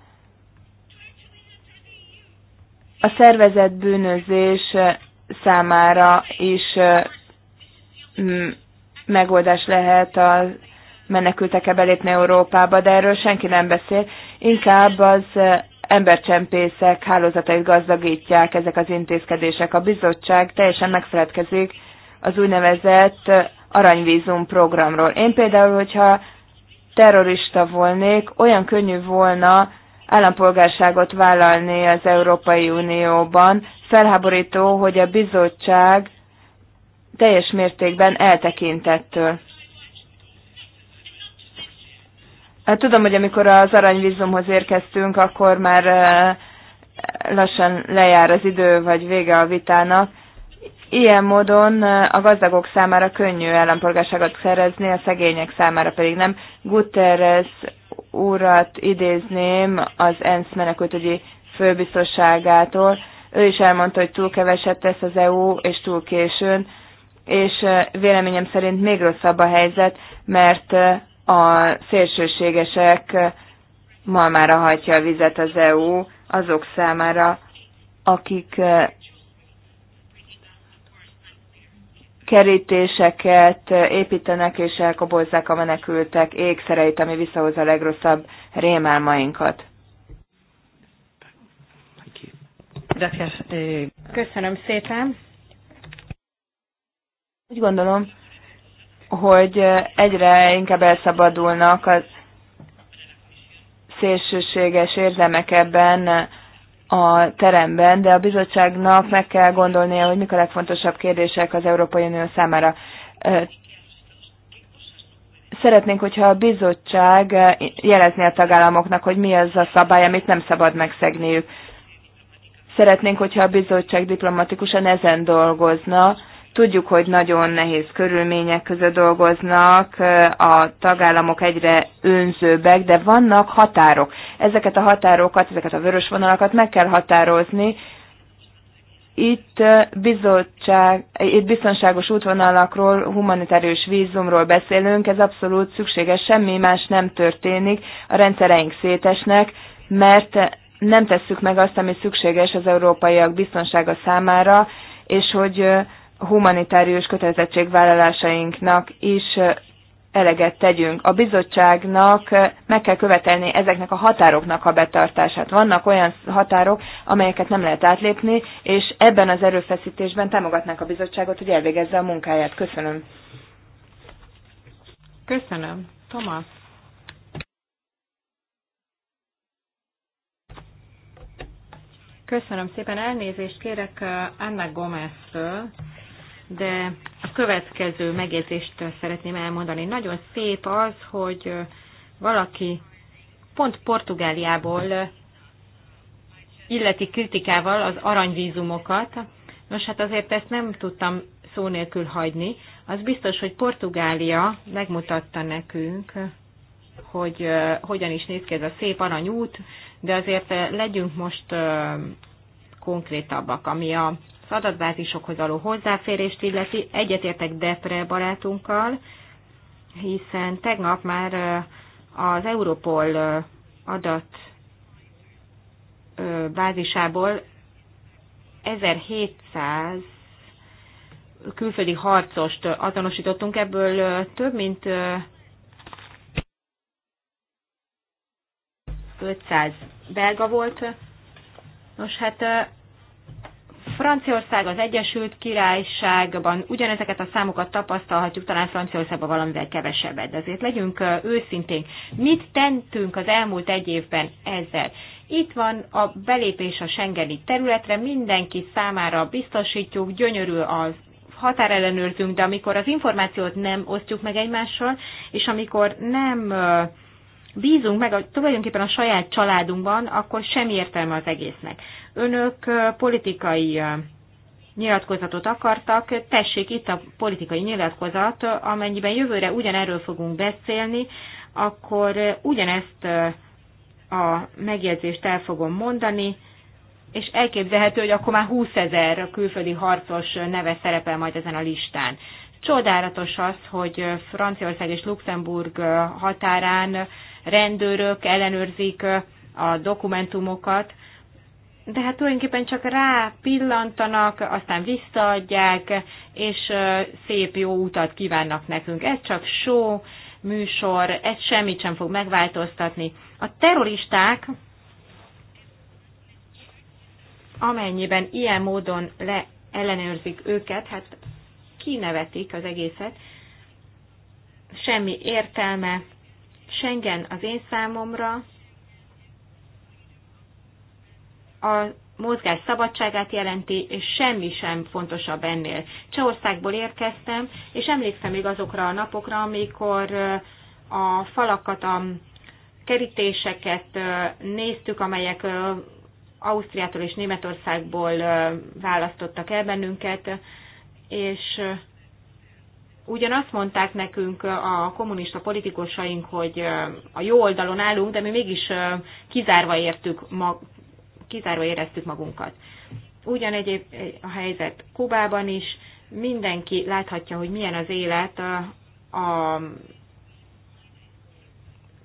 S2: a szervezett bűnözés számára is megoldás lehet a menekültek belépni Európába, de erről senki nem beszél. Inkább az embercsempészek hálózatait gazdagítják ezek az intézkedések. A bizottság teljesen megfeledkezik az úgynevezett aranyvízum programról. Én például, hogyha terrorista volnék, olyan könnyű volna állampolgárságot vállalni az Európai Unióban. Felháborító, hogy a bizottság teljes mértékben eltekintettől. Hát tudom, hogy amikor az aranyvízumhoz érkeztünk, akkor már eh, lassan lejár az idő, vagy vége a vitának. Ilyen módon eh, a gazdagok számára könnyű állampolgárságot szerezni, a szegények számára pedig nem. Guterres úrat idézném az ENSZ menekültügyi főbiztosságától. Ő is elmondta, hogy túl keveset tesz az EU, és túl későn, és eh, véleményem szerint még rosszabb a helyzet, mert eh, a szélsőségesek eh, malmára hajtja a vizet az EU azok számára, akik kerítéseket építenek és elkobozzák a menekültek ékszereit, ami visszahozza a legrosszabb rémálmainkat. Eh. Köszönöm szépen. Úgy gondolom, hogy egyre inkább elszabadulnak az szélsőséges érzelmek ebben a teremben, de a bizottságnak meg kell gondolnia, hogy mik a legfontosabb kérdések az Európai Unió számára. Szeretnénk, hogyha a bizottság jelezné a tagállamoknak, hogy mi az a szabály, amit nem szabad megszegniük. Szeretnénk, hogyha a bizottság diplomatikusan ezen dolgozna, Tudjuk, hogy nagyon nehéz körülmények között dolgoznak, a tagállamok egyre önzőbbek, de vannak határok. Ezeket a határokat, ezeket a vörös vonalakat meg kell határozni. Itt, bizottság, itt biztonságos útvonalakról, humanitárius vízumról beszélünk, ez abszolút szükséges, semmi más nem történik, a rendszereink szétesnek, mert nem tesszük meg azt, ami szükséges az európaiak biztonsága számára, és hogy humanitárius kötelezettségvállalásainknak is eleget tegyünk. A bizottságnak meg kell követelni ezeknek a határoknak a betartását. Vannak olyan határok, amelyeket nem lehet átlépni, és ebben az erőfeszítésben támogatnánk a bizottságot, hogy elvégezze a munkáját. Köszönöm. Köszönöm. Tomasz.
S4: Köszönöm szépen. Elnézést kérek Anna Gomez-től, de a következő megjegyzést szeretném elmondani. Nagyon szép az, hogy valaki pont Portugáliából illeti kritikával az aranyvízumokat. Nos, hát azért ezt nem tudtam szó nélkül hagyni. Az biztos, hogy Portugália megmutatta nekünk, hogy hogyan is néz ki ez a szép aranyút, de azért legyünk most konkrétabbak, ami a az adatbázisokhoz való hozzáférést illeti. Egyetértek Depre barátunkkal, hiszen tegnap már az Europol adat bázisából 1700 külföldi harcost azonosítottunk, ebből több mint 500 belga volt. Nos, hát Franciaország, az Egyesült Királyságban ugyanezeket a számokat tapasztalhatjuk, talán Franciaországban valamivel kevesebbet, de azért legyünk őszintén. Mit tentünk az elmúlt egy évben ezzel? Itt van a belépés a Schengeni területre, mindenki számára biztosítjuk, gyönyörű az határellenőrzünk, de amikor az információt nem osztjuk meg egymással, és amikor nem bízunk meg a, tulajdonképpen a saját családunkban, akkor sem értelme az egésznek. Önök politikai nyilatkozatot akartak, tessék itt a politikai nyilatkozat, amennyiben jövőre ugyanerről fogunk beszélni, akkor ugyanezt a megjegyzést el fogom mondani, és elképzelhető, hogy akkor már 20 ezer külföldi harcos neve szerepel majd ezen a listán. Csodálatos az, hogy Franciaország és Luxemburg határán rendőrök ellenőrzik a dokumentumokat, de hát tulajdonképpen csak rá pillantanak, aztán visszaadják, és szép jó utat kívánnak nekünk. Ez csak show, műsor, ez semmit sem fog megváltoztatni. A terroristák, amennyiben ilyen módon le ellenőrzik őket, hát kinevetik az egészet, semmi értelme. Schengen az én számomra a mozgás szabadságát jelenti, és semmi sem fontosabb ennél. Csehországból érkeztem, és emlékszem még azokra a napokra, amikor a falakat, a kerítéseket néztük, amelyek Ausztriától és Németországból választottak el bennünket, és ugyanazt mondták nekünk a kommunista politikusaink, hogy a jó oldalon állunk, de mi mégis kizárva értük kizárva éreztük magunkat. Ugyan egyéb a helyzet Kubában is, mindenki láthatja, hogy milyen az élet a, a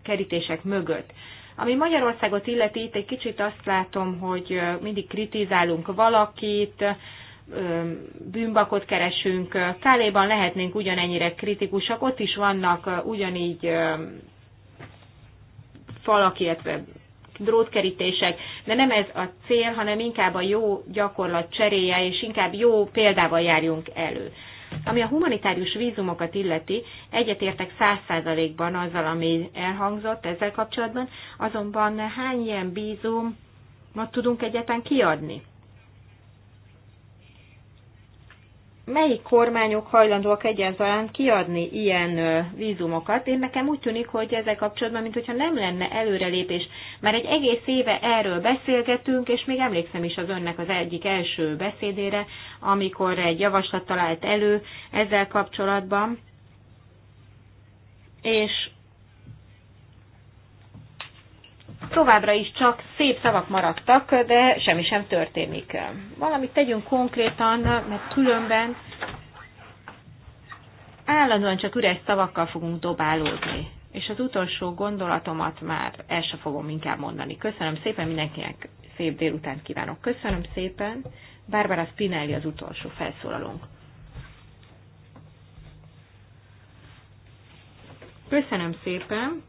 S4: kerítések mögött. Ami Magyarországot illeti, itt egy kicsit azt látom, hogy mindig kritizálunk valakit, bűnbakot keresünk. Káléban lehetnénk ugyanennyire kritikusak, ott is vannak ugyanígy falak, illetve drótkerítések, de nem ez a cél, hanem inkább a jó gyakorlat cseréje, és inkább jó példával járjunk elő. Ami a humanitárius vízumokat illeti, egyetértek száz százalékban azzal, ami elhangzott ezzel kapcsolatban, azonban hány ilyen vízum ma tudunk egyetlen kiadni? melyik kormányok hajlandóak egyáltalán kiadni ilyen vízumokat. Én nekem úgy tűnik, hogy ezzel kapcsolatban, mintha nem lenne előrelépés. Már egy egész éve erről beszélgetünk, és még emlékszem is az önnek az egyik első beszédére, amikor egy javaslat talált elő ezzel kapcsolatban. És továbbra is csak szép szavak maradtak, de semmi sem történik. Valamit tegyünk konkrétan, mert különben állandóan csak üres szavakkal fogunk dobálódni. És az utolsó gondolatomat már el se fogom inkább mondani. Köszönöm szépen mindenkinek, szép délután kívánok. Köszönöm szépen. Bárbara Spinelli az utolsó felszólalónk. Köszönöm szépen.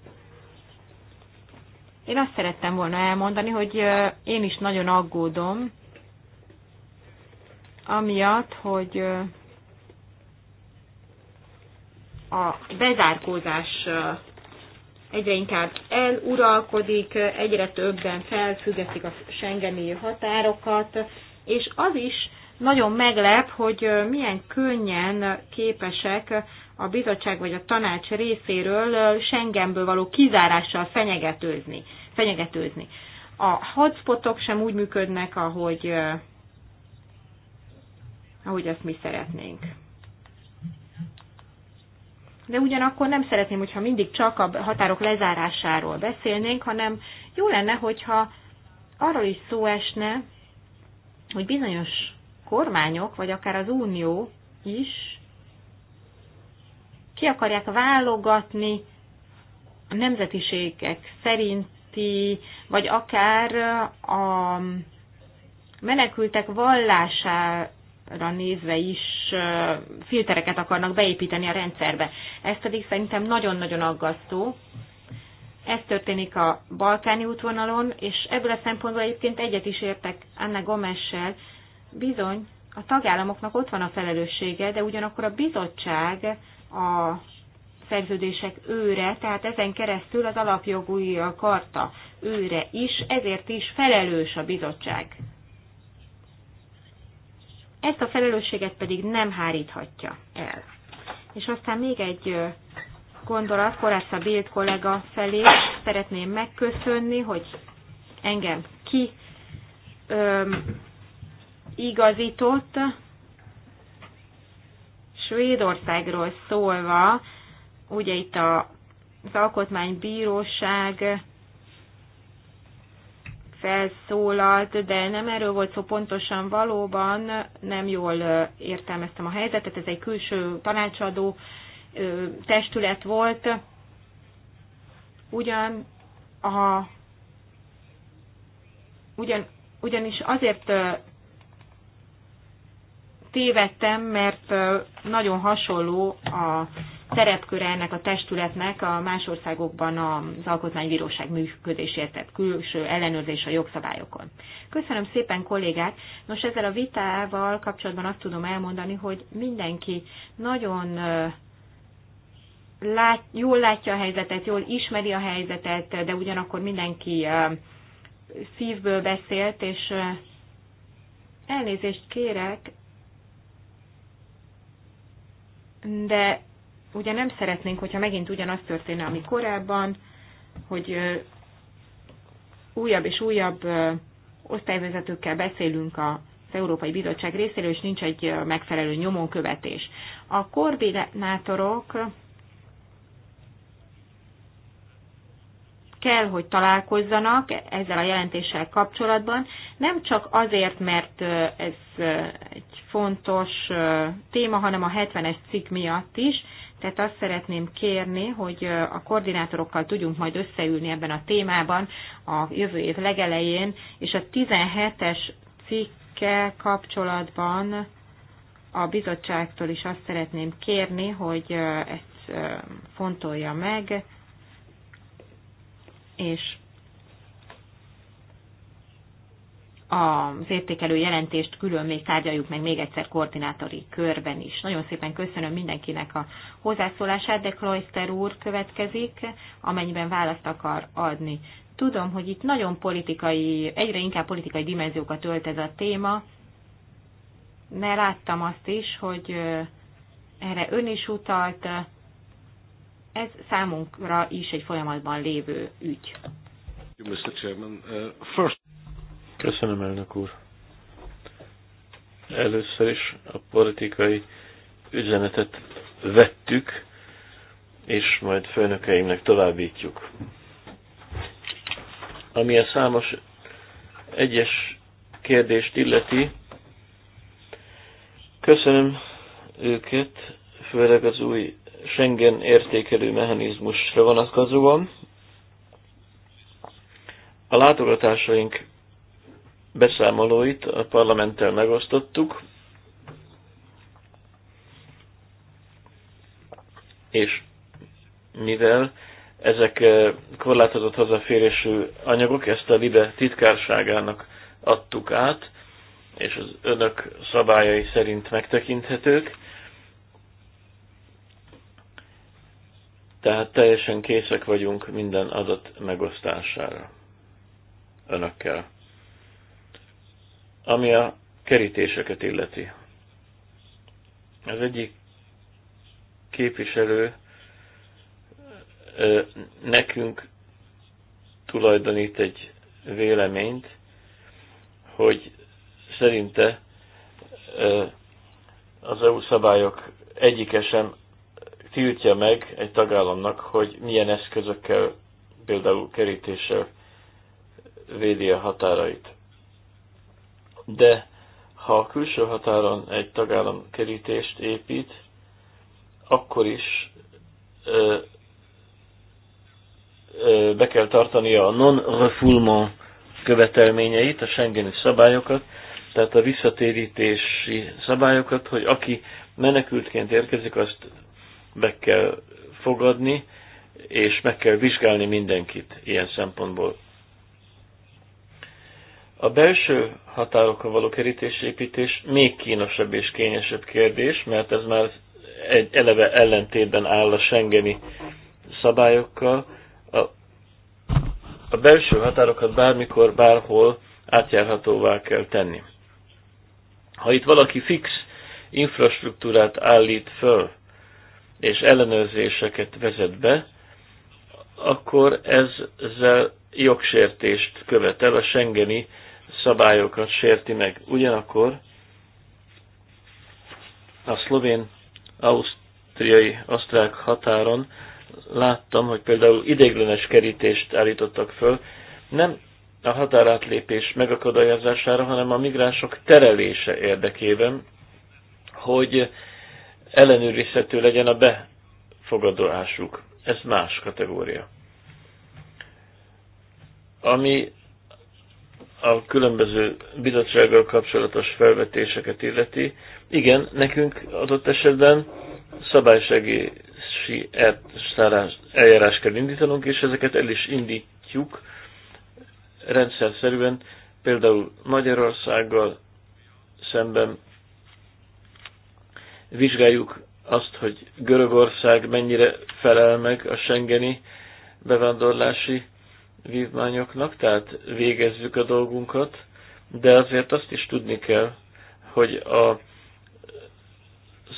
S4: Én azt szerettem volna elmondani, hogy én is nagyon aggódom, amiatt, hogy a bezárkózás egyre inkább eluralkodik, egyre többen felfüggesztik a Schengeni határokat, és az is nagyon meglep, hogy milyen könnyen képesek a bizottság vagy a tanács részéről Schengenből való kizárással fenyegetőzni. fenyegetőzni. A hotspotok sem úgy működnek, ahogy, ahogy azt mi szeretnénk. De ugyanakkor nem szeretném, hogyha mindig csak a határok lezárásáról beszélnénk, hanem jó lenne, hogyha arról is szó esne, hogy bizonyos kormányok, vagy akár az unió is ki akarják válogatni a nemzetiségek szerinti, vagy akár a menekültek vallására nézve is filtereket akarnak beépíteni a rendszerbe. Ez pedig szerintem nagyon-nagyon aggasztó. Ez történik a balkáni útvonalon, és ebből a szempontból egyébként egyet is értek Anna Gomessel. Bizony, a tagállamoknak ott van a felelőssége, de ugyanakkor a bizottság a szerződések őre, tehát ezen keresztül az alapjogúi karta őre is, ezért is felelős a bizottság. Ezt a felelősséget pedig nem háríthatja el. És aztán még egy gondolat Korásza Bild kollega felé szeretném megköszönni, hogy engem ki öm, igazított, Svédországról szólva, ugye itt a, az alkotmánybíróság felszólalt, de nem erről volt szó pontosan valóban, nem jól értelmeztem a helyzetet, ez egy külső tanácsadó testület volt. Ugyan a ugyan, ugyanis azért tévedtem, mert nagyon hasonló a szerepköre ennek a testületnek a más országokban az alkotmánybíróság működésért, tehát külső ellenőrzés a jogszabályokon. Köszönöm szépen kollégák! Nos, ezzel a vitával kapcsolatban azt tudom elmondani, hogy mindenki nagyon lát, jól látja a helyzetet, jól ismeri a helyzetet, de ugyanakkor mindenki szívből beszélt, és elnézést kérek, de ugye nem szeretnénk, hogyha megint ugyanaz történne, ami korábban, hogy újabb és újabb osztályvezetőkkel beszélünk a az Európai Bizottság részéről, és nincs egy megfelelő nyomon követés. A koordinátorok kell, hogy találkozzanak ezzel a jelentéssel kapcsolatban, nem csak azért, mert ez egy fontos téma, hanem a 70-es cikk miatt is. Tehát azt szeretném kérni, hogy a koordinátorokkal tudjunk majd összeülni ebben a témában a jövő év legelején, és a 17-es cikkkel kapcsolatban a bizottságtól is azt szeretném kérni, hogy ezt fontolja meg, és az értékelő jelentést külön még tárgyaljuk meg még egyszer koordinátori körben is. Nagyon szépen köszönöm mindenkinek a hozzászólását, de Kloister úr következik, amennyiben választ akar adni. Tudom, hogy itt nagyon politikai, egyre inkább politikai dimenziókat ölt ez a téma, mert láttam azt is, hogy erre ön is utalt, ez számunkra is egy folyamatban lévő ügy.
S1: Uh,
S3: köszönöm, elnök úr. Először is a politikai üzenetet vettük, és majd főnökeimnek továbbítjuk. Ami a számos egyes kérdést illeti, köszönöm őket, főleg az új Schengen értékelő mechanizmusra vonatkozóan. A látogatásaink beszámolóit a parlamenttel megosztottuk, és mivel ezek eh, korlátozott hazaférésű anyagok, ezt a LIBE titkárságának adtuk át, és az önök szabályai szerint megtekinthetők, Tehát teljesen készek vagyunk minden adat megosztására önökkel. Ami a kerítéseket illeti. Az egyik képviselő nekünk tulajdonít egy véleményt, hogy szerinte az EU szabályok egyike sem tiltja meg egy tagállamnak, hogy milyen eszközökkel, például kerítéssel védi a határait. De ha a külső határon egy tagállam kerítést épít, akkor is ö, ö, be kell tartania a non-refoulement követelményeit, a Schengeni szabályokat, tehát a visszatérítési szabályokat, hogy aki menekültként érkezik, azt be kell fogadni, és meg kell vizsgálni mindenkit ilyen szempontból. A belső határokra való kerítésépítés még kínosabb és kényesebb kérdés, mert ez már egy eleve ellentétben áll a Schengeni szabályokkal. A, a belső határokat bármikor, bárhol átjárhatóvá kell tenni. Ha itt valaki fix infrastruktúrát állít föl, és ellenőrzéseket vezet be, akkor ezzel jogsértést követel, a Schengeni szabályokat sérti meg. Ugyanakkor a szlovén ausztriai osztrák határon láttam, hogy például ideiglenes kerítést állítottak föl, nem a határátlépés megakadályozására, hanem a migránsok terelése érdekében, hogy ellenőrizhető legyen a befogadásuk. Ez más kategória. Ami a különböző bizottsággal kapcsolatos felvetéseket illeti, igen, nekünk adott esetben szabálysegési eljárás kell indítanunk, és ezeket el is indítjuk szerűen, például Magyarországgal szemben vizsgáljuk azt, hogy Görögország mennyire felel meg a Schengeni bevándorlási vívmányoknak, tehát végezzük a dolgunkat, de azért azt is tudni kell, hogy a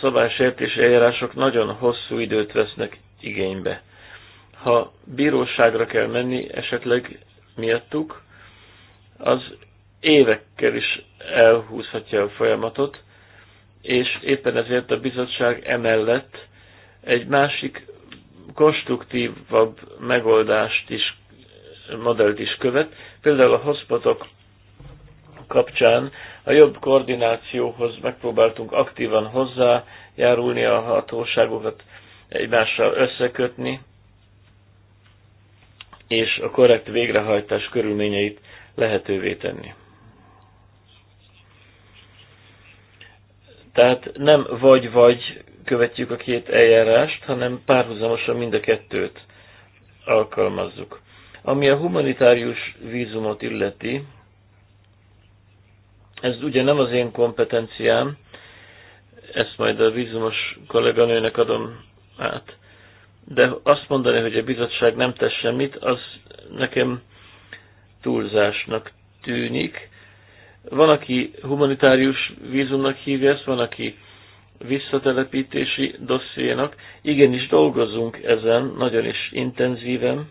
S3: szabálysértési eljárások nagyon hosszú időt vesznek igénybe. Ha bíróságra kell menni esetleg miattuk, az évekkel is elhúzhatja a folyamatot, és éppen ezért a bizottság emellett egy másik konstruktívabb megoldást is, modellt is követ. Például a hotspotok kapcsán a jobb koordinációhoz megpróbáltunk aktívan hozzájárulni a hatóságokat, egymással összekötni, és a korrekt végrehajtás körülményeit lehetővé tenni. Tehát nem vagy-vagy követjük a két eljárást, hanem párhuzamosan mind a kettőt alkalmazzuk. Ami a humanitárius vízumot illeti, ez ugye nem az én kompetenciám, ezt majd a vízumos kolléganőnek adom át, de azt mondani, hogy a bizottság nem tesz semmit, az nekem túlzásnak tűnik. Van, aki humanitárius vízumnak hívja ezt, van, aki visszatelepítési dossziénak. Igenis dolgozunk ezen, nagyon is intenzíven.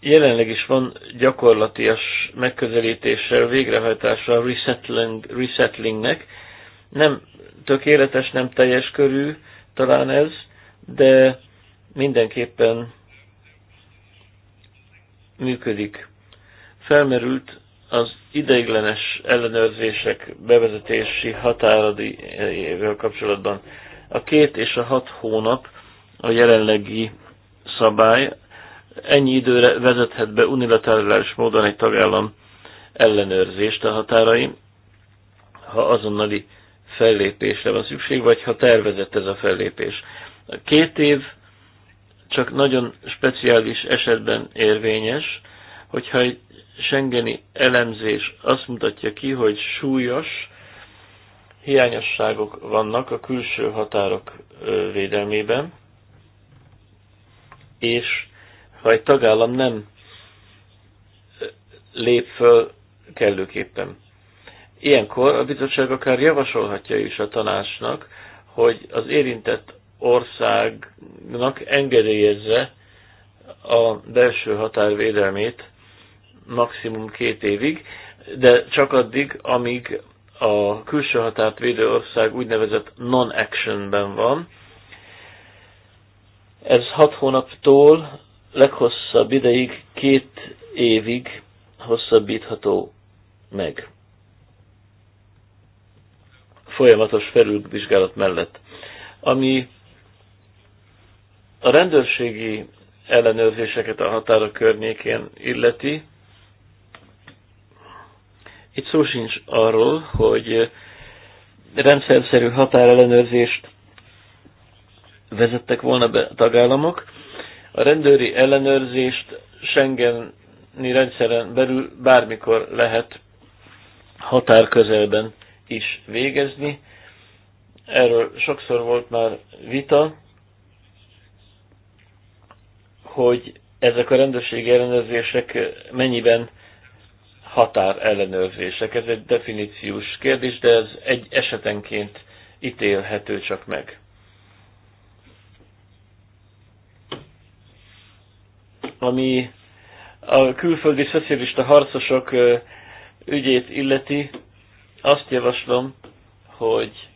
S3: Jelenleg is van gyakorlatias megközelítéssel, végrehajtással a resettling, resettlingnek. Nem tökéletes, nem teljes körű talán ez, de mindenképpen működik. Felmerült az ideiglenes ellenőrzések bevezetési határadével kapcsolatban. A két és a hat hónap a jelenlegi szabály ennyi időre vezethet be unilaterális módon egy tagállam ellenőrzést a határain, ha azonnali fellépésre van szükség, vagy ha tervezett ez a fellépés. A két év csak nagyon speciális esetben érvényes, hogyha egy Schengeni elemzés azt mutatja ki, hogy súlyos hiányosságok vannak a külső határok védelmében, és ha egy tagállam nem lép föl kellőképpen. Ilyenkor a bizottság akár javasolhatja is a tanácsnak, hogy az érintett országnak engedélyezze a belső határ védelmét maximum két évig, de csak addig, amíg a külső határt védő ország úgynevezett non-actionben van. Ez hat hónaptól leghosszabb ideig, két évig hosszabbítható meg. Folyamatos felülvizsgálat mellett. Ami a rendőrségi ellenőrzéseket a határok környékén illeti, itt szó sincs arról, hogy rendszerszerű határellenőrzést vezettek volna be a tagállamok. A rendőri ellenőrzést Schengeni rendszeren belül bármikor lehet határ közelben is végezni. Erről sokszor volt már vita, hogy ezek a rendőrségi ellenőrzések mennyiben határ ellenőrzések. Ez egy definíciós kérdés, de ez egy esetenként ítélhető csak meg. Ami a külföldi szocialista harcosok ügyét illeti, azt javaslom, hogy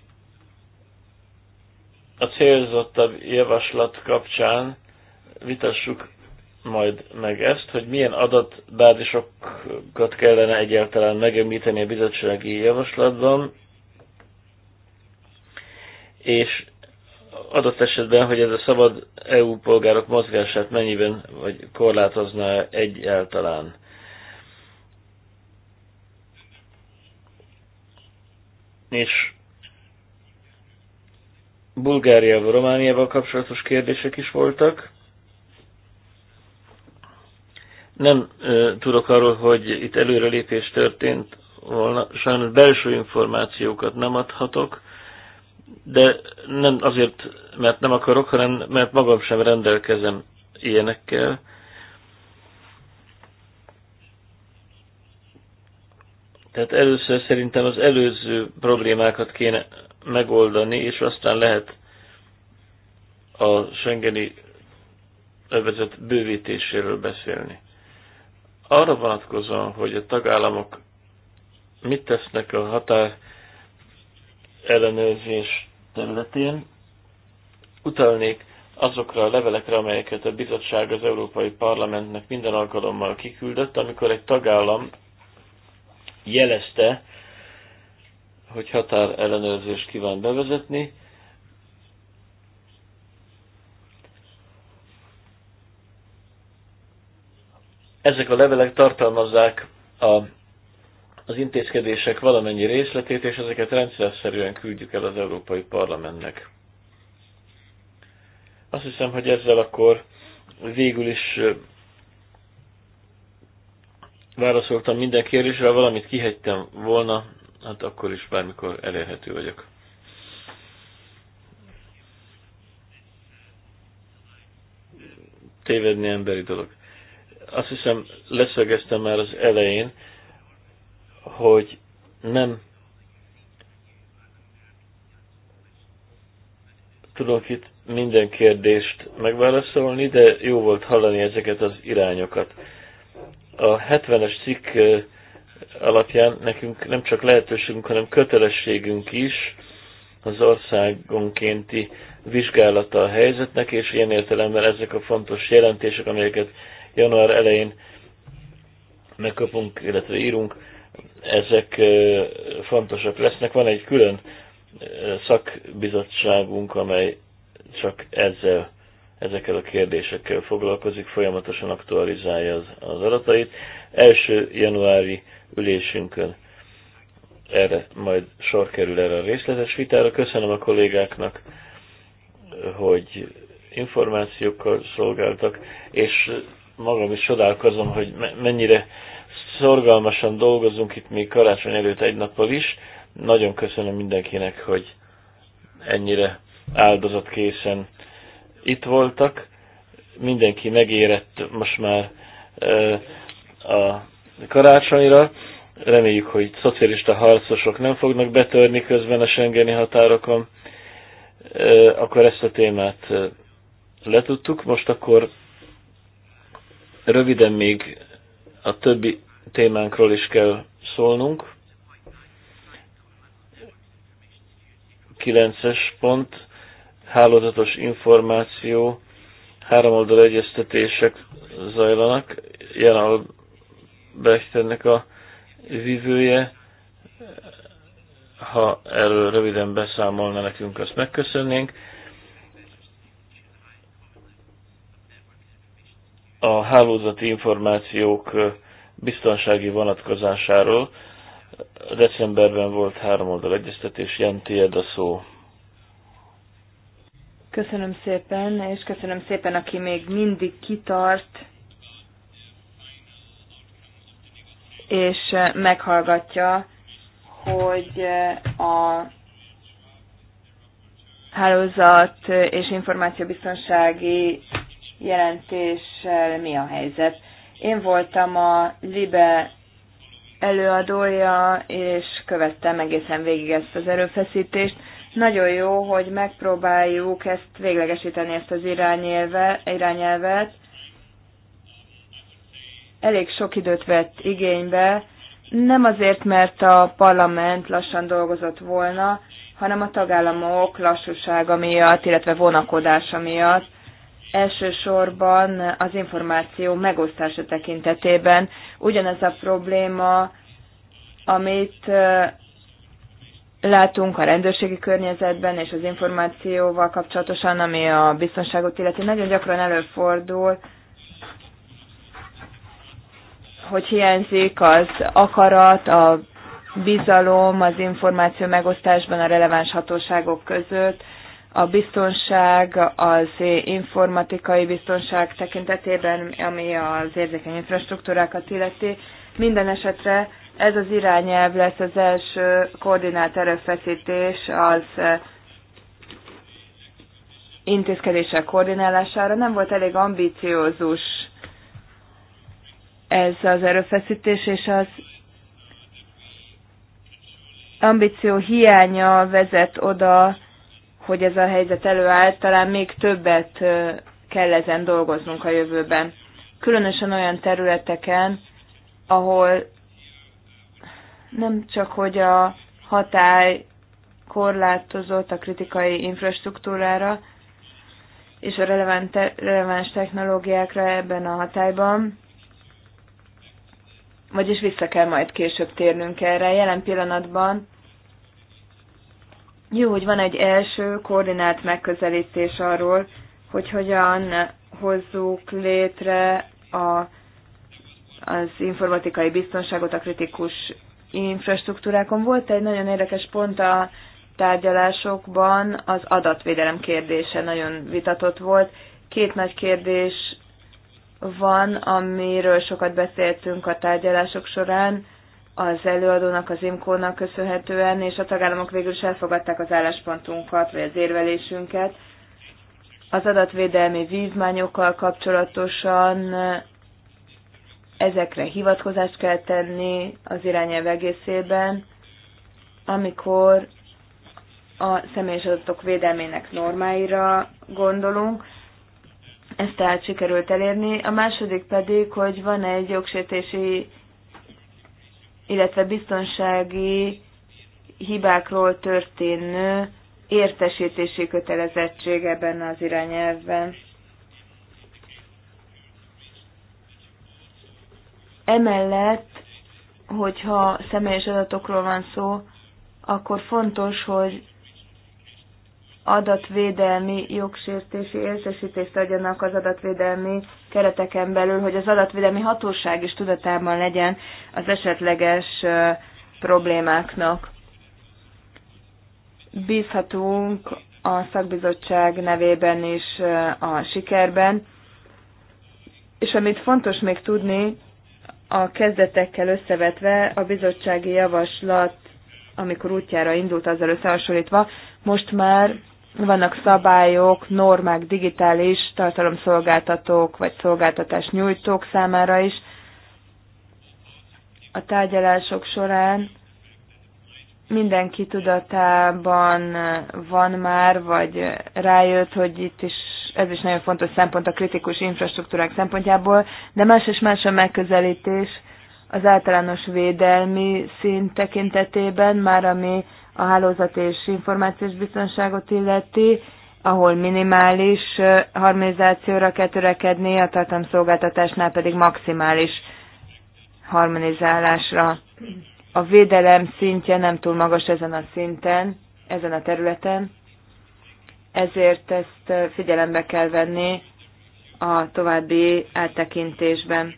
S3: a célzottabb javaslat kapcsán vitassuk majd meg ezt, hogy milyen adatbázisokat kellene egyáltalán megemlíteni a bizottsági javaslatban, és adott esetben, hogy ez a szabad EU polgárok mozgását mennyiben vagy korlátozná egyáltalán. És Bulgáriával, Romániával kapcsolatos kérdések is voltak. Nem tudok arról, hogy itt előrelépés történt volna. Sajnos belső információkat nem adhatok, de nem azért, mert nem akarok, hanem mert magam sem rendelkezem ilyenekkel. Tehát először szerintem az előző problémákat kéne megoldani, és aztán lehet a Schengeni övezet bővítéséről beszélni arra vonatkozóan, hogy a tagállamok mit tesznek a határ ellenőrzés területén, utalnék azokra a levelekre, amelyeket a bizottság az Európai Parlamentnek minden alkalommal kiküldött, amikor egy tagállam jelezte, hogy határ ellenőrzést kíván bevezetni, Ezek a levelek tartalmazzák a, az intézkedések valamennyi részletét, és ezeket rendszerszerűen küldjük el az Európai Parlamentnek. Azt hiszem, hogy ezzel akkor végül is válaszoltam minden kérdésre, valamit kihegytem volna, hát akkor is bármikor elérhető vagyok. Tévedni emberi dolog. Azt hiszem, leszögeztem már az elején, hogy nem tudok itt minden kérdést megválaszolni, de jó volt hallani ezeket az irányokat. A 70-es cikk alapján nekünk nem csak lehetőségünk, hanem kötelességünk is az országonkénti vizsgálata a helyzetnek, és ilyen értelemben ezek a fontos jelentések, amelyeket január elején megkapunk, illetve írunk, ezek fontosak lesznek. Van egy külön szakbizottságunk, amely csak ezzel, ezekkel a kérdésekkel foglalkozik, folyamatosan aktualizálja az, az adatait. Első januári ülésünkön erre majd sor kerül erre a részletes vitára. Köszönöm a kollégáknak, hogy információkkal szolgáltak, és magam is csodálkozom, hogy mennyire szorgalmasan dolgozunk itt még karácsony előtt egy nappal is. Nagyon köszönöm mindenkinek, hogy ennyire áldozatkészen itt voltak. Mindenki megérett most már a karácsonyra. Reméljük, hogy szocialista harcosok nem fognak betörni közben a Schengeni határokon. Akkor ezt a témát letudtuk. Most akkor Röviden még a többi témánkról is kell szólnunk. 9-es pont, hálózatos információ, háromoldal egyeztetések zajlanak. Jelen Bechternek a vívője, ha erről röviden beszámolna nekünk, azt megköszönnénk. a hálózati információk biztonsági vonatkozásáról. Decemberben volt oldal egyeztetés, Jan, tiéd a szó.
S2: Köszönöm szépen, és köszönöm szépen, aki még mindig kitart, és meghallgatja, hogy a hálózat és információbiztonsági jelentéssel mi a helyzet. Én voltam a Libe előadója, és követtem egészen végig ezt az erőfeszítést. Nagyon jó, hogy megpróbáljuk ezt véglegesíteni, ezt az irányelvet. Elég sok időt vett igénybe, nem azért, mert a parlament lassan dolgozott volna, hanem a tagállamok lassúsága miatt, illetve vonakodása miatt elsősorban az információ megosztása tekintetében. Ugyanez a probléma, amit látunk a rendőrségi környezetben és az információval kapcsolatosan, ami a biztonságot illeti, nagyon gyakran előfordul, hogy hiányzik az akarat, a bizalom az információ megosztásban a releváns hatóságok között, a biztonság, az informatikai biztonság tekintetében, ami az érzékeny infrastruktúrákat illeti. Minden esetre ez az irányelv lesz az első koordinált erőfeszítés az eh, intézkedések koordinálására. Nem volt elég ambíciózus ez az erőfeszítés, és az ambíció hiánya vezet oda, hogy ez a helyzet előállt, talán még többet kell ezen dolgoznunk a jövőben. Különösen olyan területeken, ahol nem csak, hogy a hatály korlátozott a kritikai infrastruktúrára és a releváns technológiákra ebben a hatályban, vagyis vissza kell majd később térnünk erre. Jelen pillanatban jó, hogy van egy első koordinált megközelítés arról, hogy hogyan hozzuk létre a, az informatikai biztonságot a kritikus infrastruktúrákon. Volt egy nagyon érdekes pont a tárgyalásokban, az adatvédelem kérdése nagyon vitatott volt. Két nagy kérdés van, amiről sokat beszéltünk a tárgyalások során az előadónak, az IMKO-nak köszönhetően, és a tagállamok végül is elfogadták az álláspontunkat, vagy az érvelésünket. Az adatvédelmi vívmányokkal kapcsolatosan ezekre hivatkozást kell tenni az irányelv egészében, amikor a személyes adatok védelmének normáira gondolunk. Ezt tehát sikerült elérni. A második pedig, hogy van egy jogsértési illetve biztonsági hibákról történő értesítési kötelezettség ebben az irányelvben. Emellett, hogyha személyes adatokról van szó, akkor fontos, hogy adatvédelmi jogsértési értesítést adjanak az adatvédelmi kereteken belül, hogy az adatvédelmi hatóság is tudatában legyen az esetleges problémáknak. Bízhatunk a szakbizottság nevében is a sikerben. És amit fontos még tudni, a kezdetekkel összevetve a bizottsági javaslat, amikor útjára indult azzal összehasonlítva, most már vannak szabályok, normák digitális tartalomszolgáltatók vagy szolgáltatás nyújtók számára is. A tárgyalások során mindenki tudatában van már, vagy rájött, hogy itt is ez is nagyon fontos szempont a kritikus infrastruktúrák szempontjából, de más és más a megközelítés az általános védelmi szint tekintetében, már ami a hálózat és információs biztonságot illeti, ahol minimális harmonizációra kell törekedni, a tartalomszolgáltatásnál pedig maximális harmonizálásra. A védelem szintje nem túl magas ezen a szinten, ezen a területen, ezért ezt figyelembe kell venni a további áttekintésben.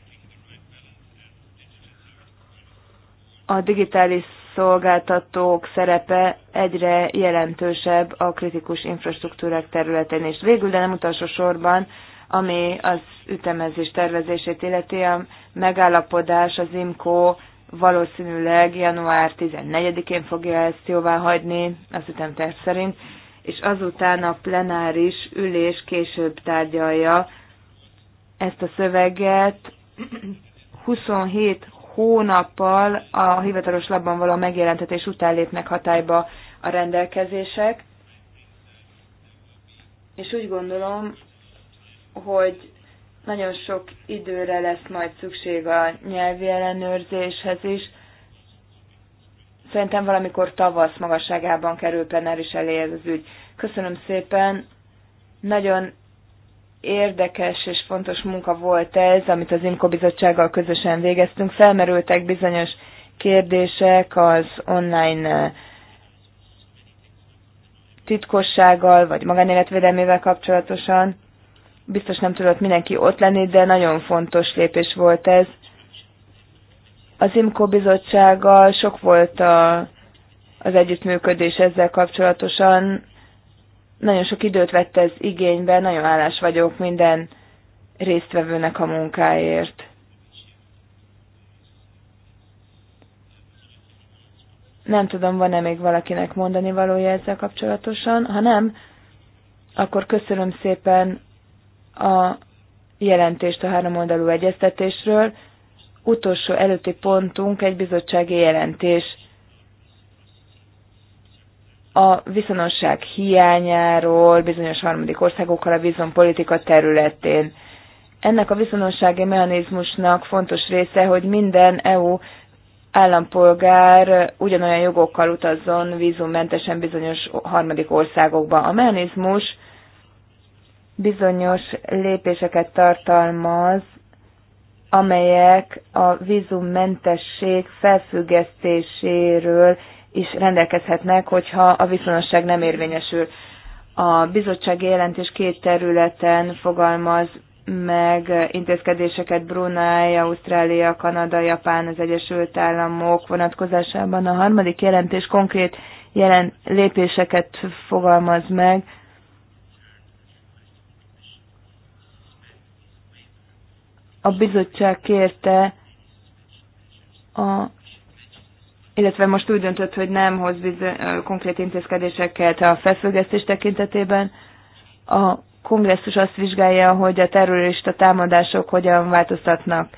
S2: A digitális szolgáltatók szerepe egyre jelentősebb a kritikus infrastruktúrák területén is. Végül, de nem utolsó sorban, ami az ütemezés tervezését illeti, a megállapodás az IMCO valószínűleg január 14-én fogja ezt jóvá hagyni, az ütemterv szerint, és azután a plenáris ülés később tárgyalja ezt a szöveget. 27 hónappal a hivatalos labban való megjelentetés után lépnek hatályba a rendelkezések, és úgy gondolom, hogy nagyon sok időre lesz majd szükség a nyelvi ellenőrzéshez is. Szerintem valamikor tavasz magasságában kerül plenáris elé ez az ügy. Köszönöm szépen, nagyon érdekes és fontos munka volt ez, amit az IMKO bizottsággal közösen végeztünk. Felmerültek bizonyos kérdések az online eh, titkossággal, vagy magánéletvédelmével kapcsolatosan. Biztos nem tudott mindenki ott lenni, de nagyon fontos lépés volt ez. Az IMKO bizottsággal sok volt a, az együttműködés ezzel kapcsolatosan. Nagyon sok időt vett ez igénybe, nagyon állás vagyok minden résztvevőnek a munkáért. Nem tudom, van-e még valakinek mondani valója ezzel kapcsolatosan. Ha nem, akkor köszönöm szépen a jelentést a oldalú egyeztetésről. Utolsó előtti pontunk egy bizottsági jelentés a viszonosság hiányáról bizonyos harmadik országokkal a vízumpolitika területén. Ennek a viszonossági mechanizmusnak fontos része, hogy minden EU állampolgár ugyanolyan jogokkal utazzon vízummentesen bizonyos harmadik országokba. A mechanizmus bizonyos lépéseket tartalmaz, amelyek a vízummentesség felfüggesztéséről is rendelkezhetnek, hogyha a viszonosság nem érvényesül. A bizottsági jelentés két területen fogalmaz meg intézkedéseket Brunei, Ausztrália, Kanada, Japán, az Egyesült Államok vonatkozásában. A harmadik jelentés konkrét jelen lépéseket fogalmaz meg, a bizottság kérte a illetve most úgy döntött, hogy nem hoz bizony, konkrét intézkedéseket a felfüggesztés tekintetében. A kongresszus azt vizsgálja, hogy a terrorista támadások hogyan változtatnak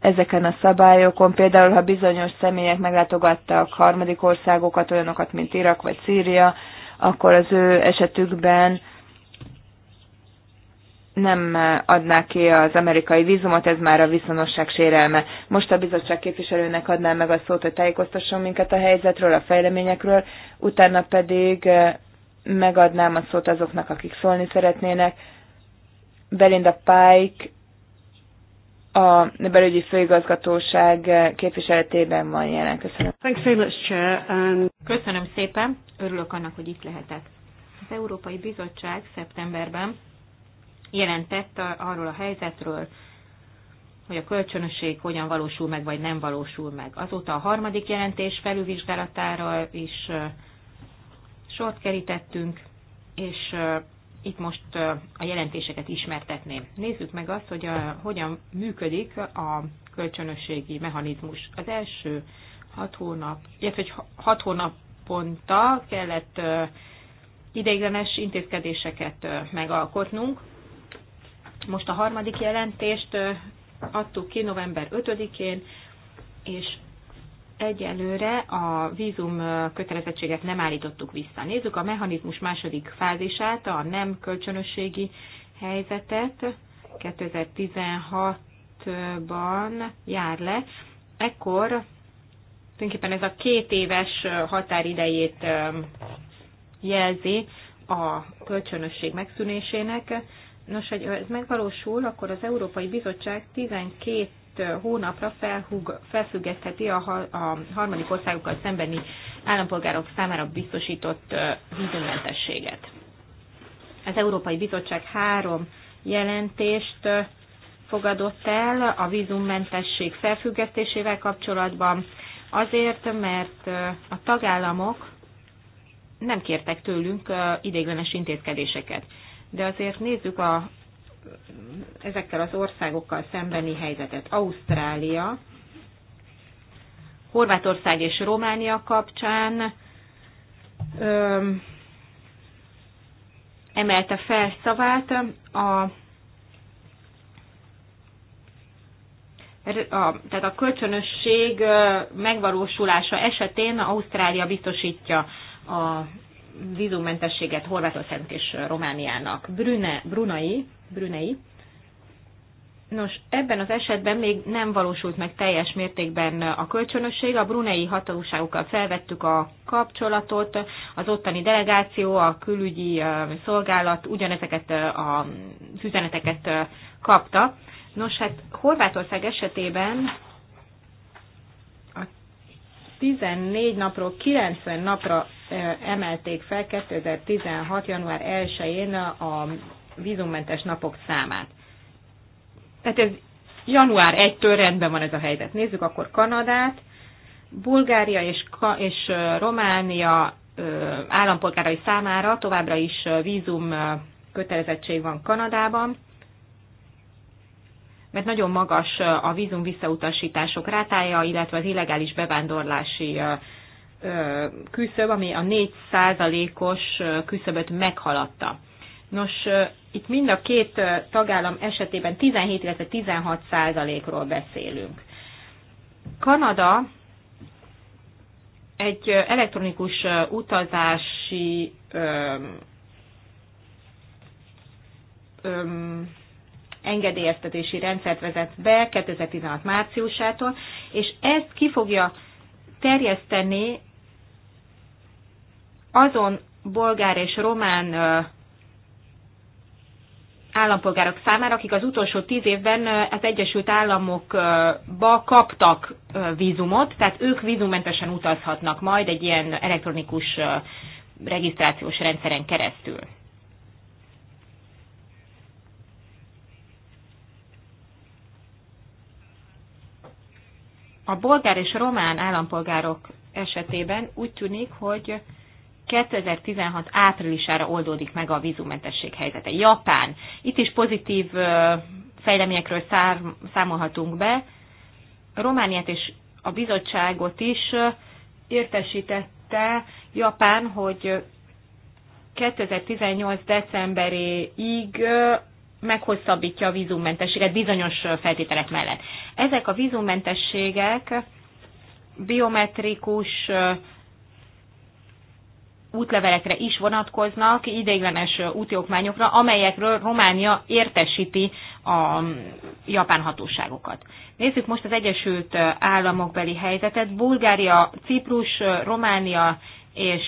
S2: ezeken a szabályokon, például ha bizonyos személyek meglátogattak harmadik országokat, olyanokat, mint Irak vagy Szíria, akkor az ő esetükben nem adná ki az amerikai vízumot, ez már a viszonosság sérelme. Most a bizottság képviselőnek adná meg a szót, hogy tájékoztasson minket a helyzetről, a fejleményekről, utána pedig megadnám a szót azoknak, akik szólni szeretnének. Belinda Pike a belügyi főigazgatóság képviseletében van jelen. Köszönöm.
S4: Köszönöm szépen, örülök annak, hogy itt lehetek. Az Európai Bizottság szeptemberben jelentett arról a helyzetről, hogy a kölcsönösség hogyan valósul meg, vagy nem valósul meg. Azóta a harmadik jelentés felülvizsgálatára is sort kerítettünk, és itt most a jelentéseket ismertetném. Nézzük meg azt, hogy a, hogyan működik a kölcsönösségi mechanizmus. Az első hat hónap, illetve hogy hat hónaponta kellett ideiglenes intézkedéseket megalkotnunk, most a harmadik jelentést adtuk ki november 5-én, és egyelőre a vízum kötelezettséget nem állítottuk vissza. Nézzük a mechanizmus második fázisát, a nem kölcsönösségi helyzetet 2016-ban jár le. Ekkor tulajdonképpen ez a két éves határidejét jelzi a kölcsönösség megszűnésének, Nos, hogy ez megvalósul, akkor az Európai Bizottság 12 hónapra felhug, felfüggesztheti a, a harmadik országokkal szembeni állampolgárok számára biztosított vízummentességet. Az Európai Bizottság három jelentést fogadott el a vízummentesség felfüggesztésével kapcsolatban, azért, mert a tagállamok nem kértek tőlünk ideiglenes intézkedéseket de azért nézzük a, ezekkel az országokkal szembeni helyzetet. Ausztrália, Horvátország és Románia kapcsán öm, emelte fel szavát a a, tehát a kölcsönösség megvalósulása esetén Ausztrália biztosítja a vízummentességet Horvátországnak és Romániának. Brüne, Brunai, Brunei. Nos, ebben az esetben még nem valósult meg teljes mértékben a kölcsönösség. A brunei hatóságokkal felvettük a kapcsolatot, az ottani delegáció, a külügyi szolgálat ugyanezeket a üzeneteket kapta. Nos, hát Horvátország esetében 14 napról 90 napra emelték fel 2016. január 1-én a vízummentes napok számát. Tehát ez január 1-től rendben van ez a helyzet. Nézzük akkor Kanadát. Bulgária és, és Románia állampolgárai számára továbbra is vízum kötelezettség van Kanadában mert nagyon magas a vízum visszautasítások rátája, illetve az illegális bevándorlási küszöb, ami a 4%-os küszöböt meghaladta. Nos, itt mind a két tagállam esetében 17, illetve 16 százalékról beszélünk. Kanada egy elektronikus utazási öm, öm, engedélyeztetési rendszert vezet be 2016 márciusától, és ezt ki fogja terjeszteni azon bolgár és román állampolgárok számára, akik az utolsó tíz évben az Egyesült Államokba kaptak vízumot, tehát ők vízummentesen utazhatnak majd egy ilyen elektronikus regisztrációs rendszeren keresztül. A bolgár és román állampolgárok esetében úgy tűnik, hogy 2016 áprilisára oldódik meg a vízumentesség helyzete. Japán. Itt is pozitív fejleményekről számolhatunk be. Romániát és a bizottságot is értesítette Japán, hogy 2018. decemberéig meghosszabbítja a vízummentességet bizonyos feltételek mellett. Ezek a vízummentességek biometrikus útlevelekre is vonatkoznak, ideiglenes útjogmányokra, amelyekről Románia értesíti a japán hatóságokat. Nézzük most az Egyesült Államok beli helyzetet. Bulgária, Ciprus, Románia és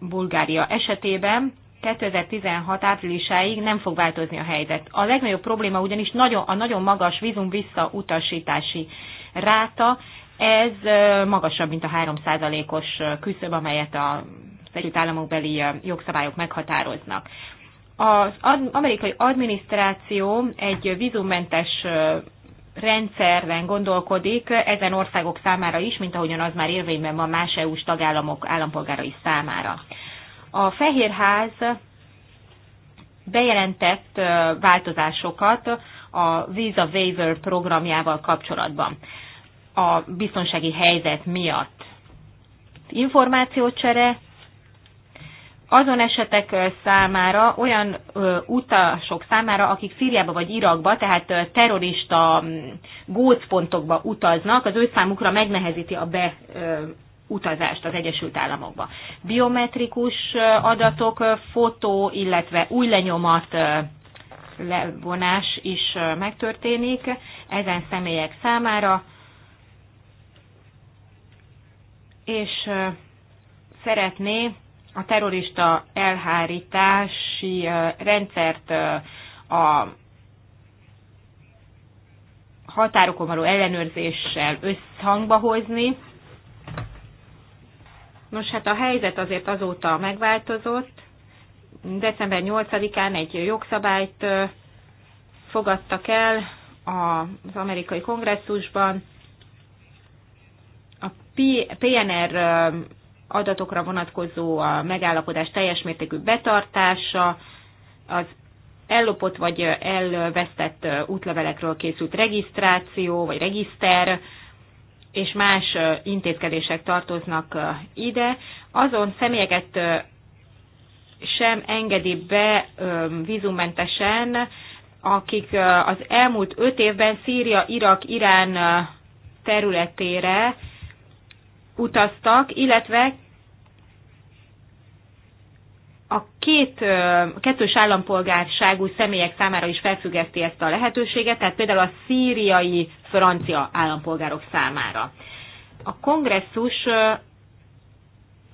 S4: Bulgária esetében 2016 áprilisáig nem fog változni a helyzet. A legnagyobb probléma ugyanis nagyon, a nagyon magas vízum visszautasítási ráta, ez magasabb, mint a 3%-os küszöb, amelyet a Egyesült beli jogszabályok meghatároznak. Az amerikai adminisztráció egy vízummentes rendszerben gondolkodik ezen országok számára is, mint ahogyan az már érvényben van más EU-s tagállamok állampolgárai számára. A Fehérház bejelentett változásokat a Visa Waiver programjával kapcsolatban a biztonsági helyzet miatt. Információcsere azon esetek számára, olyan utasok számára, akik Szíriába vagy Irakba, tehát terrorista gócpontokba utaznak, az ő számukra megnehezíti a be utazást az Egyesült Államokba. Biometrikus adatok, fotó, illetve új lenyomat levonás is megtörténik ezen személyek számára, és szeretné a terrorista elhárítási rendszert a határokon való ellenőrzéssel összhangba hozni, Nos, hát a helyzet azért azóta megváltozott. December 8-án egy jogszabályt fogadtak el az amerikai kongresszusban. A PNR adatokra vonatkozó a megállapodás teljes mértékű betartása, az ellopott vagy elvesztett útlevelekről készült regisztráció vagy regiszter, és más intézkedések tartoznak ide. Azon személyeket sem engedi be vízummentesen, akik az elmúlt öt évben Szíria, Irak, Irán területére utaztak, illetve a két a kettős állampolgárságú személyek számára is felfüggeszti ezt a lehetőséget, tehát például a szíriai francia állampolgárok számára. A kongresszus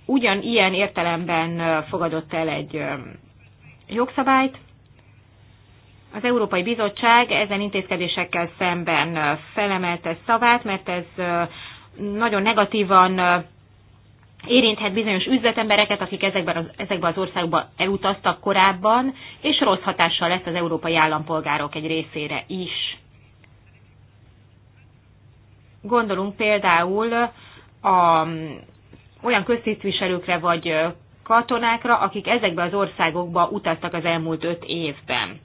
S4: ugyanilyen értelemben fogadott el egy jogszabályt. Az Európai Bizottság ezen intézkedésekkel szemben felemelte szavát, mert ez nagyon negatívan érinthet bizonyos üzletembereket, akik ezekben az, ezekben az országban elutaztak korábban, és rossz hatással lesz az európai állampolgárok egy részére is. Gondolunk például a, olyan köztisztviselőkre vagy katonákra, akik ezekbe az országokba utaztak az elmúlt öt évben.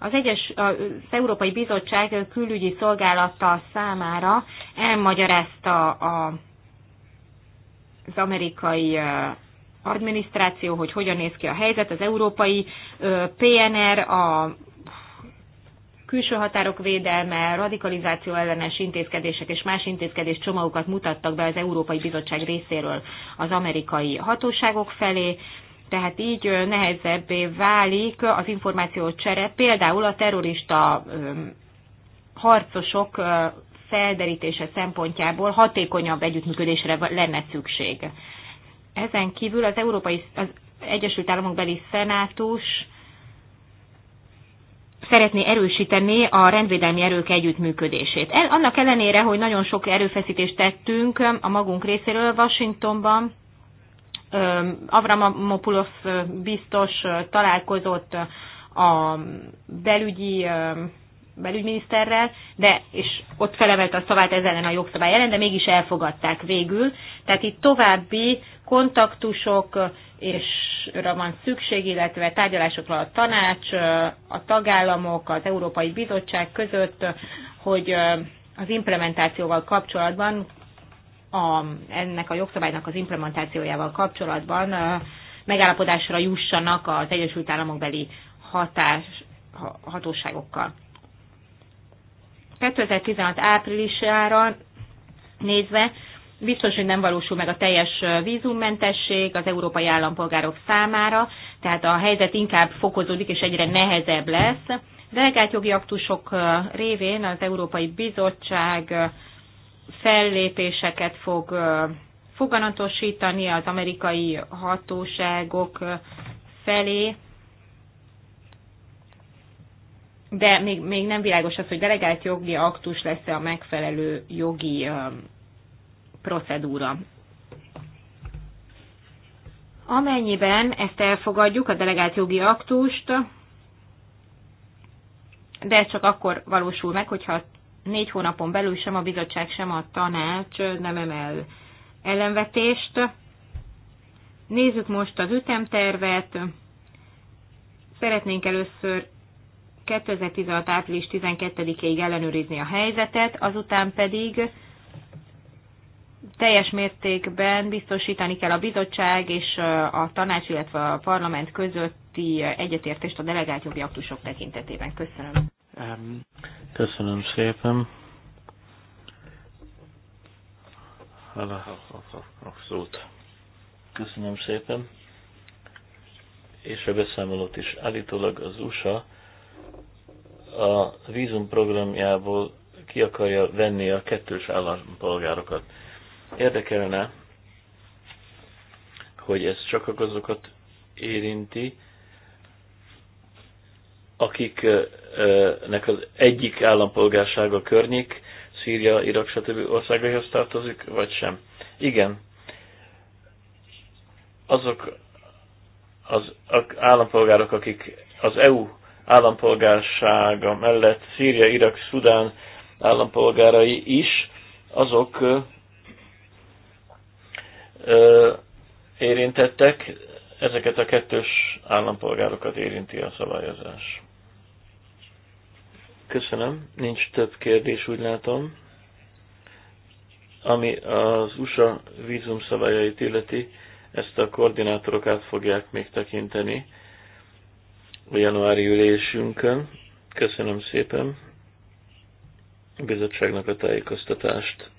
S4: Az, egyes, az Európai Bizottság külügyi szolgálata számára elmagyarázta a az amerikai adminisztráció, hogy hogyan néz ki a helyzet, az európai PNR, a külső határok védelme, radikalizáció ellenes intézkedések és más intézkedés csomagokat mutattak be az Európai Bizottság részéről az amerikai hatóságok felé, tehát így nehezebbé válik az információ csere, például a terrorista harcosok felderítése szempontjából hatékonyabb együttműködésre lenne szükség. Ezen kívül az Európai az Egyesült Államok beli szenátus szeretné erősíteni a rendvédelmi erők együttműködését. El, annak ellenére, hogy nagyon sok erőfeszítést tettünk a magunk részéről Washingtonban, Avramopoulos biztos találkozott a belügyi belügyminiszterrel, de, és ott felemelte a szavát ez ellen a jogszabály ellen, de mégis elfogadták végül. Tehát itt további kontaktusok és van szükség, illetve tárgyalásokra a tanács, a tagállamok, az Európai Bizottság között, hogy az implementációval kapcsolatban, a, ennek a jogszabálynak az implementációjával kapcsolatban megállapodásra jussanak az Egyesült Államok beli hatás, hatóságokkal. 2016 áprilisára nézve biztos, hogy nem valósul meg a teljes vízummentesség az európai állampolgárok számára, tehát a helyzet inkább fokozódik és egyre nehezebb lesz. Delegált jogi aktusok révén az Európai Bizottság fellépéseket fog foganatosítani az amerikai hatóságok felé, de még, még nem világos az, hogy delegált jogi aktus lesz-e a megfelelő jogi procedúra. Amennyiben ezt elfogadjuk, a delegált jogi aktust, de ez csak akkor valósul meg, hogyha négy hónapon belül sem a bizottság, sem a tanács nem emel ellenvetést. Nézzük most az ütemtervet. Szeretnénk először 2016. április 12-ig ellenőrizni a helyzetet, azután pedig teljes mértékben biztosítani kell a bizottság és a tanács, illetve a parlament közötti egyetértést a delegált jogi aktusok tekintetében. Köszönöm.
S1: Um,
S3: Köszönöm szépen. Abszolút. Köszönöm szépen. És a beszámolót is állítólag az USA a vízum programjából ki akarja venni a kettős állampolgárokat. Érdekelne, hogy ez csak azokat érinti, akiknek az egyik állampolgársága környék, Szíria, Irak, stb. országaihoz tartozik, vagy sem. Igen. Azok az állampolgárok, akik az EU állampolgársága mellett Szíria, Irak, Szudán állampolgárai is, azok ö, érintettek, ezeket a kettős állampolgárokat érinti a szabályozás. Köszönöm, nincs több kérdés, úgy látom. Ami az USA vízum szabályait illeti, ezt a koordinátorok át fogják még tekinteni a januári ülésünkön. Köszönöm szépen a bizottságnak a tájékoztatást.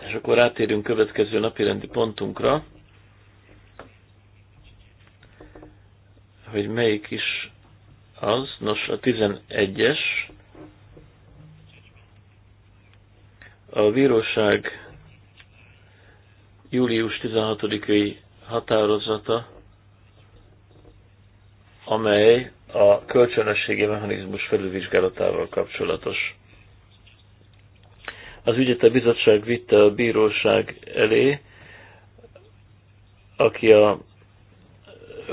S3: És akkor átérünk következő napirendi pontunkra, hogy melyik is az. Nos, a 11-es a bíróság július 16-i határozata amely a kölcsönösségi mechanizmus felülvizsgálatával kapcsolatos. Az ügyet a bizottság vitte a bíróság elé, aki a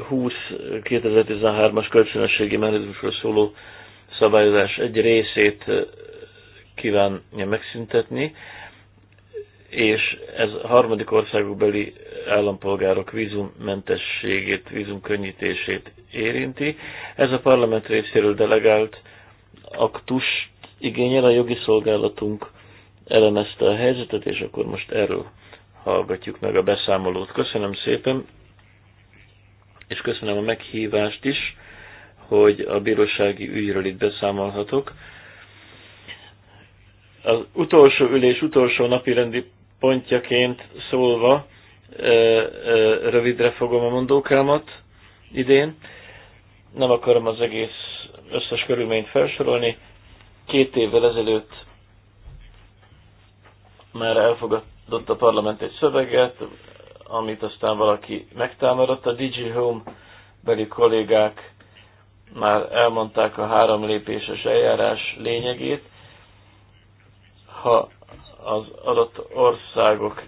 S3: 20-2013-as kölcsönösségi mechanizmusról szóló szabályozás egy részét kívánja megszüntetni, és ez a harmadik országokbeli állampolgárok vízummentességét, vízumkönnyítését érinti. Ez a parlament részéről delegált aktus igényel, a jogi szolgálatunk elemezte a helyzetet, és akkor most erről hallgatjuk meg a beszámolót. Köszönöm szépen, és köszönöm a meghívást is, hogy a bírósági ügyről itt beszámolhatok. Az utolsó ülés utolsó napi rendi pontjaként szólva, rövidre fogom a mondókámat idén. Nem akarom az egész összes körülményt felsorolni. Két évvel ezelőtt már elfogadott a parlament egy szöveget, amit aztán valaki megtámadott. A DG Home beli kollégák már elmondták a három lépéses eljárás lényegét. Ha az adott országok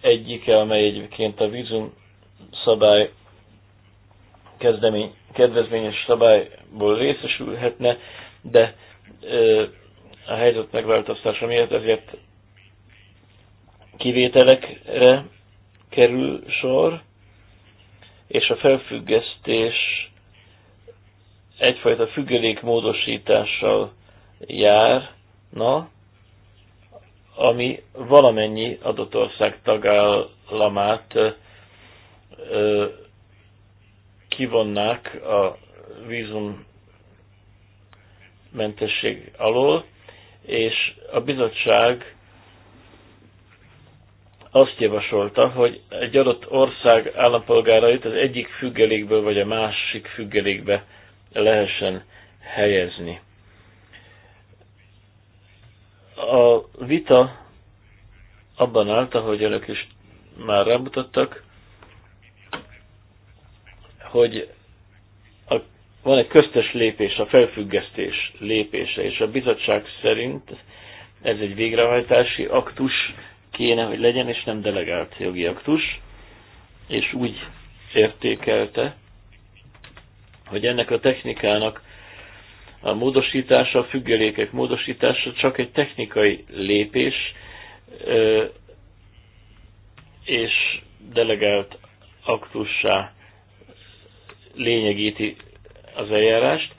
S3: egyike, amely egyébként a vízum szabály kezdemény, kedvezményes szabályból részesülhetne, de ö, a helyzet megváltoztása miatt ezért kivételekre kerül sor, és a felfüggesztés egyfajta függelék módosítással járna, ami valamennyi adott ország tagállamát kivonnák a vízummentesség alól, és a bizottság azt javasolta, hogy egy adott ország állampolgárait az egyik függelékből vagy a másik függelékbe lehessen helyezni. A vita abban állt, ahogy önök is már rámutattak, hogy a, van egy köztes lépés, a felfüggesztés lépése, és a bizottság szerint ez egy végrehajtási aktus kéne, hogy legyen, és nem delegált jogi aktus, és úgy értékelte, hogy ennek a technikának a módosítása, a függelékek módosítása csak egy technikai lépés, és delegált aktussá lényegíti az eljárást.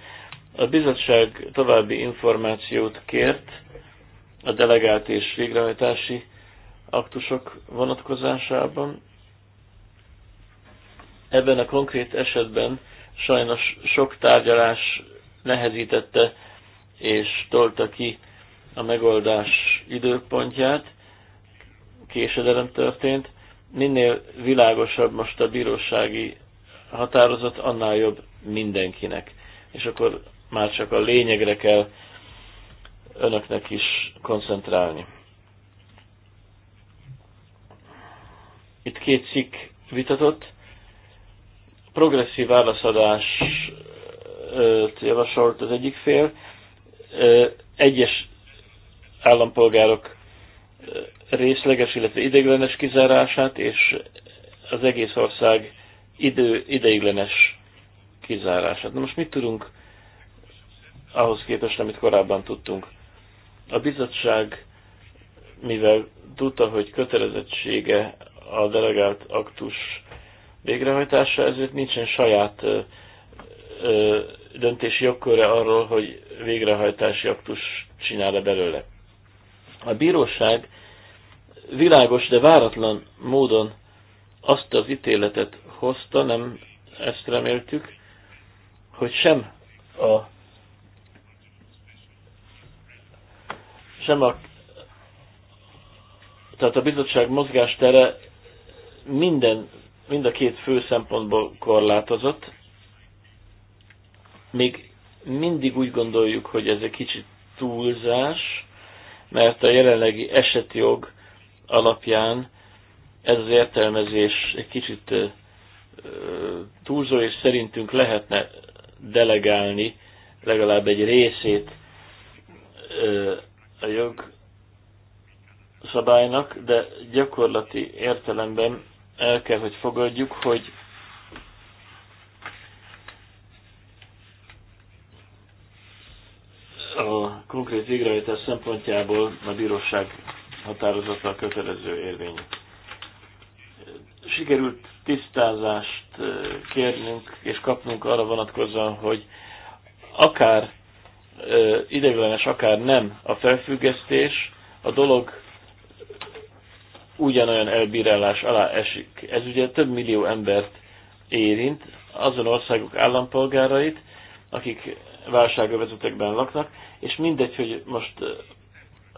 S3: A bizottság további információt kért a delegált és végrehajtási aktusok vonatkozásában. Ebben a konkrét esetben sajnos sok tárgyalás nehezítette és tolta ki a megoldás időpontját, késedelem történt. Minél világosabb most a bírósági határozat, annál jobb mindenkinek. És akkor már csak a lényegre kell önöknek is koncentrálni. Itt két cikk vitatott. Progresszív válaszadás javasolt az egyik fél. Egyes állampolgárok részleges, illetve ideiglenes kizárását, és az egész ország idő, ideiglenes kizárását. Na most mit tudunk ahhoz képest, amit korábban tudtunk? A bizottság, mivel tudta, hogy kötelezettsége a delegált aktus végrehajtása, ezért nincsen saját ö, döntési jogköre arról, hogy végrehajtási aktus csinál-e belőle. A bíróság világos, de váratlan módon azt az ítéletet hozta, nem ezt reméltük, hogy sem a sem a tehát a bizottság mozgástere minden, mind a két fő szempontból korlátozott, még mindig úgy gondoljuk, hogy ez egy kicsit túlzás, mert a jelenlegi eseti jog alapján ez az értelmezés egy kicsit túlzó, és szerintünk lehetne delegálni legalább egy részét a jog szabálynak, de gyakorlati értelemben el kell, hogy fogadjuk, hogy konkrét végrehajtás szempontjából a bíróság határozata kötelező érvényű. Sikerült tisztázást eh, kérnünk és kapnunk arra vonatkozóan, hogy akár eh, ideiglenes, akár nem a felfüggesztés, a dolog ugyanolyan elbírálás alá esik. Ez ugye több millió embert érint, azon országok állampolgárait, akik válságövezetekben laknak, és mindegy, hogy most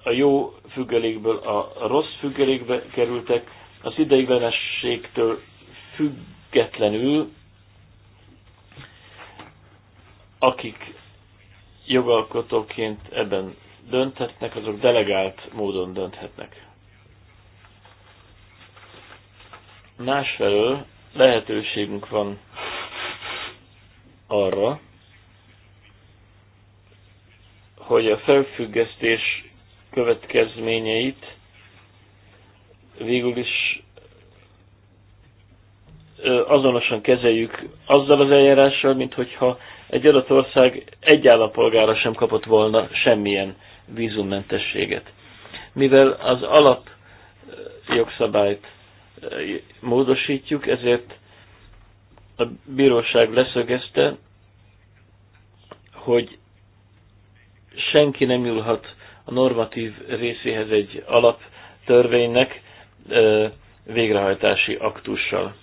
S3: a jó függelékből a rossz függelékbe kerültek, az ideiglenességtől függetlenül, akik jogalkotóként ebben dönthetnek, azok delegált módon dönthetnek. Másfelől lehetőségünk van arra, hogy a felfüggesztés következményeit végül is azonosan kezeljük azzal az eljárással, mint hogyha egy adott ország egy állampolgára sem kapott volna semmilyen vízummentességet. Mivel az alap jogszabályt módosítjuk, ezért a bíróság leszögezte, hogy senki nem nyúlhat a normatív részéhez egy alaptörvénynek végrehajtási aktussal.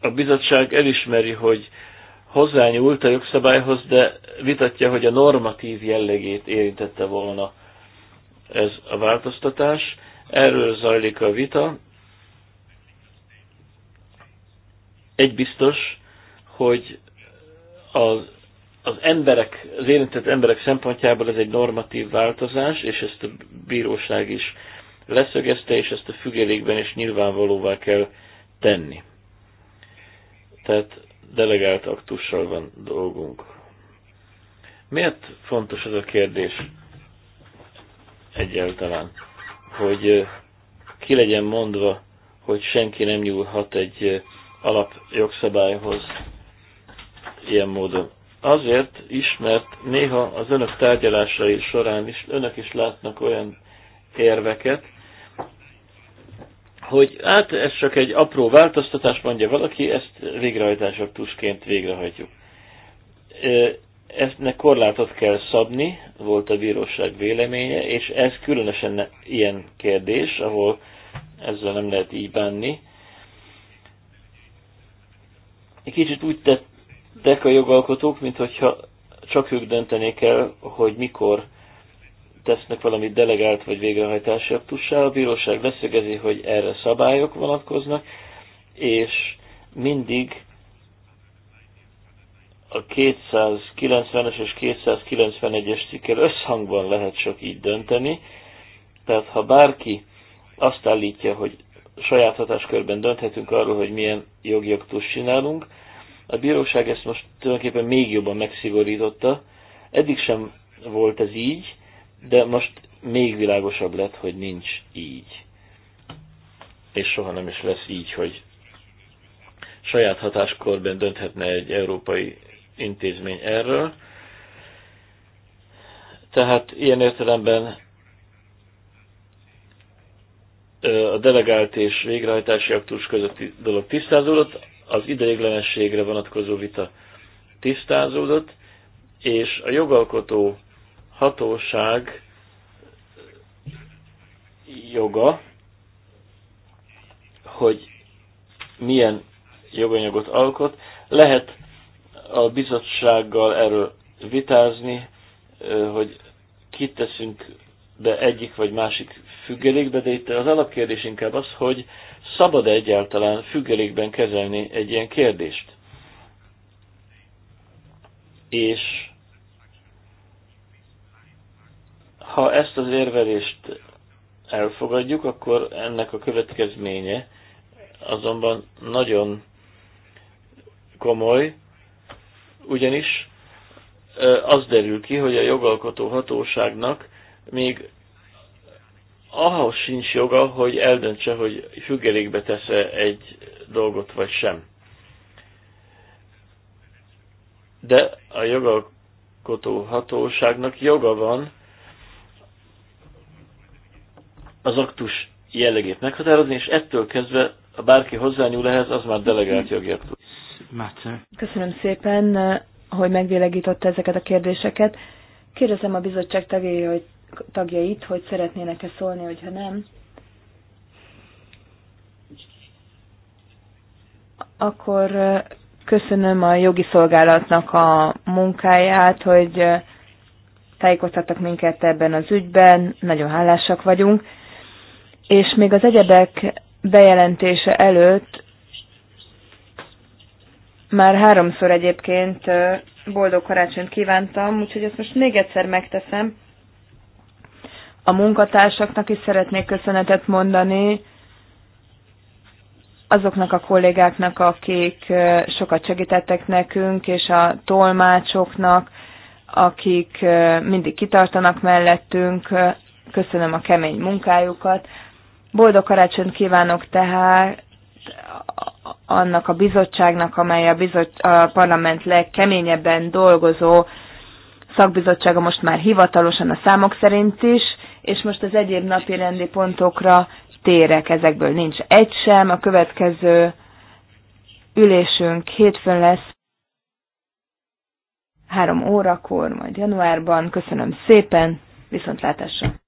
S3: A bizottság elismeri, hogy hozzányúlt a jogszabályhoz, de vitatja, hogy a normatív jellegét érintette volna ez a változtatás. Erről zajlik a vita. Egy biztos, hogy az, az emberek, az érintett emberek szempontjából ez egy normatív változás, és ezt a bíróság is leszögezte, és ezt a függelékben is nyilvánvalóvá kell tenni. Tehát delegált aktussal van dolgunk. Miért fontos ez a kérdés egyáltalán? Hogy ki legyen mondva, hogy senki nem nyúlhat egy alapjogszabályhoz, ilyen módon. Azért is, mert néha az önök tárgyalásai során is önök is látnak olyan érveket, hogy hát ez csak egy apró változtatás, mondja valaki, ezt tusként végrehajtjuk. Eztnek korlátot kell szabni, volt a bíróság véleménye, és ez különösen ne, ilyen kérdés, ahol ezzel nem lehet így bánni. Egy kicsit úgy tett de a jogalkotók, mint hogyha csak ők döntenék el, hogy mikor tesznek valamit delegált vagy végrehajtási aktussá. A bíróság leszögezi, hogy erre szabályok vonatkoznak, és mindig a 290-es és 291-es cikkel összhangban lehet csak így dönteni. Tehát ha bárki azt állítja, hogy saját hatáskörben dönthetünk arról, hogy milyen jogi csinálunk, a bíróság ezt most tulajdonképpen még jobban megszigorította. Eddig sem volt ez így, de most még világosabb lett, hogy nincs így. És soha nem is lesz így, hogy saját hatáskorban dönthetne egy európai intézmény erről. Tehát ilyen értelemben a delegált és végrehajtási aktus közötti dolog tisztázódott az ideiglenességre vonatkozó vita tisztázódott, és a jogalkotó hatóság joga, hogy milyen joganyagot alkot. Lehet a bizottsággal erről vitázni, hogy kit teszünk be egyik vagy másik függelékbe, de itt az alapkérdés inkább az, hogy szabad -e egyáltalán függelékben kezelni egy ilyen kérdést? És ha ezt az érvelést elfogadjuk, akkor ennek a következménye azonban nagyon komoly, ugyanis az derül ki, hogy a jogalkotó hatóságnak még ahhoz sincs joga, hogy eldöntse, hogy függelékbe tesz -e egy dolgot vagy sem. De a jogalkotó hatóságnak joga van az aktus jellegét meghatározni, és ettől kezdve, ha bárki hozzányúl ehhez, az már delegált jogi aktus.
S2: Köszönöm szépen, hogy megvilegította ezeket a kérdéseket. Kérdezem a bizottság tagjai, hogy tagjait, hogy szeretnének-e szólni, hogyha nem, akkor köszönöm a jogi szolgálatnak a munkáját, hogy tájékoztattak minket ebben az ügyben, nagyon hálásak vagyunk. És még az egyedek bejelentése előtt már háromszor egyébként boldog karácsonyt kívántam, úgyhogy ezt most még egyszer megteszem. A munkatársaknak is szeretnék köszönetet mondani, azoknak a kollégáknak, akik sokat segítettek nekünk, és a tolmácsoknak, akik mindig kitartanak mellettünk. Köszönöm a kemény munkájukat. Boldog karácsonyt kívánok tehát annak a bizottságnak, amely a, bizot, a parlament legkeményebben dolgozó szakbizottsága most már hivatalosan a számok szerint is és most az egyéb napi rendi pontokra térek, ezekből nincs egy sem, a következő ülésünk hétfőn lesz három órakor, majd januárban. Köszönöm szépen, viszontlátásra!